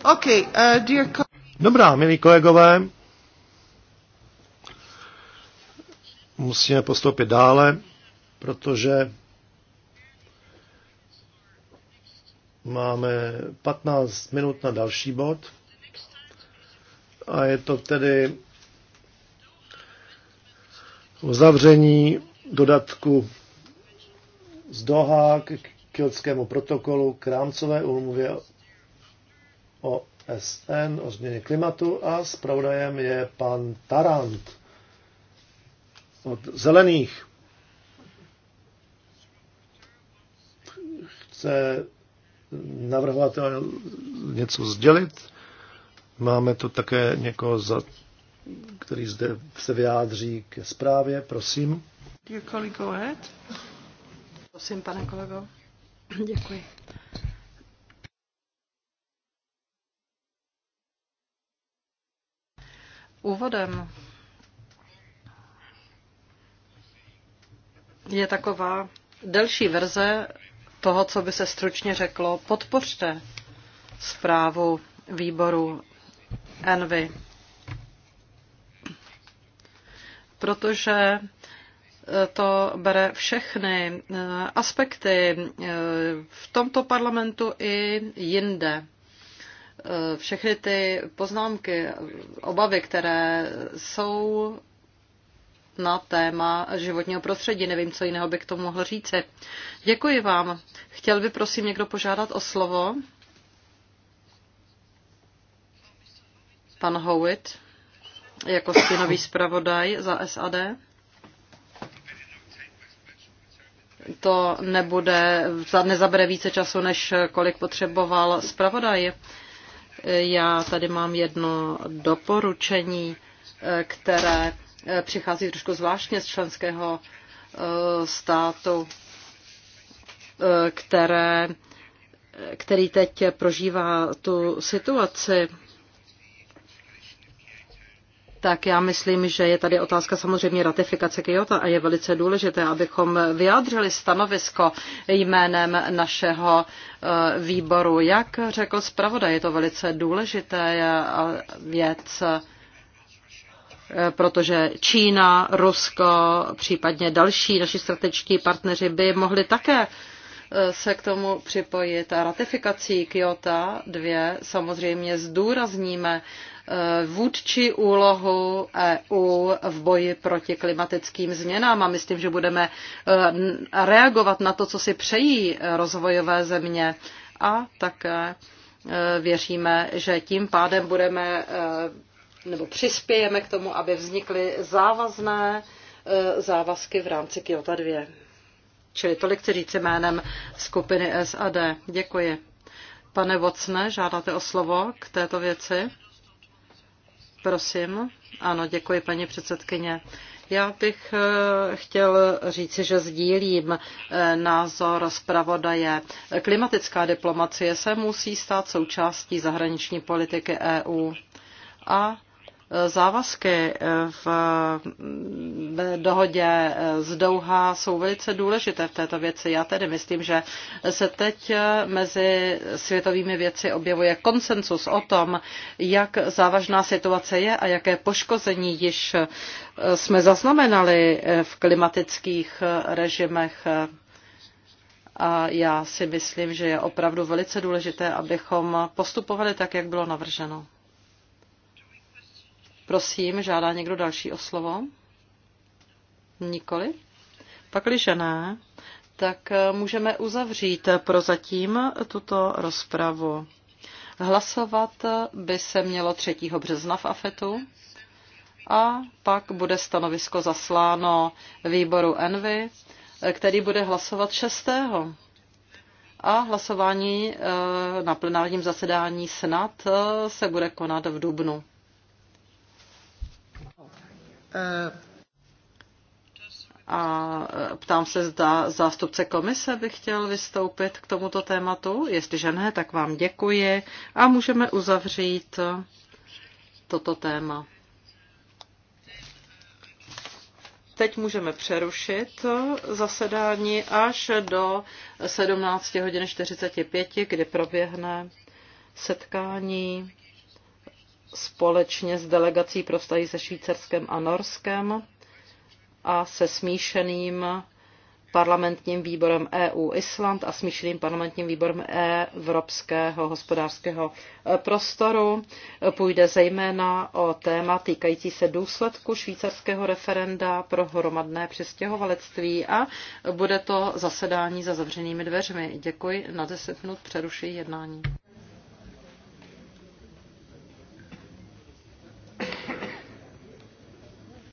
Okay, uh, dear Dobrá, milí kolegové, musíme postoupit dále, protože máme 15 minut na další bod a je to tedy uzavření dodatku z Doha k kyotskému protokolu k rámcové úmluvě o SN o změně klimatu a zpravodajem je pan Tarant od Zelených. Chce navrhovatel něco sdělit? Máme tu také někoho, za, který zde se vyjádří k zprávě. Prosím. Prosím, pane kolego. Děkuji. Úvodem je taková delší verze toho, co by se stručně řeklo. Podpořte zprávu výboru Envy. Protože eh, to bere všechny eh, aspekty eh, v tomto parlamentu i jinde. Všechny ty poznámky, obavy, které jsou na téma životního prostředí. Nevím, co jiného bych k tomu mohl říci. Děkuji vám. Chtěl by prosím někdo požádat o slovo? pan Howitt jako stínový zpravodaj za SAD. To nebude, nezabere více času, než kolik potřeboval zpravodaj. Já tady mám jedno doporučení, které přichází trošku zvláštně z členského eh, státu, eh, které, který teď prožívá tu situaci tak já myslím, že je tady otázka samozřejmě ratifikace Kyoto a je velice důležité, abychom vyjádřili stanovisko jménem našeho eh, výboru. Jak řekl zpravodaj, je to velice důležité věc, eh, protože Čína, Rusko, případně další naši strategičtí partneři by mohli také eh, se k tomu připojit. A ratifikací Kyoto 2 samozřejmě zdůrazníme Eh, vůdčí úlohu EU v boji proti klimatickým změnám a myslím, že budeme eh, reagovat na to, co si přejí eh, rozvojové země a také věříme, že tím pádem budeme nebo přispějeme k tomu, aby vznikly závazné závazky v rámci Kyoto 2. Čili tolik chci říct jménem skupiny SAD. Děkuji. Pane Vocne, žádáte o slovo k této věci? Prosím. Ano, děkuji, paní předsedkyně. Já bych eh, chtěl říci, že sdílím eh, názor zpravodaje. Klimatická diplomacie se musí stát součástí zahraniční politiky EU a závazky v dohodě z Douha jsou velice důležité v této věci. Já tedy myslím, že se teď mezi světovými věci objevuje konsensus o tom, jak závažná situace je a jaké poškození již jsme zaznamenali v klimatických režimech a já si myslím, že je opravdu velice důležité, abychom postupovali tak, jak bylo navrženo. Prosím, žádá někdo další o slovo? Nikoli? Pakliže ne, tak eh, můžeme uzavřít prozatím tuto rozpravu. Hlasovat by se mělo 3. března v AFETu a pak bude stanovisko zasláno výboru ENVY, který bude hlasovat 6. A hlasování eh, na plenárním zasedání snad eh, se bude konat v Dubnu. A e, ptám se, zda zástupce komise by chtěl vystoupit k tomuto tématu. Jestliže ne, tak vám děkuji a můžeme uzavřít toto téma. Teď můžeme přerušit zasedání až do 17 hodin 45, kdy proběhne setkání společně s delegací pro vztahy se Švýcarskem a Norskem a se smíšeným parlamentním výborem EU Island a smíšeným parlamentním výborem e Evropského hospodářského e, prostoru. Půjde zejména o téma týkající se důsledku švýcarského referenda pro hromadné přistěhovalectví a bude to zasedání za zavřenými dveřmi. Děkuji, na 10 minut přeruší jednání.